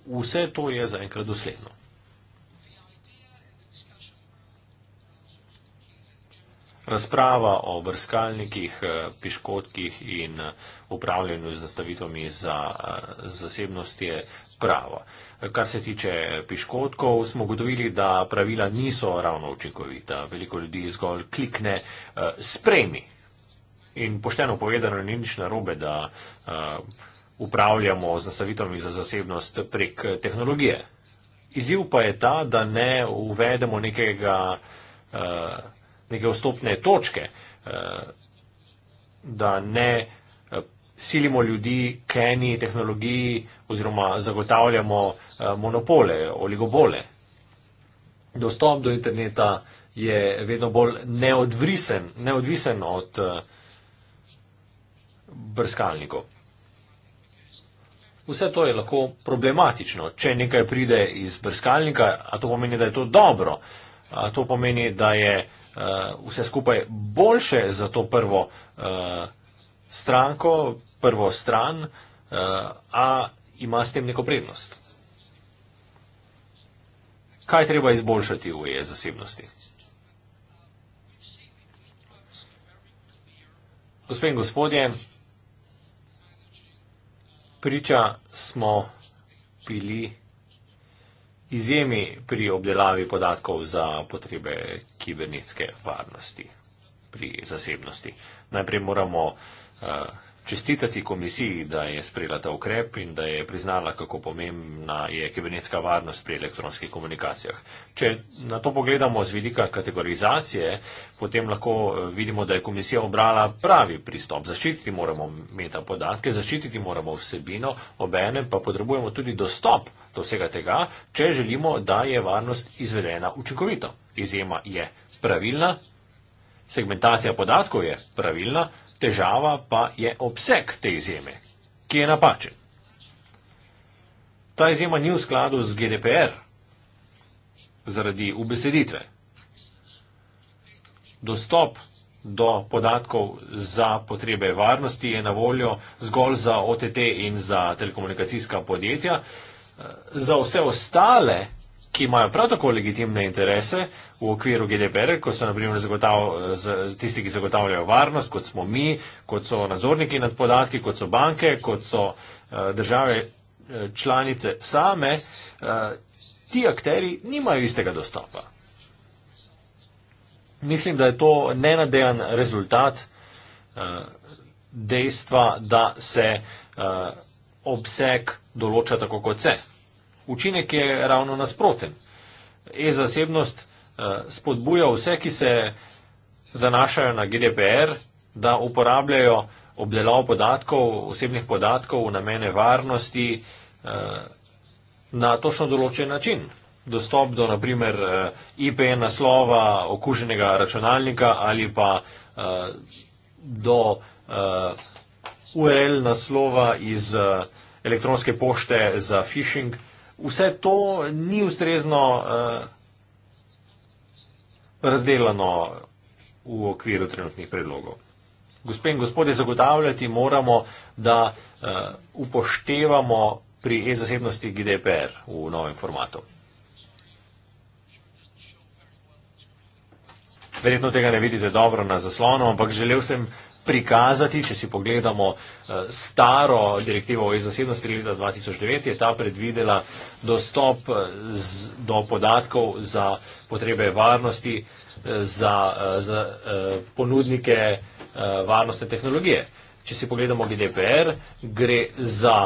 Vse to je zaenkrat dosledno. Razprava o brskalnikih, eh, piškotkih in eh, upravljanju z nastavitvami za eh, zasebnost je prava. Kar se tiče piškotkov, smo ugotovili, da pravila niso ravno učinkovita. Veliko ljudi zgolj klikne spremi. In pošteno povedano, ni nič narobe, da upravljamo z nastavitvami za zasebnost prek tehnologije. Izjiv pa je ta, da ne uvedemo nekega neke vstopne točke, eh, da ne eh, silimo ljudi k eni tehnologiji oziroma zagotavljamo eh, monopole, oligopole. Dostop do interneta je vedno bolj neodvisen, neodvisen od brskalnikov. Vse to je lahko problematično. Če nekaj pride iz brskalnika, a to pomeni, da je to dobro, a to pomeni, da je uh, Eh, vse skupaj boljše za to prvo uh, stranko, prvo stran, uh, a ima s tem neko prednost. Kaj treba izboljšati v EE zasebnosti? Gospod in gospodje, priča smo bili izjemi pri obdelavi podatkov za potrebe kibernetske varnosti pri zasebnosti. Najprej moramo eh, čestitati komisiji, da je sprejela ta ukrep in da je priznala, kako pomembna je kibernetska varnost pri elektronskih komunikacijah. Če na to pogledamo z vidika kategorizacije, potem lahko eh, vidimo, da je komisija obrala pravi pristop. Zaščititi moramo meta podatke, zaščititi moramo vsebino, obene pa potrebujemo tudi dostop do vsega tega, če želimo, da je varnost izvedena učinkovito. Izjema je pravilna, segmentacija podatkov je pravilna, težava pa je obseg te izjeme, ki je napačen. Ta izjema ni v skladu z GDPR zaradi ubeseditve. Dostop do podatkov za potrebe varnosti je na voljo zgolj za OTT in za telekomunikacijska podjetja. Za vse ostale ki imajo prav tako legitimne interese v okviru GDPR, kot so naprimer zagotav, tisti, ki zagotavljajo varnost, kot smo mi, kot so nadzorniki nad podatki, kot so banke, kot so eh, države eh, članice same, eh, ti akteri nimajo istega dostopa. Mislim, da je to nenadejan rezultat dejstva, da se obseg določa tako, kot se. Učinek je ravno nasproten. E-zasebnost eh, spodbuja vse, ki se zanašajo na GDPR, da uporabljajo obdelav podatkov, osebnih podatkov v namene varnosti eh, na točno določen način. Dostop do, naprimer, eh, IPN naslova okuženega računalnika ali pa do URL naslova iz elektronske pošte za phishing vse to ni ustrezno uh, razdelano v okviru trenutnih predlogov. Gospe in gospodje, zagotavljati moramo, da uh, upoštevamo pri e-zasebnosti GDPR v novem formatu. Verjetno tega ne vidite dobro na zaslonu, ampak želel sem prikazati, če si pogledamo eh, staro direktivo o zasebnosti leta 2009, je ta predvidela dostop eh, z, do podatkov za potrebe varnosti eh, za, za ponudnike varnostne tehnologije. Če si pogledamo GDPR, gre za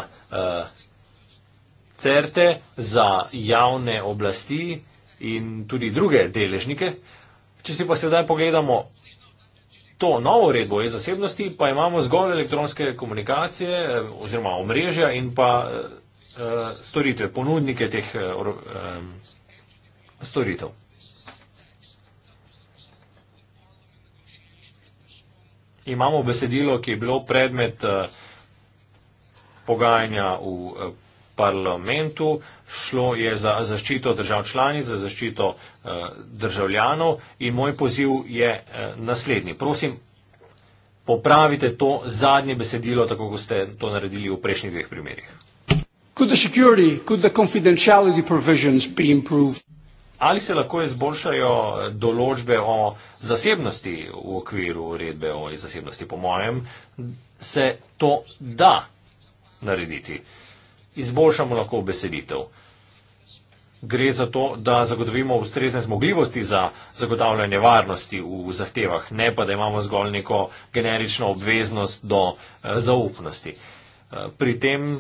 certe, za javne oblasti in tudi druge deležnike. Če si pa sedaj pogledamo to novo uredbo o e-zasebnosti, pa imamo zgolj elektronske komunikacije eh, oziroma omrežja in pa uh, storitve, ponudnike teh uh, um, storitev. Imamo besedilo, ki je bilo predmet uh, pogajanja v. Uh, parlamentu, šlo je za zaščito držav članic, za zaščito eh, državljanov in moj poziv je eh, naslednji. Prosim, popravite to zadnje besedilo, tako kot ste to naredili v prejšnjih dveh primerjih. Ali se lahko izboljšajo eh, določbe o zasebnosti v okviru uredbe o zasebnosti? Po mojem se to da narediti izboljšamo lahko beseditev. Gre za to, da zagotovimo ustrezne zmogljivosti za zagotavljanje varnosti v zahtevah, ne pa da imamo zgolj neko generično obveznost do eh, zaupnosti. Eh, pri tem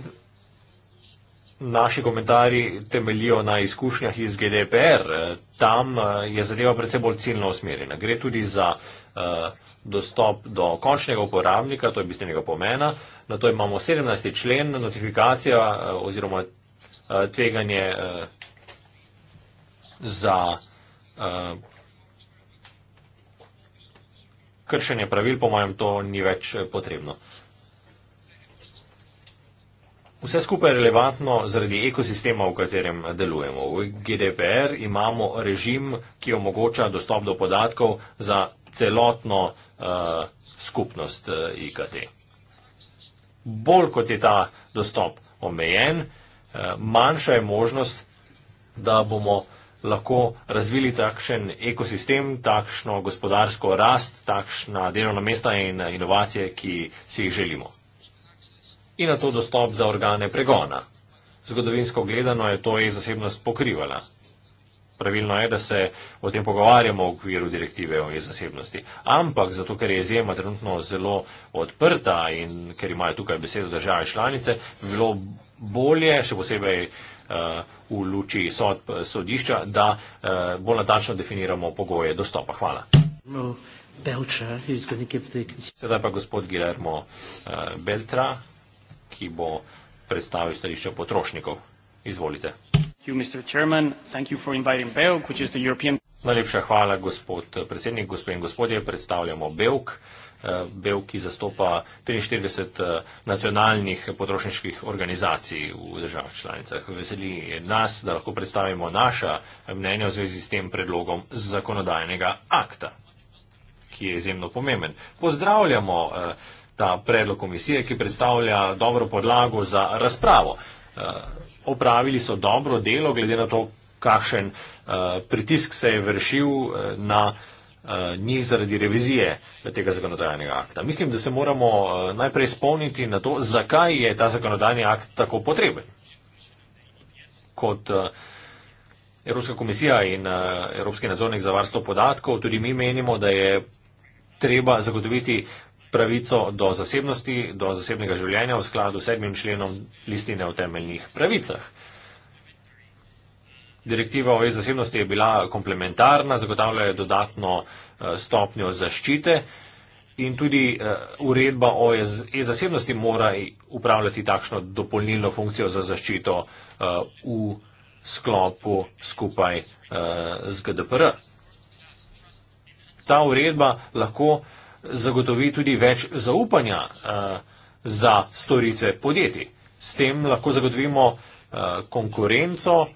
naši komentarji temeljijo na izkušnjah iz GDPR. Eh, tam eh, je zadeva predvsem bolj ciljno usmerjena. Gre tudi za eh, dostop do končnega uporabnika, to je bistvenega pomena. Na to imamo 17. člen, notifikacija eh, oziroma eh, tveganje eh, za kršenje pravil, po mojem, to ni več potrebno. Vse skupaj je relevantno zaradi ekosistema, v katerem delujemo. V GDPR imamo režim, ki omogoča dostop do podatkov za celotno uh, skupnost uh, eh, IKT. Bolj kot je ta dostop omejen, uh, manjša je možnost, da bomo lahko razvili takšen ekosistem, takšno gospodarsko rast, takšna delovna mesta in inovacije, ki si jih želimo in na to dostop za organe pregona. Zgodovinsko gledano je to e-zasebnost pokrivala. Pravilno je, da se o tem pogovarjamo v okviru direktive o e-zasebnosti. Ampak zato, ker je izjema trenutno zelo odprta in ker imajo tukaj besedo države članice, bi bilo bolje, še posebej uh, v luči sod, sodišča, da uh, bolj natančno definiramo pogoje dostopa. Hvala. Sedaj pa gospod Guillermo uh, Beltra ki bo predstavil stališče potrošnikov. Izvolite. Najlepša hvala, gospod predsednik, gospod in gospodje. Predstavljamo Belk. Eh, Belk, ki zastopa 43 eh, nacionalnih potrošniških organizacij v državah članicah. Veseli nas, da lahko predstavimo naša mnenja v zvezi s tem predlogom zakonodajnega akta, ki je izjemno pomemben. Pozdravljamo eh, ta predlog komisije, ki predstavlja dobro podlago za razpravo. Eh, opravili so dobro delo, glede na to, kakšen eh, pritisk se je vršil eh, na njih zaradi revizije tega zakonodajnega akta. Mislim, da se moramo najprej spomniti na to, zakaj je ta zakonodajni akt tako potreben. Kot Evropska komisija in Evropski nadzornik za varstvo podatkov, tudi mi menimo, da je treba zagotoviti pravico do zasebnosti, do zasebnega življenja v skladu s sedmim členom listine o temeljnih pravicah. Direktiva o e-zasebnosti je bila komplementarna, zagotavlja je dodatno eh, stopnjo zaščite in tudi eh, uredba o e-zasebnosti mora upravljati takšno dopolnilno funkcijo za zaščito eh, v sklopu skupaj z GDPR. Ta uredba lahko zagotovi tudi več zaupanja uh, za storitve podjetij. S tem lahko zagotovimo uh, konkurenco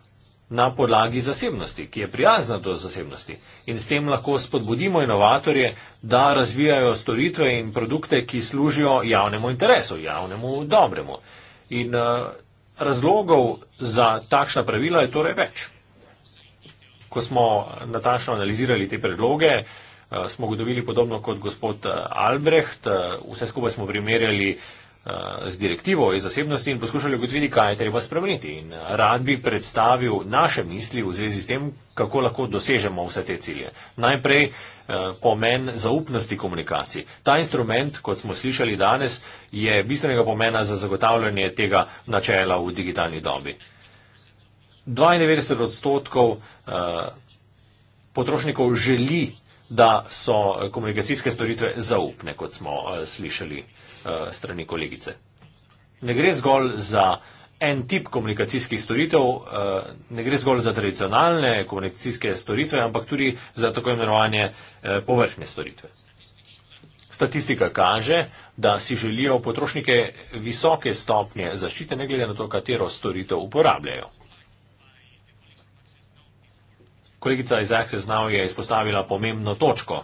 na podlagi zasebnosti, ki je prijazna do zasebnosti. In s tem lahko spodbudimo inovatorje, da razvijajo storitve in produkte, ki služijo javnemu interesu, javnemu dobremu. In uh, razlogov za takšna pravila je torej več. Ko smo natančno analizirali te predloge, uh, Eh, smo ugotovili podobno kot gospod eh, Albrecht. Eh, vse skupaj smo primerjali z direktivo iz zasebnosti in poskušali ugotoviti, kaj je treba spremeniti. In rad bi predstavil naše misli v zvezi s tem, kako lahko dosežemo vse te cilje. Najprej pomen zaupnosti komunikacij. Ta instrument, kot smo slišali danes, je bistvenega pomena za zagotavljanje tega načela v digitalni dobi. 92 odstotkov potrošnikov želi da so eh, komunikacijske storitve zaupne, kot smo eh, slišali eh, strani kolegice. Ne gre zgolj za en tip komunikacijskih storitev, ne gre zgolj za tradicionalne komunikacijske storitve, ampak tudi za tako imenovanje povrhne storitve. Statistika kaže, da si želijo potrošnike visoke stopnje zaščite, ne glede na to, katero storitev uporabljajo. Kolegica iz Akse znav je izpostavila pomembno točko,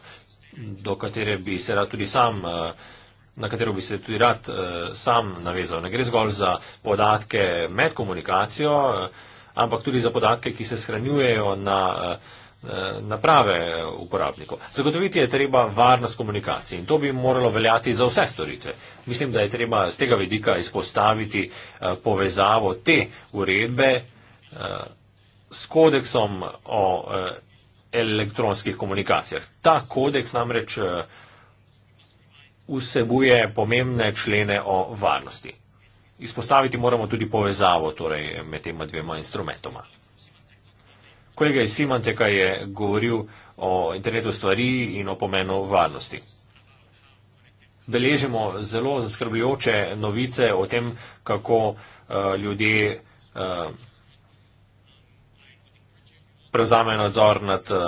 do katere bi se rad tudi sam eh, na katero bi se tudi rad eh, sam navezal. Ne gre zgolj za podatke med komunikacijo, eh, ampak tudi za podatke, ki se shranjujejo na naprave uporabnikov. Zagotoviti je treba varnost komunikacije in to bi moralo veljati za vse storitve. Mislim, da je treba z tega vidika izpostaviti povezavo te uredbe s kodeksom o eh, elektronskih komunikacijah. Ta kodeks namreč eh, vsebuje pomembne člene o varnosti. Izpostaviti moramo tudi povezavo torej, med tema dvema instrumentoma. Kolega iz Simanteka je govoril o internetu stvari in o pomenu varnosti. Beležimo zelo zaskrbljujoče novice o tem, kako uh, ljudje uh, prevzamejo nadzor nad um,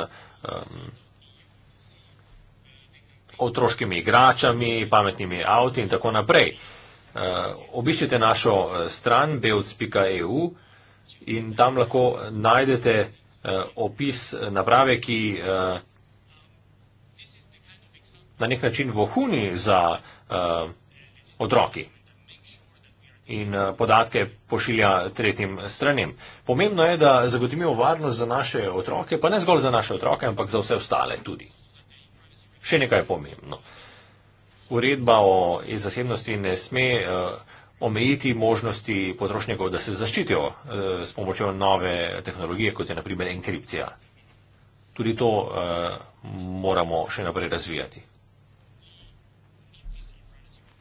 otroškimi igračami, pametnimi avti in tako naprej. Uh, obiščite našo eh, stran beuc.eu in tam lahko najdete uh, opis naprave, ki uh, na nek način vohuni za uh, otroki in eh, podatke pošilja tretjim stranem. Pomembno je, da zagotovimo varnost za naše otroke, pa ne zgolj za naše otroke, ampak za vse ostale tudi. Še nekaj je pomembno. Uredba o zasebnosti ne sme eh, omejiti možnosti potrošnikov, da se zaščitijo eh, s pomočjo nove tehnologije, kot je naprimer enkripcija. Tudi to moramo še naprej razvijati.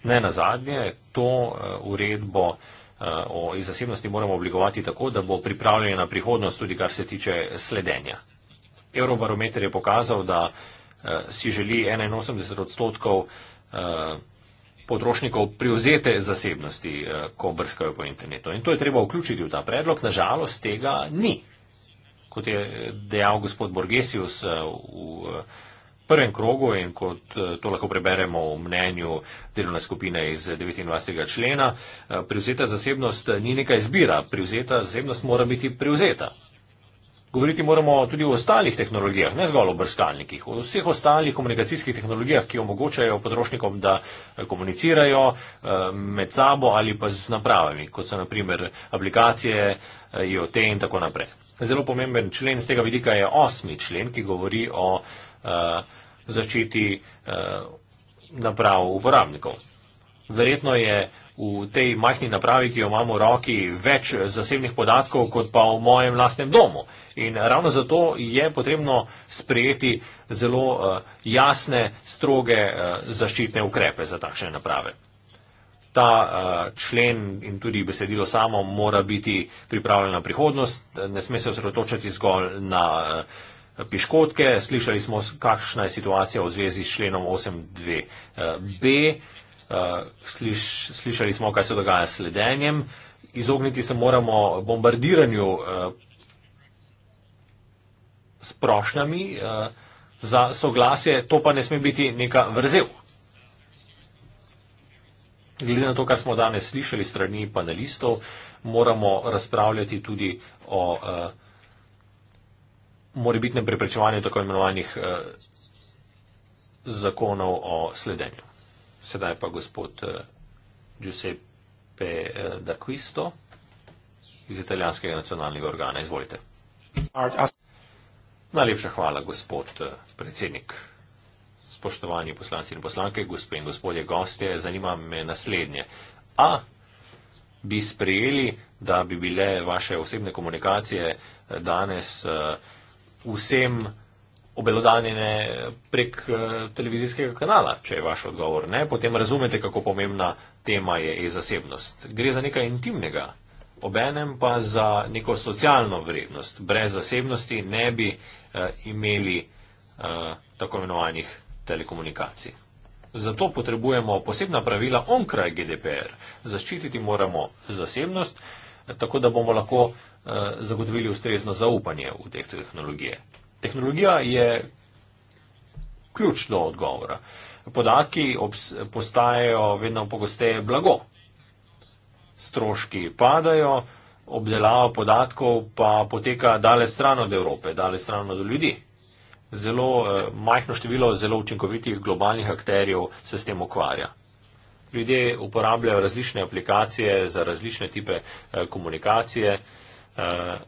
Ne na zadnje, to eh, uredbo eh, o zasebnosti moramo oblikovati tako, da bo pripravljena na prihodnost tudi kar se tiče sledenja. Eurobarometer je pokazal, da eh, si želi 81 odstotkov potrošnikov privzete zasebnosti, ko brskajo po internetu. In to je treba vključiti v ta predlog. Nažalost, tega ni. Kot je dejal gospod Borgesius v prvem krogu in kot eh, to lahko preberemo v mnenju delovne skupine iz 29. člena, eh, privzeta zasebnost eh, ni neka izbira, privzeta zasebnost mora biti privzeta. Govoriti moramo tudi o ostalih tehnologijah, ne zgolj o brskalnikih, o vseh ostalih komunikacijskih tehnologijah, ki omogočajo potrošnikom, da komunicirajo med sabo ali pa z napravami, kot so naprimer aplikacije, IoT in tako naprej. Zelo pomemben člen z tega vidika je osmi člen, ki govori o uh, zaščiti eh, naprav uporabnikov. Verjetno je v tej majhni napravi, ki jo imamo v roki, več zasebnih podatkov, kot pa v mojem lastnem domu. In ravno zato je potrebno sprejeti zelo eh, jasne, stroge eh, zaščitne ukrepe za takšne naprave. Ta člen in tudi besedilo samo mora biti pripravljeno na prihodnost, ne sme se osredotočati zgolj na piškotke. Slišali smo, kakšna je situacija v zvezi s členom 8.2b. Eh, sliš, slišali smo, kaj se dogaja s sledenjem. Izogniti se moramo bombardiranju eh, s prošnjami eh, za soglasje, to pa ne sme biti neka vrzel. Glede na to, kar smo danes slišali strani panelistov, moramo razpravljati tudi o uh, morebitnem preprečevanju tako imenovanih eh, zakonov o sledenju. Sedaj pa gospod eh, Giuseppe eh, D'Aquisto iz italijanskega nacionalnega organa. Izvolite. Najlepša hvala, gospod predsednik. Spoštovani poslanci in poslanke, gospe in gospodje gostje, zanima me naslednje. A bi sprejeli, da bi bile vaše osebne komunikacije danes uh, vsem obelodanjene prek eh, televizijskega kanala, če je vaš odgovor ne, potem razumete, kako pomembna tema je e-zasebnost. Gre za nekaj intimnega, obenem pa za neko socialno vrednost. Brez zasebnosti ne bi uh, imeli uh, tako imenovanih telekomunikacij. Zato potrebujemo posebna pravila onkraj GDPR. Zaščititi moramo zasebnost, tako da bomo lahko uh, Eh, zagotovili ustrezno zaupanje v te tehnologije. Tehnologija je ključ do odgovora. Podatki postajajo vedno pogosteje blago. Stroški padajo, obdelava podatkov pa poteka daleč stran od Evrope, daleč stran od ljudi. Zelo eh, majhno število zelo učinkovitih globalnih akterjev se s tem ukvarja. Ljudje uporabljajo različne aplikacije za različne type eh, komunikacije, eh, Eh,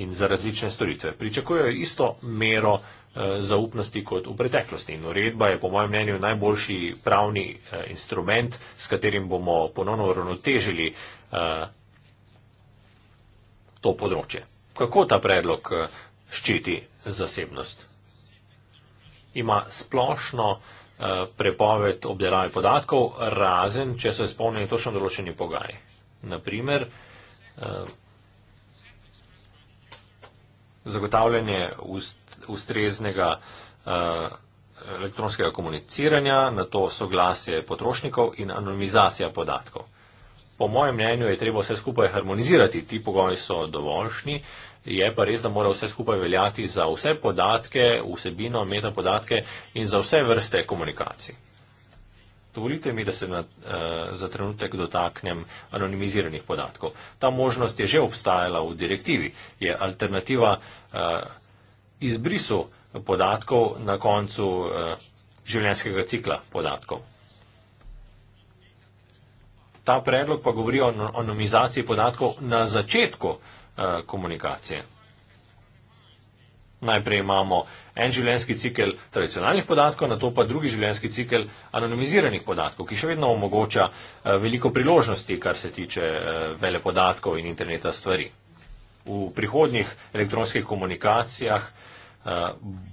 in za različne storitve. Pričakujejo isto mero eh, zaupnosti kot v preteklosti. In uredba je, po mojem mnenju, najboljši pravni eh, instrument, s katerim bomo ponovno uravnotežili to področje. Kako ta predlog ščiti zasebnost? Ima splošno prepoved obdelave podatkov, razen, če so izpolnjeni točno določeni pogaji. Naprimer, zagotavljanje ustreznega eh, elektronskega komuniciranja, na to soglasje potrošnikov in anonimizacija podatkov. Po mojem mnenju je treba vse skupaj harmonizirati, ti pogoji so dovoljšni, je pa res, da mora vse skupaj veljati za vse podatke, vsebino, metapodatke in za vse vrste komunikacij. Dovolite mi, da se na, eh, za trenutek dotaknem anonimiziranih podatkov. Ta možnost je že obstajala v direktivi. Je alternativa eh, izbrisu podatkov na koncu eh, življenjskega cikla podatkov. Ta predlog pa govori o anonimizaciji podatkov na začetku eh, komunikacije. Najprej imamo en življenjski cikel tradicionalnih podatkov, na to pa drugi življenjski cikel anonimiziranih podatkov, ki še vedno omogoča eh, veliko priložnosti, kar se tiče eh, vele podatkov in interneta stvari. V prihodnjih elektronskih komunikacijah eh,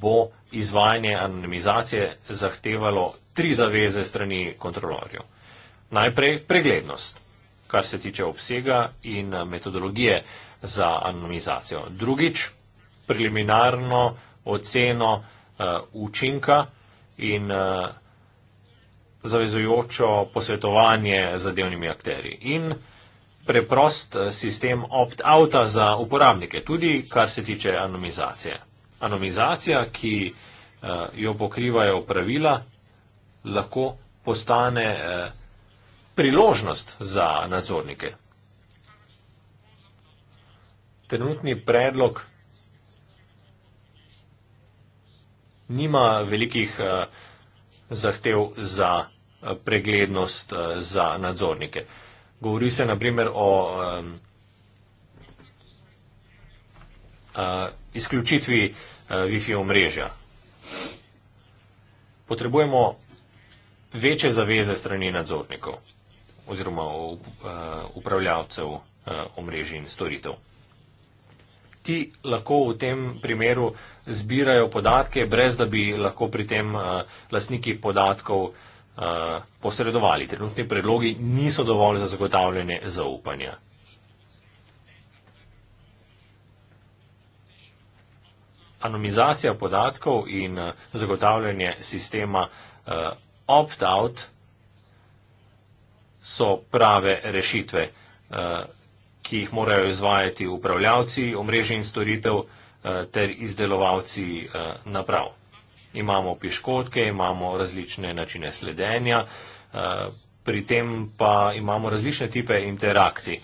bo izvajanje anonimizacije zahtevalo tri zaveze strani kontrolorjev. Najprej preglednost, kar se tiče obsega in metodologije za anonimizacijo. Drugič, preliminarno oceno uh, učinka in uh, zavezujočo posvetovanje z zadevnimi akteri. In preprost eh, sistem opt-outa za uporabnike, tudi kar se tiče anonimizacije. Anonimizacija, ki uh, jo pokrivajo pravila, lahko postane uh, priložnost za nadzornike. Trenutni predlog nima velikih uh, zahtev za uh, preglednost uh, za nadzornike. Govori se naprimer o um, uh, izključitvi uh, Wi-Fi omrežja. Potrebujemo večje zaveze strani nadzornikov oziroma uh, upravljavcev uh, omrežij in storitev ti lahko v tem primeru zbirajo podatke, brez da bi lahko pri tem uh, eh, lasniki podatkov uh, posredovali. Trenutni predlogi niso dovolj za zagotavljanje zaupanja. Anonimizacija podatkov in eh, zagotavljanje sistema uh, opt-out so prave rešitve. Uh, ki jih morajo izvajati upravljavci omrežij in storitev eh, ter izdelovalci eh, naprav. Imamo piškotke, imamo različne načine sledenja, eh, pri tem pa imamo različne tipe interakcij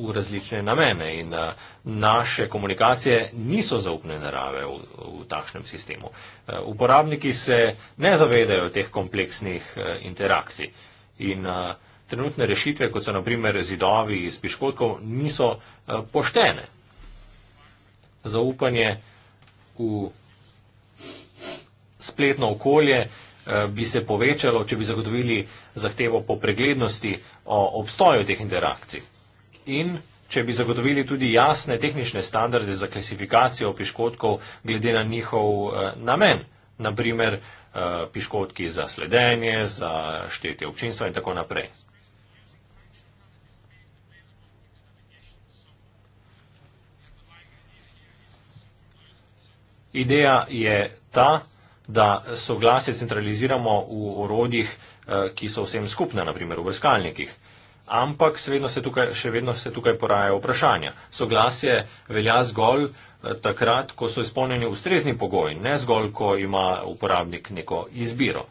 v različne namene in naše komunikacije niso zaupne narave v, v takšnem sistemu. Uporabniki se ne zavedajo teh kompleksnih interakcij in trenutne rešitve, kot so naprimer zidovi iz piškotkov, niso eh, poštene. Zaupanje v spletno okolje eh, bi se povečalo, če bi zagotovili zahtevo po preglednosti o obstoju teh interakcij. In če bi zagotovili tudi jasne tehnične standarde za klasifikacijo piškotkov glede na njihov eh, namen, naprimer piškotki za sledenje, za štetje občinstva in tako naprej. Ideja je ta, da soglasje centraliziramo v orodjih, eh, ki so vsem skupna, naprimer v brskalnikih. Ampak se tukaj, še vedno se tukaj porajajo vprašanja. Soglasje velja zgolj eh, takrat, ko so izpolnjeni ustrezni pogoji, ne zgolj, ko ima uporabnik neko izbiro.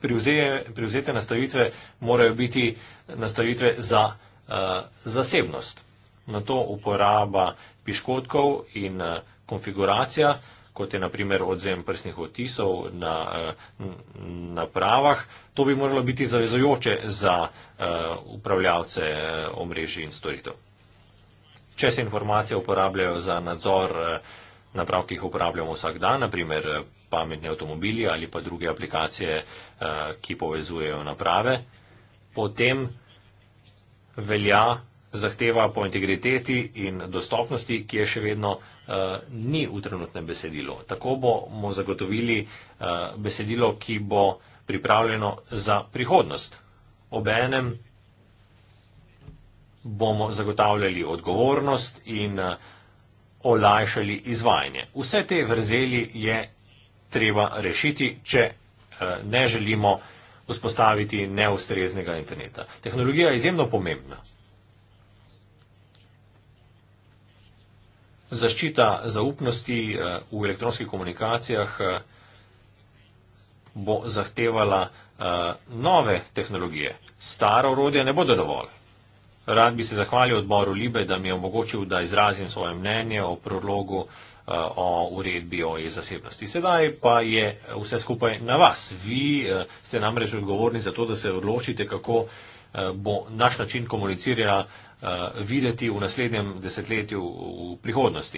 Privzete nastavitve morajo biti nastavitve za uh, zasebnost na to uporaba piškotkov in eh, konfiguracija, kot je naprimer odzem prstnih otisov na eh, napravah, to bi moralo biti zavezojoče za eh, upravljavce omrežij in storitev. Če se informacije uporabljajo za nadzor naprav, ki jih uporabljamo vsak dan, naprimer pametni avtomobili ali pa druge aplikacije, ki povezujejo naprave, potem velja zahteva po integriteti in dostopnosti, ki je še vedno uh, ni v trenutnem besedilu. Tako bomo zagotovili uh, besedilo, ki bo pripravljeno za prihodnost. Obenem bomo zagotavljali odgovornost in uh, olajšali izvajanje. Vse te vrzeli je treba rešiti, če uh, ne želimo vzpostaviti neustreznega interneta. Tehnologija je izjemno pomembna. zaščita zaupnosti eh, v elektronskih komunikacijah eh, bo zahtevala eh, nove tehnologije. Staro urodje ne bodo dovolj. Rad bi se zahvalil odboru Libe, da mi je omogočil, da izrazim svoje mnenje o prologu o uredbi o e-zasebnosti. Sedaj pa je vse skupaj na vas. Vi ste namreč odgovorni za to, da se odločite, kako bo naš način komuniciranja Eh, videti v naslednjem desetletju v prihodnosti.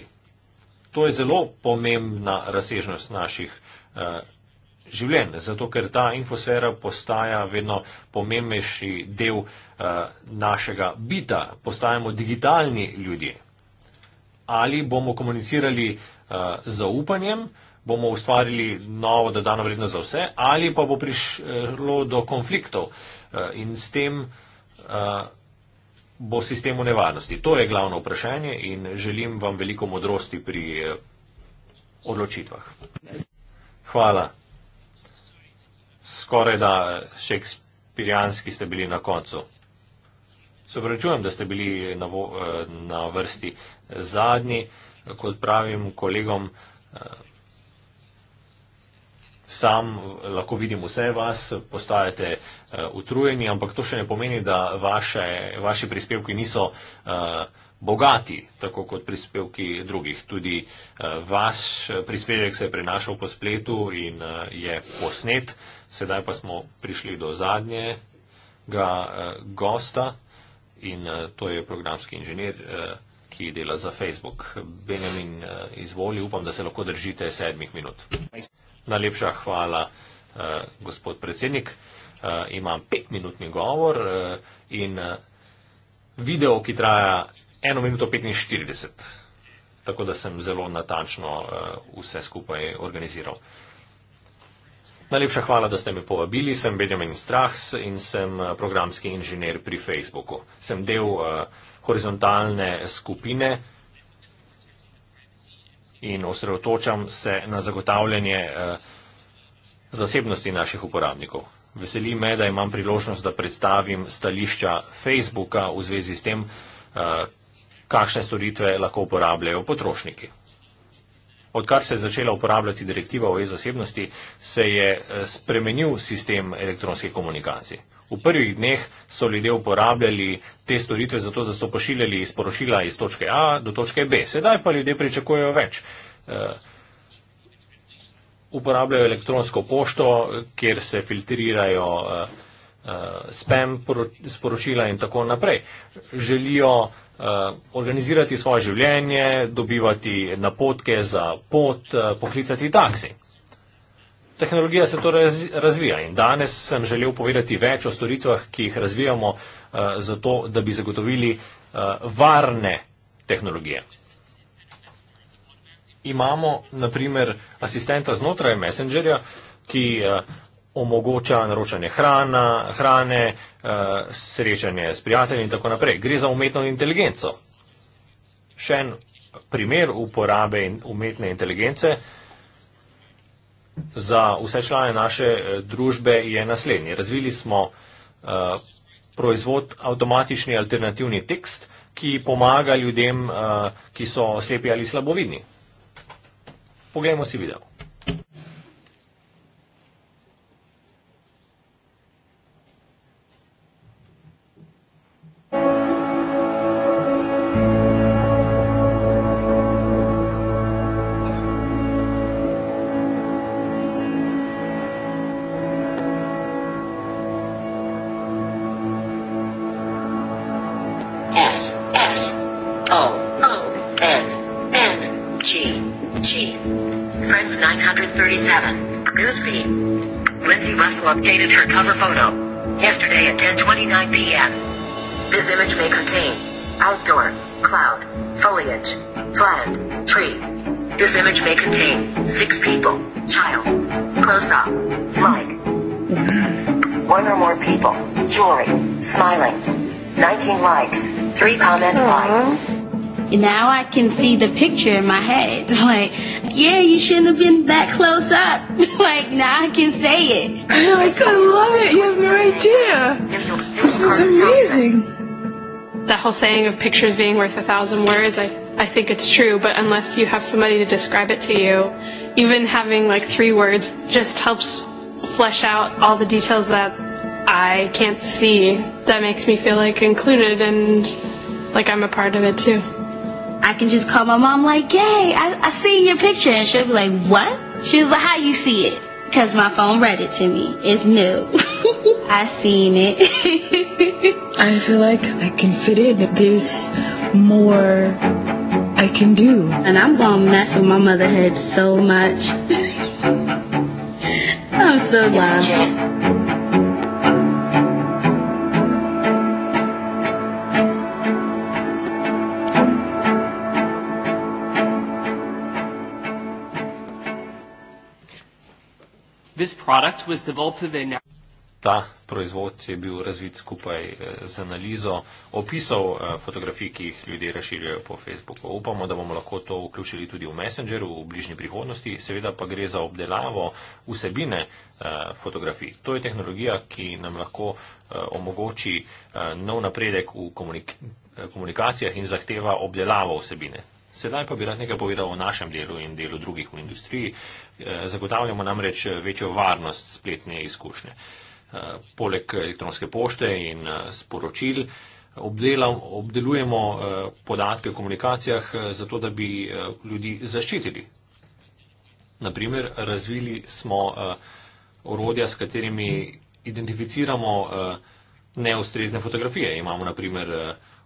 To je zelo pomembna razsežnost naših eh, življenj, zato ker ta infosfera postaja vedno pomembnejši del eh, našega bita. Postajamo digitalni ljudje. Ali bomo komunicirali z zaupanjem, bomo ustvarili novo dodano vrednost za vse, ali pa bo prišlo do konfliktov in s tem bo sistem v nevarnosti. To je glavno vprašanje in želim vam veliko modrosti pri eh, odločitvah. Hvala. Skoraj da eh, šekspirijanski ste bili na koncu. Se obračujem, da ste bili eh, na, vo, na vrsti zadnji, kot pravim kolegom sam eh, lahko vidim vse vas, postajate uh, utrujeni, ampak to še ne pomeni, da vaše, vaši prispevki niso uh, bogati, tako kot prispevki drugih. Tudi uh, vaš prispevek se je prenašal po spletu in uh, je posnet, sedaj pa smo prišli do zadnjega uh, gosta in uh, to je programski inženir. Uh, ki dela za Facebook. Benjamin, izvoli, upam, da se lahko držite sedmih minut. Najlepša hvala, eh, gospod predsednik. Eh, imam petminutni govor eh, in eh, video, ki traja 1 minuto 45. Tako da sem zelo natančno eh, vse skupaj organiziral. Najlepša hvala, da ste me povabili. Sem Benjamin Strahs in sem eh, programski inženir pri Facebooku. Sem del eh, horizontalne skupine in osredotočam se na zagotavljanje eh, zasebnosti naših uporabnikov. Veseli me, da imam priložnost, da predstavim stališča Facebooka v zvezi s tem, eh, kakšne storitve lahko uporabljajo potrošniki. Odkar se je začela uporabljati direktiva o e-zasebnosti, se je eh, spremenil sistem elektronskih komunikacij. V prvih dneh so ljudje uporabljali te storitve zato, da so pošiljali sporočila iz točke A do točke B. Sedaj pa ljudje pričakujejo več. Eh, uporabljajo elektronsko pošto, kjer se filtrirajo eh, eh, spam sporočila in tako naprej. Želijo organizirati svoje življenje, dobivati napotke za pot, poklicati taksi. Tehnologija se torej razvija in danes sem želel povedati več o storitvah, ki jih razvijamo uh, eh, za to, da bi zagotovili uh, varne tehnologije. Imamo naprimer asistenta znotraj Messengerja, ki uh, omogoča naročanje hrana, hrane, uh, srečanje s prijatelji in tako naprej. Gre za umetno inteligenco. Še en primer uporabe umetne inteligence uh, za vse člane naše eh, družbe je naslednji. Razvili smo eh, proizvod avtomatični alternativni tekst, ki pomaga ljudem, eh, ki so slepi ali slabovidni. Poglejmo si video. may contain six people. Child. Close up. Mike. One or more people. Jewelry. Smiling. 19 likes. Three comments Aww. like. Now I can see the picture in my head. Like, yeah, you shouldn't have been that close up. like, now I can say it. I was gonna love it. You have no idea. This is amazing. That whole saying of pictures being worth a thousand words, I I think it's true, but unless you have somebody to describe it to you, even having like three words just helps flesh out all the details that I can't see. That makes me feel like included and like I'm a part of it too. I can just call my mom, like, yay, I, I see your picture. And she'll be like, what? She was like, how you see it? Because my phone read it to me. It's new. I seen it. I feel like I can fit in. There's more. I can do. And I'm gonna mess with my motherhead so much. I'm so glad. This product was developed in ta proizvod je bil razvit skupaj eh, z analizo opisov eh, fotografij, ki jih ljudje raširjajo po Facebooku. Upamo, da bomo lahko to vključili tudi v Messenger v bližnji prihodnosti, seveda pa gre za obdelavo vsebine eh, fotografij. To je tehnologija, ki nam lahko omogoči nov napredek v komunik komunikacijah in zahteva obdelavo vsebine. Sedaj pa bi rad nekaj povedal o našem delu in delu drugih v industriji. Zagotavljamo namreč večjo varnost spletne izkušnje. Eh, poleg elektronske pošte in eh, sporočil. Obdelujemo eh, podatke o komunikacijah, zato da bi ljudi zaščitili. Naprimer, razvili smo orodja, s katerimi identificiramo neustrezne fotografije. Imamo naprimer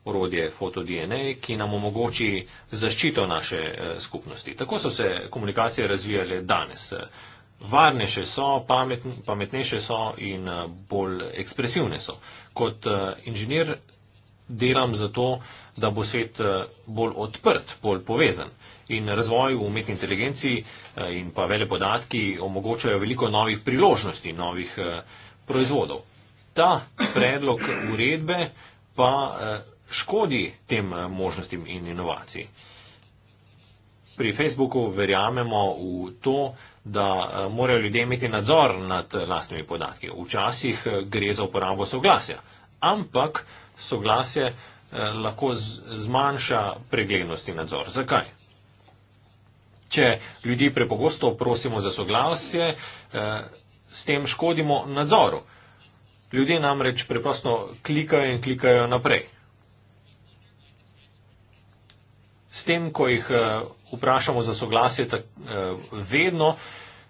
orodje FotoDNA, ki nam omogoči zaščito naše skupnosti. Tako so se komunikacije razvijale danes varnejše so, pametn, pametnejše so in eh, bolj ekspresivne so. Kot eh, inženir delam zato, da bo svet eh, bolj odprt, bolj povezan. In razvoj v umetni inteligenciji in pa vele podatki omogočajo veliko novih priložnosti, novih proizvodov. Ta predlog uredbe pa škodi tem možnostim in inovacij. Pri Facebooku verjamemo v to, da eh, morajo ljudje imeti nadzor nad eh, lastnimi podatki. Včasih eh, gre za uporabo soglasja, ampak soglasje lahko zmanjša preglednost in nadzor. Zakaj? Če ljudi prepogosto prosimo za soglasje, s tem škodimo nadzoru. Ljudje namreč preprosto klikajo in klikajo naprej. S tem, ko jih vprašamo za soglasje tak, eh, vedno,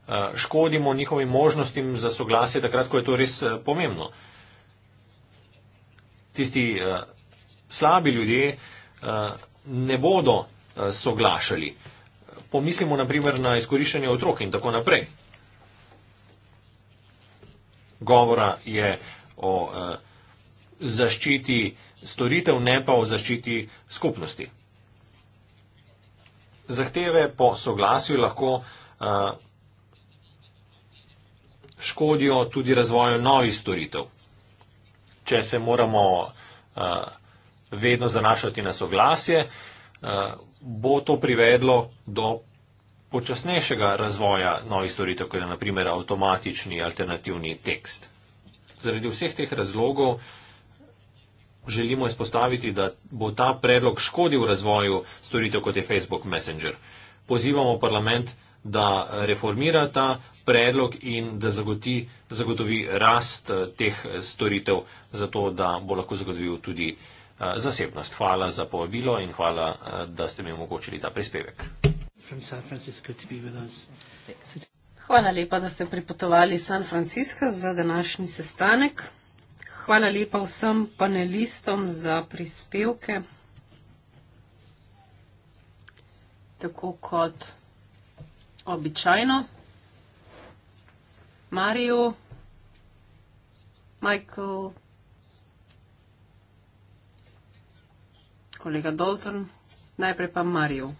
eh, škodimo njihovim možnostim za soglasje takrat, ko je to res eh, pomembno. Tisti slabi ljudje ne bodo soglašali. Pomislimo naprimer na izkoriščanje otrok in tako naprej. Govora je o zaščiti storitev, ne pa o zaščiti skupnosti zahteve po soglasju lahko uh, škodijo tudi razvoju novih storitev. Če se moramo uh, vedno zanašati na soglasje, uh, bo to privedlo do počasnejšega razvoja novih storitev, kot je naprimer avtomatični alternativni tekst. Zaradi vseh teh razlogov uh, želimo izpostaviti, da bo ta predlog škodil razvoju storitev kot je Facebook Messenger. Pozivamo parlament, da reformira ta predlog in da zagoti, zagotovi rast eh, teh eh, storitev, zato da bo lahko zagotovil tudi eh, zasebnost. Hvala za povabilo in hvala, da ste mi omogočili ta prispevek. Hvala lepa, da ste pripotovali iz San Francisca za današnji sestanek. Hvala lepa vsem panelistom za prispevke. Tako kot običajno. Mario, Michael, kolega Dalton, najprej pa Mario.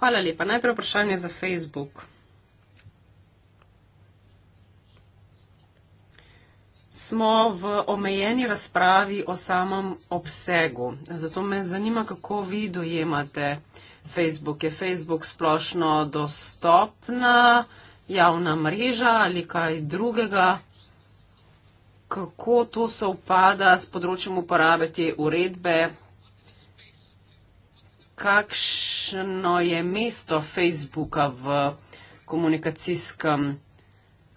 Hvala lepa. Najprej vprašanje za Facebook. smo v omejeni razpravi o samem obsegu. Zato me zanima, kako vi dojemate Facebook. Je Facebook splošno dostopna javna mreža ali kaj drugega? Kako to se upada s področjem uporabe te uredbe? Kakšno je mesto Facebooka v komunikacijskem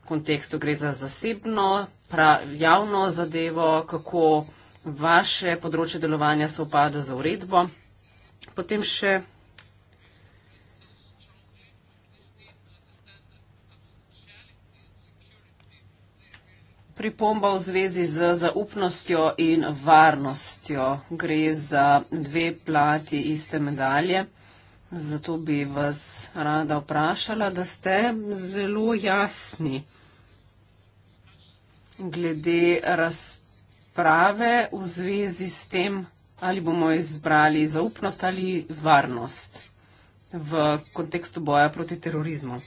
kontekstu? Gre za zasebno javno zadevo, kako vaše področje delovanja se upada za uredbo. Potem še pripomba v zvezi z zaupnostjo in varnostjo. Gre za dve plati iste medalje. Zato bi vas rada vprašala, da ste zelo jasni glede razprave v zvezi s tem, ali bomo izbrali zaupnost ali varnost v kontekstu boja proti terorizmu.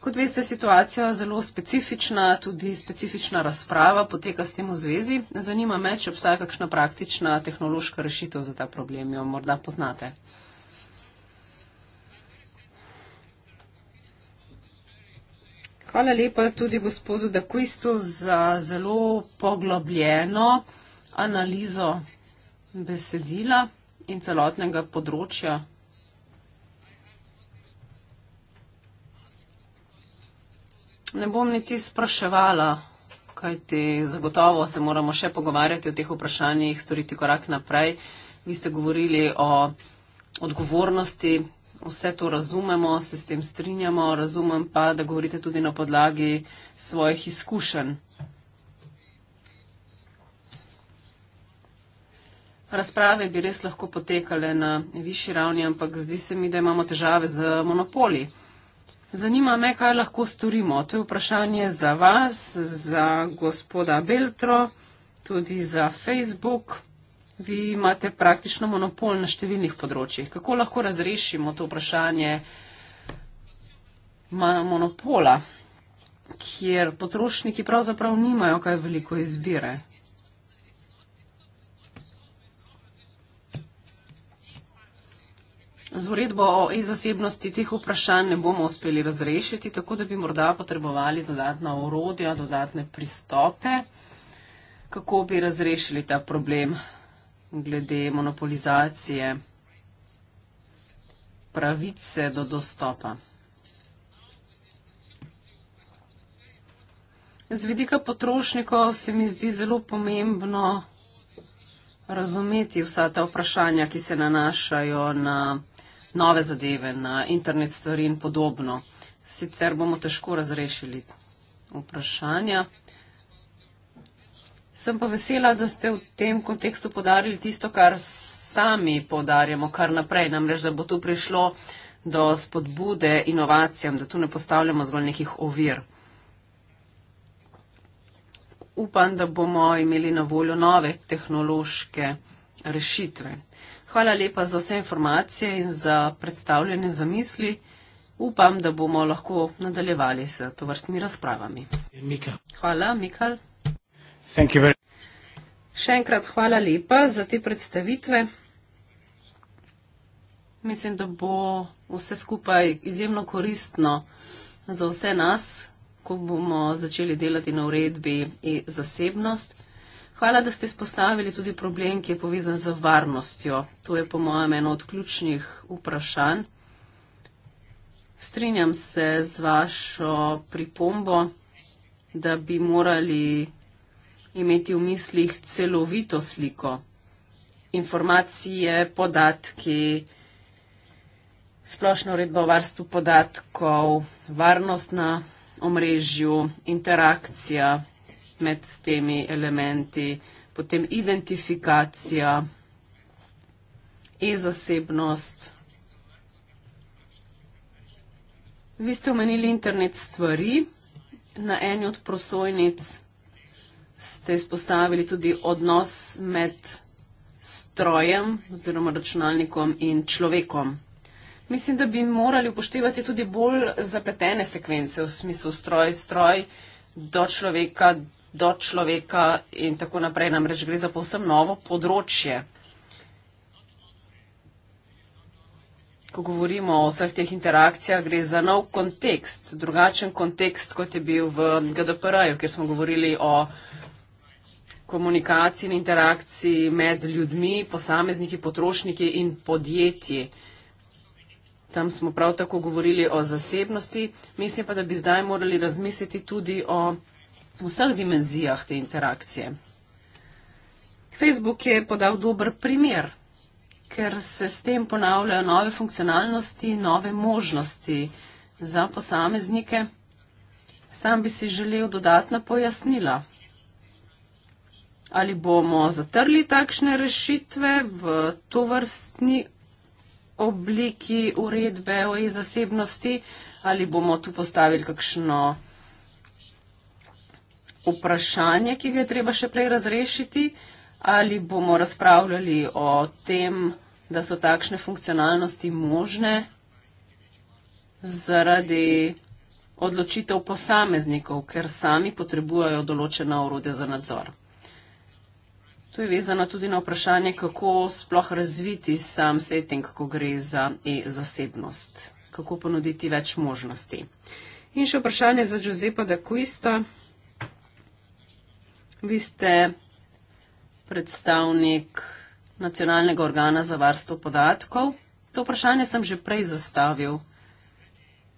Kot veste, situacija je zelo specifična, tudi specifična razprava poteka s tem v zvezi. Zanima me, če obstaja kakšna praktična tehnološka rešitev za ta problem, jo morda poznate. Hvala lepa tudi gospodu Dakuistu za zelo poglobljeno analizo besedila in celotnega področja. Ne bom niti spraševala, kajti zagotovo se moramo še pogovarjati o teh vprašanjih, storiti korak naprej. Vi ste govorili o odgovornosti vse to razumemo, se s tem strinjamo, razumem pa, da govorite tudi na podlagi svojih izkušenj. Razprave bi res lahko potekale na višji ravni, ampak zdi se mi, da imamo težave z monopoli. Zanima me, kaj lahko storimo. To je vprašanje za vas, za gospoda Beltro, tudi za Facebook. Vi imate praktično monopol na številnih področjih. Kako lahko razrešimo to vprašanje monopola, kjer potrošniki pravzaprav nimajo kaj veliko izbire? Z uredbo o e-zasebnosti teh vprašanj ne bomo uspeli razrešiti, tako da bi morda potrebovali dodatna orodja, dodatne pristope, kako bi razrešili ta problem glede monopolizacije pravice do dostopa. Z vidika potrošnikov se mi zdi zelo pomembno razumeti vsa ta vprašanja, ki se nanašajo na nove zadeve, na internet stvari in podobno. Sicer bomo težko razrešili vprašanja. Sem pa vesela, da ste v tem kontekstu podarili tisto, kar sami podarjamo kar naprej, namreč, da bo tu prišlo do spodbude inovacijam, da tu ne postavljamo zgolj nekih ovir. Upam, da bomo imeli na voljo nove tehnološke rešitve. Hvala lepa za vse informacije in za predstavljene zamisli. Upam, da bomo lahko nadaljevali s tovrstnimi razpravami. Mikal. Hvala, Mikal. Še enkrat hvala lepa za te predstavitve. Mislim, da bo vse skupaj izjemno koristno za vse nas, ko bomo začeli delati na uredbi in zasebnost. Hvala, da ste spostavili tudi problem, ki je povezan z varnostjo. To je po mojem eno od ključnih vprašanj. Strinjam se z vašo pripombo, da bi morali imeti v mislih celovito sliko. Informacije, podatki, splošno uredbo o varstvu podatkov, varnost na omrežju, interakcija med temi elementi, potem identifikacija, e-zasebnost. Vi ste omenili internet stvari na eni od prosojnic ste izpostavili tudi odnos med strojem oziroma računalnikom in človekom. Mislim, da bi morali upoštevati tudi bolj zapletene sekvence v smislu stroj, stroj do človeka, do človeka in tako naprej. Namreč gre za povsem novo področje. Ko govorimo o vseh teh interakcijah, gre za nov kontekst, drugačen kontekst, kot je bil v GDPR-ju, kjer smo govorili o komunikaciji in interakciji med ljudmi, posamezniki, potrošniki in podjetji. Tam smo prav tako govorili o zasebnosti, mislim pa, da bi zdaj morali razmisliti tudi o vseh dimenzijah te interakcije. Facebook je podal dober primer, ker se s tem ponavljajo nove funkcionalnosti, nove možnosti za posameznike. Sam bi si želel dodatna pojasnila ali bomo zatrli takšne rešitve v to vrstni obliki uredbe o e-zasebnosti, ali bomo tu postavili kakšno vprašanje, ki ga je treba še prej razrešiti, ali bomo razpravljali o tem, da so takšne funkcionalnosti možne zaradi odločitev posameznikov, ker sami potrebujejo določena urode za nadzor. To je vezano tudi na vprašanje, kako sploh razviti sam setting, ko gre za e-zasebnost, kako ponuditi več možnosti. In še vprašanje za Giuseppa da Quista. Vi ste predstavnik nacionalnega organa za varstvo podatkov. To vprašanje sem že prej zastavil,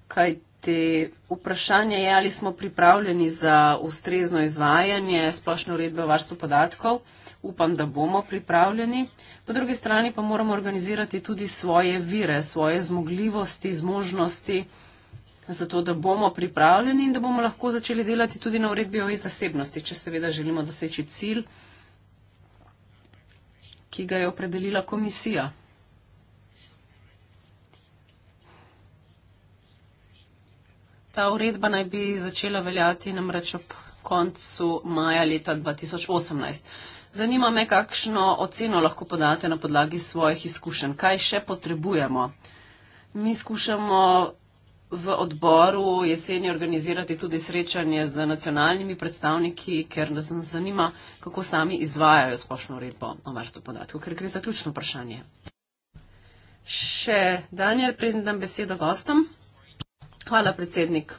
kaj te vprašanje je, ali smo pripravljeni za ustrezno izvajanje splošne uredbe o varstvu podatkov upam, da bomo pripravljeni. Po drugi strani pa moramo organizirati tudi svoje vire, svoje zmogljivosti, zmožnosti, zato da bomo pripravljeni in da bomo lahko začeli delati tudi na uredbi o zasebnosti, če seveda želimo doseči cilj, ki ga je opredelila komisija. Ta uredba naj bi začela veljati namreč ob koncu maja leta 2018. Zanima me, kakšno oceno lahko podate na podlagi svojih izkušenj. Kaj še potrebujemo? Mi skušamo v odboru jeseni organizirati tudi srečanje z nacionalnimi predstavniki, ker nas zanima, kako sami izvajajo splošno uredbo o varstvu podatkov, ker gre za ključno vprašanje. Še Daniel, predem dam besedo gostom. Hvala, predsednik.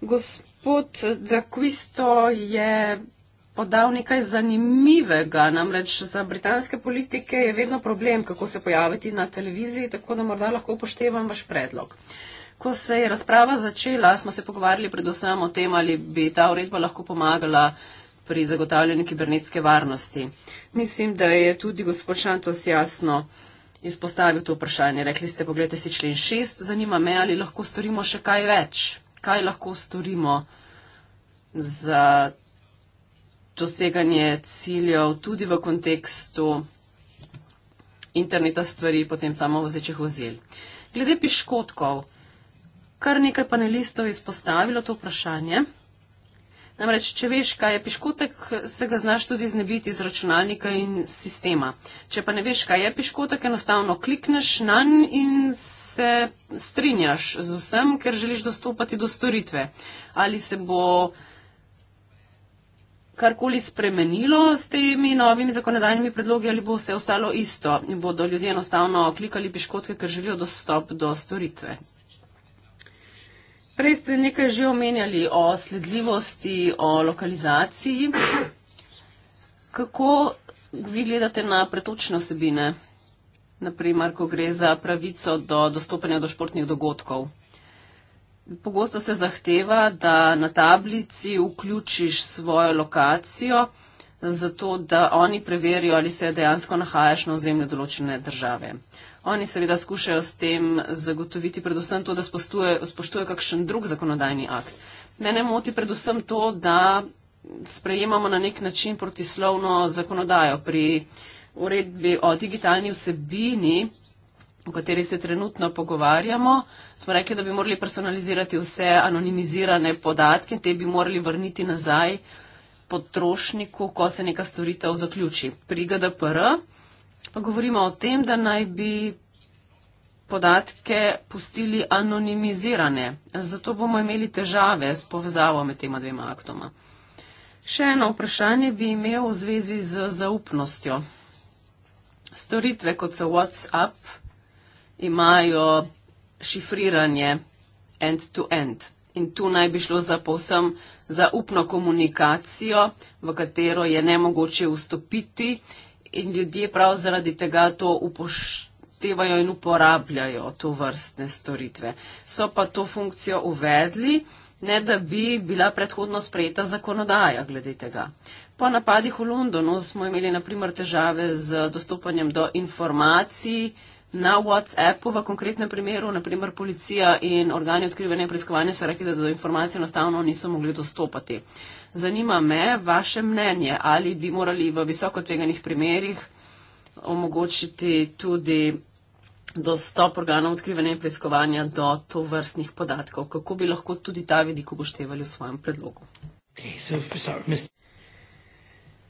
Gospod Zakvisto je podal nekaj zanimivega, namreč za britanske politike je vedno problem, kako se pojaviti na televiziji, tako da morda lahko upoštevam vaš predlog. Ko se je razprava začela, smo se pogovarjali predvsem o tem, ali bi ta uredba lahko pomagala pri zagotavljanju kibernetske varnosti. Mislim, da je tudi gospod Šantos jasno izpostavil to vprašanje. Rekli ste, pogledajte si člen 6, zanima me, ali lahko storimo še kaj več. Kaj lahko storimo za doseganje ciljev tudi v kontekstu interneta stvari, potem samo vozečih vozil. Glede piškotkov, kar nekaj panelistov je izpostavilo to vprašanje. Namreč, če veš, kaj je piškotek, se ga znaš tudi znebiti iz računalnika in sistema. Če pa ne veš, kaj je piškotek, enostavno klikneš na nj in se strinjaš z vsem, ker želiš dostopati do storitve. Ali se bo karkoli spremenilo s temi novimi zakonodajnimi predlogi ali bo vse ostalo isto in bodo ljudje enostavno klikali piškotke, ker želijo dostop do storitve. Prej ste nekaj že omenjali o sledljivosti, o lokalizaciji. Kako vi gledate na pretočne osebine, naprimer, ko gre za pravico do dostopanja do športnih dogodkov? Pogosto se zahteva, da na tablici vključiš svojo lokacijo, zato da oni preverijo, ali se dejansko nahajaš na ozemlju določene države. Oni seveda skušajo s tem zagotoviti predvsem to, da spoštujejo spoštuje kakšen drug zakonodajni akt. Mene moti predvsem to, da sprejemamo na nek način protislovno zakonodajo pri uredbi o digitalni vsebini o kateri se trenutno pogovarjamo, smo rekli, da bi morali personalizirati vse anonimizirane podatke in te bi morali vrniti nazaj potrošniku, ko se neka storitev zaključi. Pri GDPR pa govorimo o tem, da naj bi podatke pustili anonimizirane. Zato bomo imeli težave s povezavo med tema dvema aktoma. Še eno vprašanje bi imel v zvezi z zaupnostjo. Storitve, kot so WhatsApp, imajo šifriranje end-to-end. -end. In tu naj bi šlo za povsem zaupno komunikacijo, v katero je nemogoče vstopiti in ljudje prav zaradi tega to upoštevajo in uporabljajo to vrstne storitve. So pa to funkcijo uvedli, ne da bi bila predhodno sprejeta zakonodaja glede tega. Po napadih v Londonu smo imeli naprimer težave z dostopanjem do informacij, na WhatsAppu v konkretnem primeru, naprimer policija in organi odkrivanja in preiskovanja so rekli, da do informacije enostavno niso mogli dostopati. Zanima me vaše mnenje, ali bi morali v visoko tveganih primerih omogočiti tudi dostop organov odkrivanja in preiskovanja do to vrstnih podatkov. Kako bi lahko tudi ta vidik upoštevali v svojem predlogu?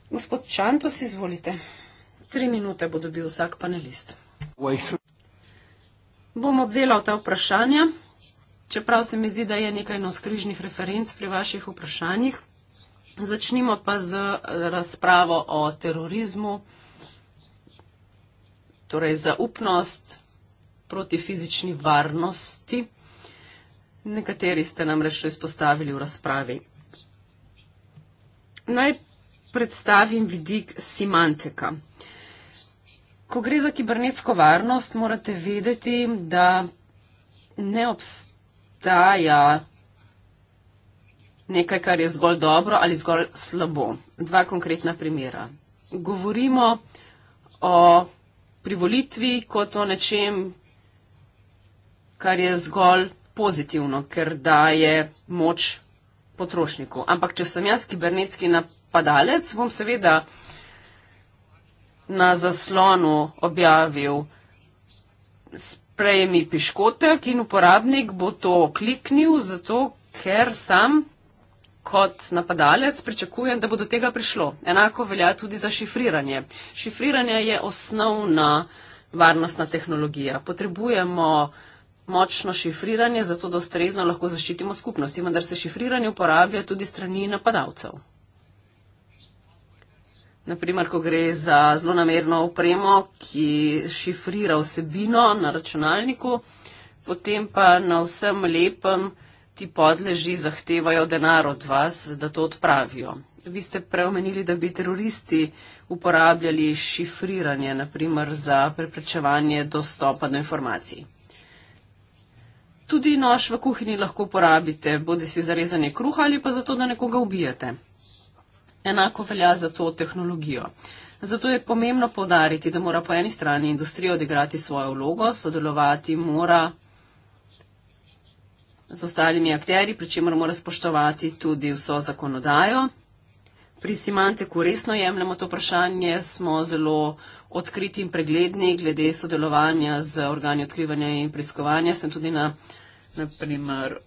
Gospod Čantos, izvolite. Tri minute bo dobil vsak panelist. Bom obdelal ta vprašanja, čeprav se mi zdi, da je nekaj noskrižnih referenc pri vaših vprašanjih. Začnimo pa z eh, razpravo o terorizmu, torej zaupnost proti fizični varnosti. Nekateri ste nam rešili izpostavili v razpravi. Naj predstavim vidik semantika. Uh, Ko gre za kibernetsko varnost, morate vedeti, da ne obstaja nekaj, kar je zgolj dobro ali zgolj slabo. Dva konkretna primera. Govorimo o privolitvi kot o nečem, kar je zgolj pozitivno, ker daje moč potrošniku. Ampak, če sem jaz kibernetski napadalec, bom seveda na zaslonu objavil sprejmi piškotek in uporabnik bo to kliknil, zato ker sam kot napadalec pričakujem, da bo do tega prišlo. Enako velja tudi za šifriranje. Šifriranje je osnovna varnostna tehnologija. Potrebujemo močno šifriranje, zato da ustrezno lahko zaščitimo skupnosti, vendar se šifriranje uporablja tudi strani napadalcev. Naprimer, ko gre za zelo namerno opremo, ki šifrira vsebino na računalniku, potem pa na vsem lepem ti podleži zahtevajo denar od vas, da to odpravijo. Vi ste preomenili, da bi teroristi uporabljali šifriranje, naprimer za preprečevanje dostopa do informacij. Tudi nož v kuhinji lahko uporabite, bodi si za rezanje kruha ali pa zato, da nekoga ubijete. Enako velja za to tehnologijo. Zato je pomembno povdariti, da mora po eni strani industrija odigrati svojo vlogo, sodelovati mora z ostalimi akteri, pri čemer mora spoštovati tudi vso zakonodajo. Pri Simanteku resno jemljemo to vprašanje, smo zelo odkriti in pregledni glede sodelovanja z organi odkrivanja in preiskovanja. Sem tudi na, na primer,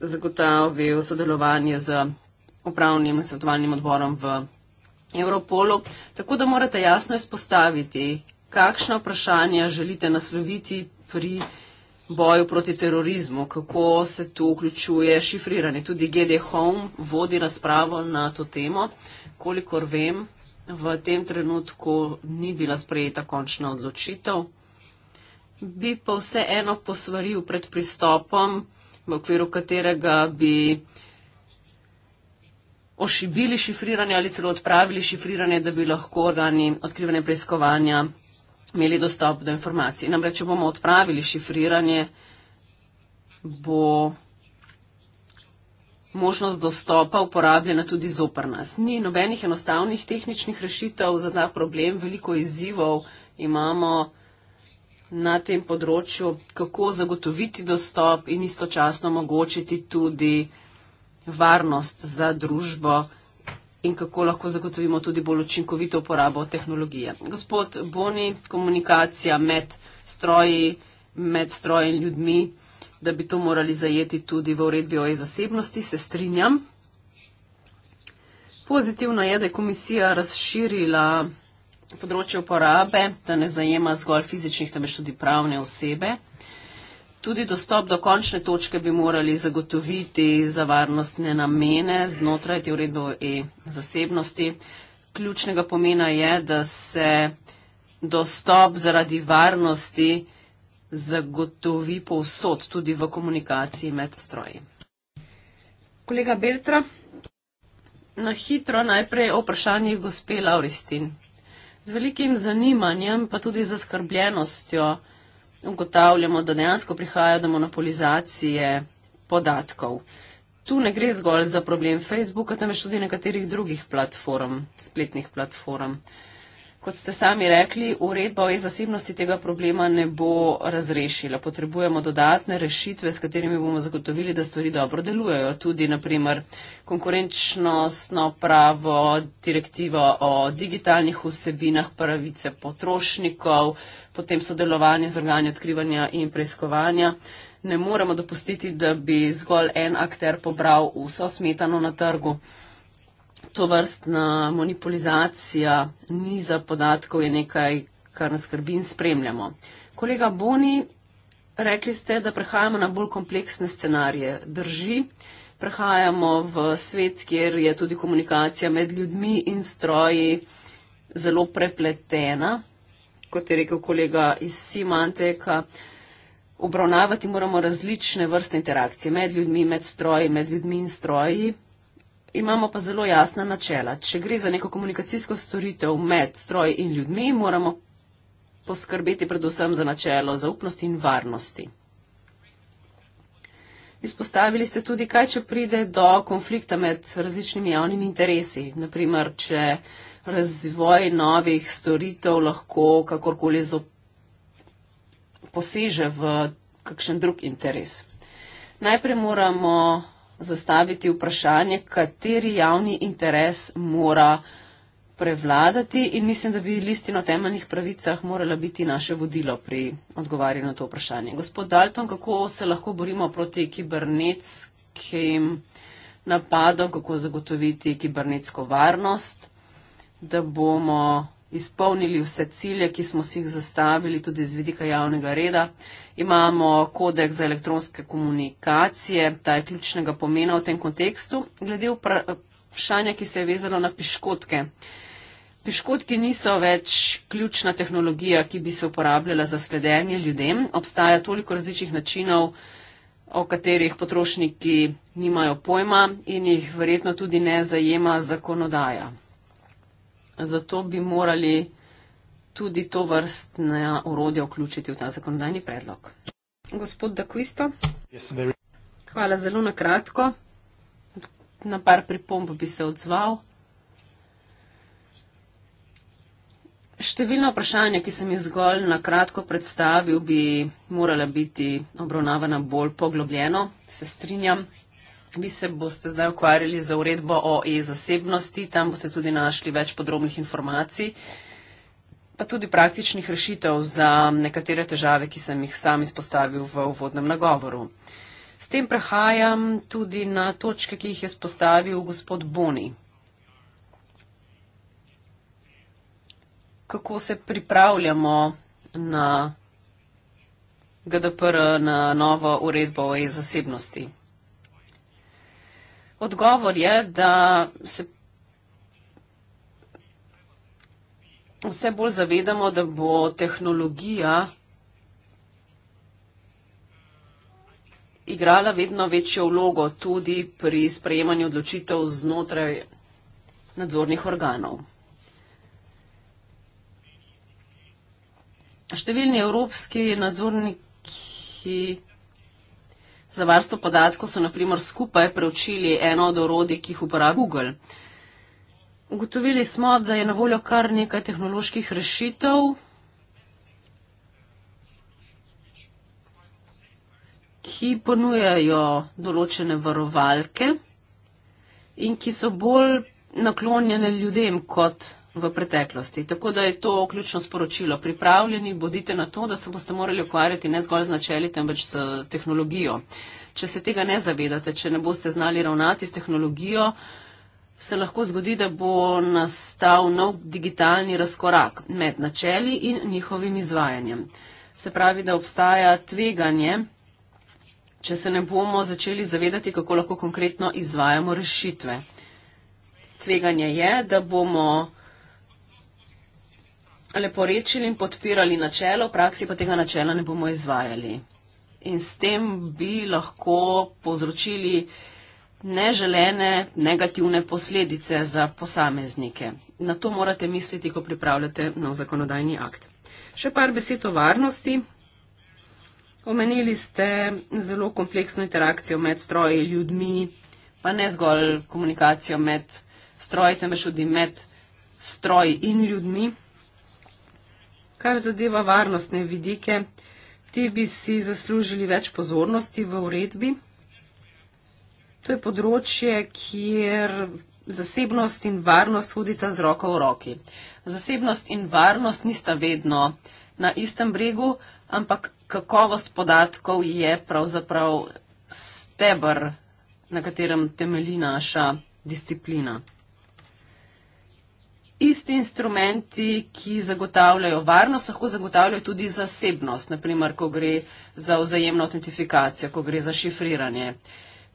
zagotavljal sodelovanje z upravnim in svetovalnim odborom v Evropolu. Tako da morate jasno izpostaviti, kakšna vprašanja želite nasloviti pri boju proti terorizmu, kako se tu vključuje šifriranje. Tudi GD Home vodi razpravo na to temo. Kolikor vem, v tem trenutku ni bila sprejeta končna odločitev. Bi pa vseeno posvaril pred pristopom, v okviru katerega bi ošibili šifriranje ali celo odpravili šifriranje, da bi lahko organi odkrivanja preiskovanja imeli dostop do informacij. Namreč, če bomo odpravili šifriranje, bo možnost dostopa uporabljena tudi zoper nas. Ni nobenih enostavnih tehničnih rešitev za ta problem, veliko izzivov imamo na tem področju, kako zagotoviti dostop in istočasno omogočiti tudi varnost za družbo in kako lahko zagotovimo tudi bolj učinkovito uporabo tehnologije. Gospod Boni, komunikacija med stroji, med stroji in ljudmi, da bi to morali zajeti tudi v uredbi o e-zasebnosti, se strinjam. Pozitivno je, da je komisija razširila področje uporabe, da ne zajema zgolj fizičnih, temveč tudi pravne osebe. Tudi dostop do končne točke bi morali zagotoviti za varnostne namene znotraj te uredbe o e-zasebnosti. Ključnega pomena je, da se dostop zaradi varnosti zagotovi povsod, tudi v komunikaciji med stroji. Kolega Beltra, na hitro najprej o vprašanjih gospe Lauristin z velikim zanimanjem, pa tudi zaskrbljenostjo ugotavljamo, da dejansko prihaja do monopolizacije podatkov. Tu ne gre zgolj za problem Facebooka, temveč tudi nekaterih drugih platform, spletnih platform kot ste sami rekli, uredba o e-zasebnosti tega problema ne bo razrešila. Potrebujemo dodatne rešitve, s katerimi bomo zagotovili, da stvari dobro delujejo. Tudi, naprimer, konkurenčnostno pravo, direktiva o digitalnih vsebinah, pravice potrošnikov, potem sodelovanje z organi odkrivanja in preiskovanja. Ne moremo dopustiti, da bi zgolj en akter pobral vso smetano na trgu. To vrstna manipulizacija niza podatkov je nekaj, kar nas skrbi in spremljamo. Kolega Boni, rekli ste, da prehajamo na bolj kompleksne scenarije. Drži, prehajamo v svet, kjer je tudi komunikacija med ljudmi in stroji zelo prepletena, kot je rekel kolega iz Simanteka. Obravnavati moramo različne vrste interakcije med ljudmi, med stroji, med ljudmi in stroji imamo pa zelo jasna načela. Če gre za neko komunikacijsko storitev med stroji in ljudmi, moramo poskrbeti predvsem za načelo zaupnosti in varnosti. Izpostavili ste tudi, kaj če pride do konflikta med različnimi javnimi interesi. Naprimer, če razvoj novih storitev lahko kakorkoli zop... poseže v kakšen drug interes. Najprej moramo zastaviti vprašanje, kateri javni interes mora prevladati in mislim, da bi listina o temeljnih pravicah morala biti naše vodilo pri odgovarjanju na to vprašanje. Gospod Dalton, kako se lahko borimo proti kibernetskim napadom, kako zagotoviti kibernetsko varnost, da bomo izpolnili vse cilje, ki smo si jih zastavili tudi z vidika javnega reda. Imamo kodeks za elektronske komunikacije, ta je ključnega pomena v tem kontekstu. Glede vprašanja, ki se je vezalo na piškotke. Piškotki niso več ključna tehnologija, ki bi se uporabljala za sledenje ljudem. Obstaja toliko različnih načinov, o katerih potrošniki nimajo pojma in jih verjetno tudi ne zajema zakonodaja zato bi morali tudi to vrstne urodje vključiti v ta zakonodajni predlog. Gospod Dakvisto. Hvala zelo na kratko. Na par pripomb bi se odzval. Številna vprašanja, ki sem jih zgolj na kratko predstavil, bi morala biti obravnavana bolj poglobljeno. Se strinjam. Vi se boste zdaj ukvarjali za uredbo o e-zasebnosti, tam boste tudi našli več podrobnih informacij, pa tudi praktičnih rešitev za nekatere težave, ki sem jih sam izpostavil v uvodnem nagovoru. S tem prehajam tudi na točke, ki jih je spostavil gospod Boni. Kako se pripravljamo na GDPR na novo uredbo o e-zasebnosti? Odgovor je, da se vse bolj zavedamo, da bo tehnologija igrala vedno večjo vlogo tudi pri sprejemanju odločitev znotraj nadzornih organov. Številni evropski nadzorniki Za varstvo podatkov so naprimer skupaj preučili eno od orodij, ki jih uporablja Google. Ugotovili smo, da je na voljo kar nekaj tehnoloških rešitev, ki ponujajo določene varovalke in ki so bolj naklonjene ljudem kot v preteklosti. Tako da je to ključno sporočilo. Pripravljeni bodite na to, da se boste morali ukvarjati ne zgolj z načeli, temveč s tehnologijo. Če se tega ne zavedate, če ne boste znali ravnati s tehnologijo, se lahko zgodi, da bo nastal nov digitalni razkorak med načeli in njihovim izvajanjem. Se pravi, da obstaja tveganje, če se ne bomo začeli zavedati, kako lahko konkretno izvajamo rešitve. Tveganje je, da bomo leporečili in podpirali načelo, v praksi pa tega načela ne bomo izvajali. In s tem bi lahko povzročili neželene negativne posledice za posameznike. Na to morate misliti, ko pripravljate nov zakonodajni akt. Še par besed o varnosti. Omenili ste zelo kompleksno interakcijo med stroji in ljudmi, pa ne zgolj komunikacijo med stroji, temveč tudi med stroji in ljudmi. Kar zadeva varnostne vidike, ti bi si zaslužili več pozornosti v uredbi. To je področje, kjer zasebnost in varnost hodita z roko v roki. Zasebnost in varnost nista vedno na istem bregu, ampak kakovost podatkov je pravzaprav stebr, na katerem temelji naša disciplina isti instrumenti, ki zagotavljajo varnost, lahko zagotavljajo tudi zasebnost, naprimer, ko gre za vzajemno autentifikacijo, ko gre za šifriranje.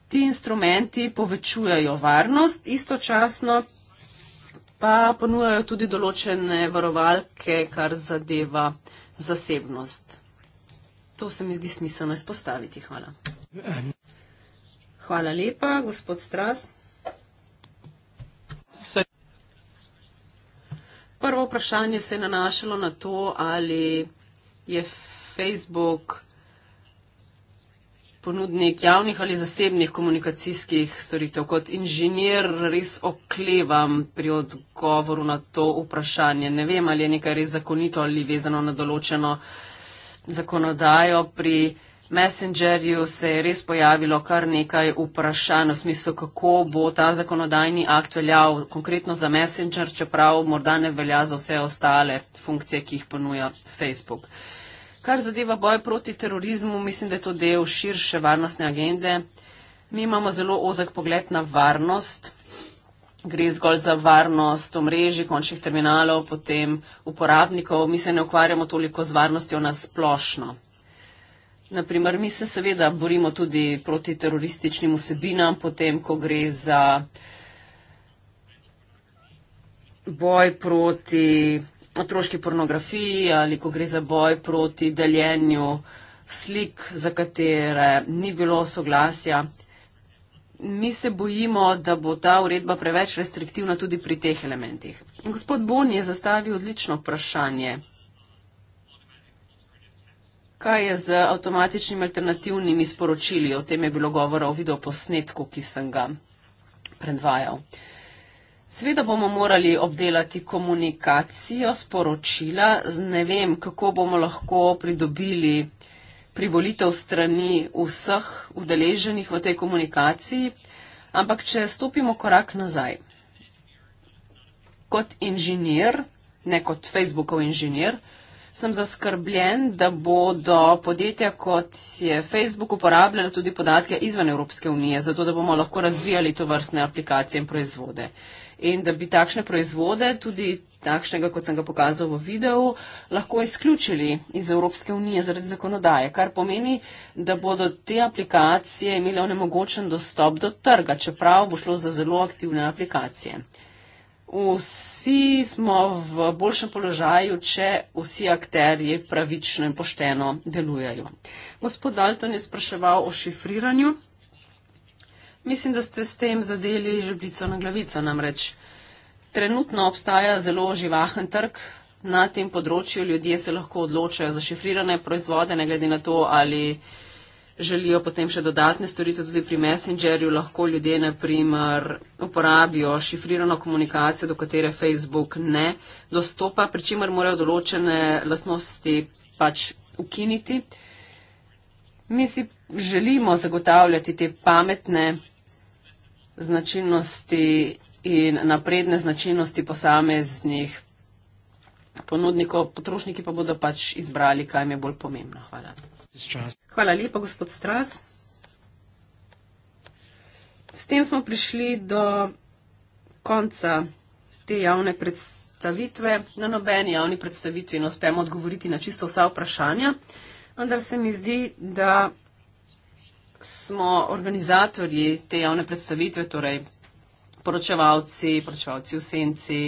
Ti instrumenti povečujajo varnost, istočasno pa ponujajo tudi določene varovalke, kar zadeva zasebnost. To se mi zdi smiselno izpostaviti. Hvala. Hvala lepa, gospod Stras. Prvo vprašanje se je nanašalo na to, ali je Facebook ponudnik javnih ali zasebnih komunikacijskih storitev. Kot inženir res oklevam pri odgovoru na to vprašanje. Ne vem, ali je nekaj res zakonito ali vezano na določeno zakonodajo pri. Messengerju se je res pojavilo kar nekaj vprašanj v smislu, kako bo ta zakonodajni akt veljal konkretno za Messenger, čeprav morda ne velja za vse ostale funkcije, ki jih ponuja Facebook. Kar zadeva boj proti terorizmu, mislim, da je to del širše varnostne agende. Mi imamo zelo ozek pogled na varnost. Gre zgolj za varnost omrežij, končnih terminalov, potem uporabnikov. Mi se ne ukvarjamo toliko z varnostjo na splošno. Naprimer, mi se seveda borimo tudi proti terorističnim vsebinam, potem, ko gre za boj proti otroški pornografiji ali ko gre za boj proti deljenju slik, za katere ni bilo soglasja. Mi se bojimo, da bo ta uredba preveč restriktivna tudi pri teh elementih. Gospod Bon je zastavil odlično vprašanje. Kaj je z avtomatičnimi alternativnimi sporočili? O tem je bilo govora v videoposnetku, ki sem ga predvajal. Sveda bomo morali obdelati komunikacijo, sporočila. Ne vem, kako bomo lahko pridobili privolitev strani vseh udeleženih v tej komunikaciji, ampak če stopimo korak nazaj. Kot inženir, ne kot Facebookov inženir, sem zaskrbljen, da bodo podjetja, kot je Facebook, uporabljala tudi podatke izven Evropske unije, zato da bomo lahko razvijali to vrstne aplikacije in proizvode. In da bi takšne proizvode, tudi takšnega, kot sem ga pokazal v videu, lahko izključili iz Evropske unije zaradi zakonodaje, kar pomeni, da bodo te aplikacije imele onemogočen dostop do trga, čeprav bo šlo za zelo aktivne aplikacije. Vsi smo v boljšem položaju, če vsi akterji pravično in pošteno delujejo. Gospod Dalton je spraševal o šifriranju. Mislim, da ste s tem zadeli žebljico na glavico. Namreč trenutno obstaja zelo živahen trg na tem področju. Ljudje se lahko odločajo za šifrirane proizvode, ne glede na to, ali želijo potem še dodatne storitve tudi pri Messengerju, lahko ljudje naprimer uporabijo šifrirano komunikacijo, do katere Facebook ne dostopa, pri čemer morajo določene lasnosti pač ukiniti. Mi si želimo zagotavljati te pametne značilnosti in napredne značilnosti posameznih ponudnikov, potrošniki pa bodo pač izbrali, kaj jim je bolj pomembno. Hvala. Hvala lepa, gospod Stras. S tem smo prišli do konca te javne predstavitve. Na nobeni javni predstavitvi ne uspemo odgovoriti na čisto vsa vprašanja, vendar se mi zdi, da smo organizatorji te javne predstavitve, torej poročevalci, poročevalci v senci,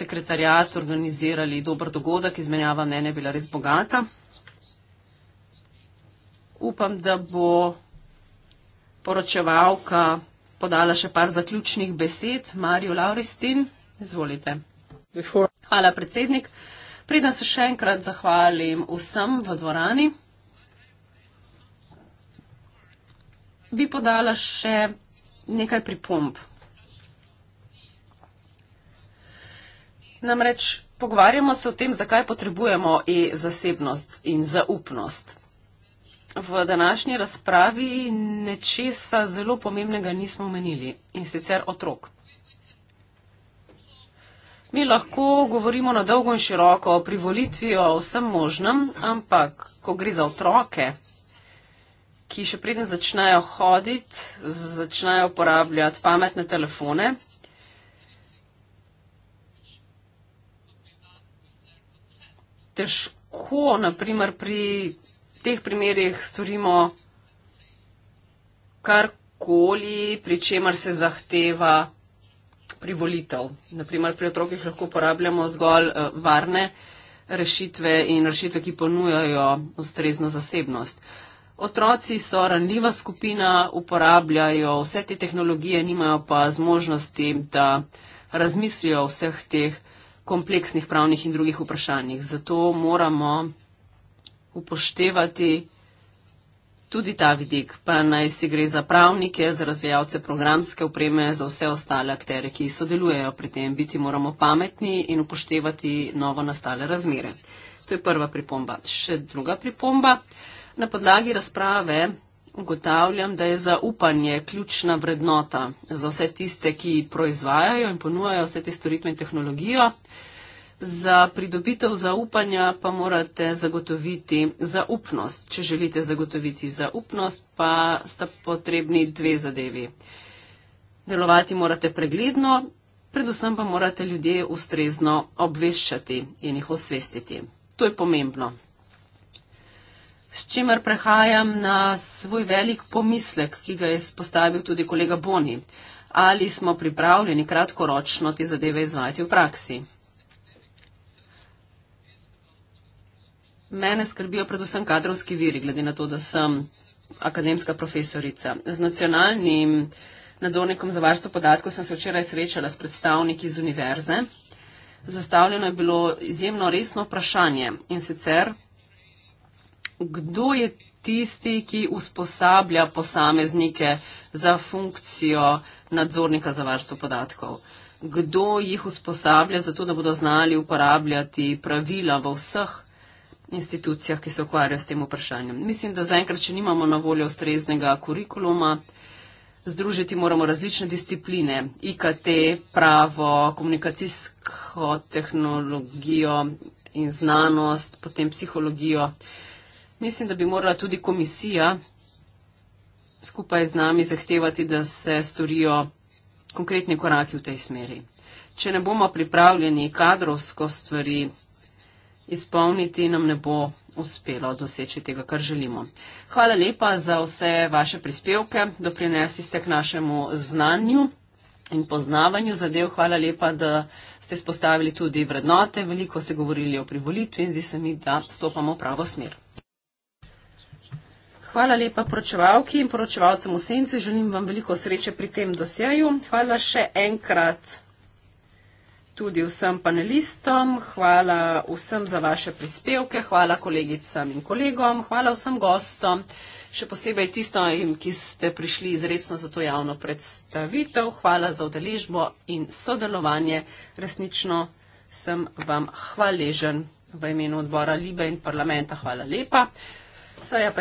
sekretarjat organizirali dober dogodek, izmenjava mene je bila res bogata upam, da bo poročevalka podala še par zaključnih besed. Marijo Lauristin, izvolite. Hvala, predsednik. Preden se še enkrat zahvalim vsem v dvorani, bi podala še nekaj pripomb. Namreč pogovarjamo se o tem, zakaj potrebujemo e-zasebnost in zaupnost v današnji razpravi nečesa zelo pomembnega nismo omenili in sicer otrok. Mi lahko govorimo na dolgo in široko o privolitvi o vsem možnem, ampak ko gre za otroke, ki še preden začnejo hoditi, začnejo uporabljati pametne telefone, težko, naprimer, pri teh primerjih storimo karkoli, pri čemer se zahteva privolitev. Naprimer, pri otrokih lahko uporabljamo zgolj eh, varne rešitve in rešitve, ki ponujajo ustrezno zasebnost. Otroci so ranljiva skupina, uporabljajo vse te tehnologije, nimajo pa zmožnosti, da razmislijo o vseh teh kompleksnih pravnih in drugih vprašanjih. Zato moramo upoštevati tudi ta vidik, pa naj si gre za pravnike, za razvijalce programske opreme, za vse ostale aktere, ki sodelujejo pri tem. Biti moramo pametni in upoštevati novo nastale razmere. To je prva pripomba. Še druga pripomba. Na podlagi razprave ugotavljam, da je zaupanje ključna vrednota za vse tiste, ki proizvajajo in ponujajo vse te storitve in tehnologijo. Uh, Za pridobitev zaupanja pa morate zagotoviti zaupnost. Če želite zagotoviti zaupnost, pa sta potrebni dve zadevi. Delovati morate pregledno, predvsem pa morate ljudje ustrezno obveščati in jih osvestiti. To je pomembno. S čimer prehajam na svoj velik pomislek, ki ga je spostavil tudi kolega Boni. Ali smo pripravljeni kratkoročno te zadeve izvajati v praksi? Mene skrbijo predvsem kadrovski viri, glede na to, da sem akademska profesorica. Z nacionalnim nadzornikom za varstvo podatkov sem se včeraj srečala s predstavniki iz univerze. Zastavljeno je bilo izjemno resno vprašanje in sicer, kdo je tisti, ki usposablja posameznike za funkcijo nadzornika za varstvo podatkov. Kdo jih usposablja za to, da bodo znali uporabljati pravila v vseh institucijah, ki se ukvarjajo s tem vprašanjem. Mislim, da zaenkrat, če nimamo na voljo ustreznega kurikuluma, združiti moramo različne discipline, IKT, pravo, komunikacijsko tehnologijo in znanost, potem psihologijo. Mislim, da bi morala tudi komisija skupaj z nami zahtevati, da se storijo konkretni koraki v tej smeri. Če ne bomo pripravljeni kadrovsko stvari, izpolniti, nam ne bo uspelo doseči tega, kar želimo. Hvala lepa za vse vaše prispevke, doprinesli ste k našemu znanju in poznavanju zadev. Hvala lepa, da ste spostavili tudi vrednote, veliko ste govorili o privolitvi in zdi se mi, da stopamo v pravo smer. Hvala lepa poročevalki in poročevalcem v senci. Želim vam veliko sreče pri tem dosjeju. Hvala še enkrat tudi vsem panelistom, hvala vsem za vaše prispevke, hvala kolegicam in kolegom, hvala vsem gostom, še posebej tistim, ki ste prišli izredno za to javno predstavitev, hvala za udeležbo in sodelovanje, resnično sem vam hvaležen v imenu odbora Libe in parlamenta, hvala lepa.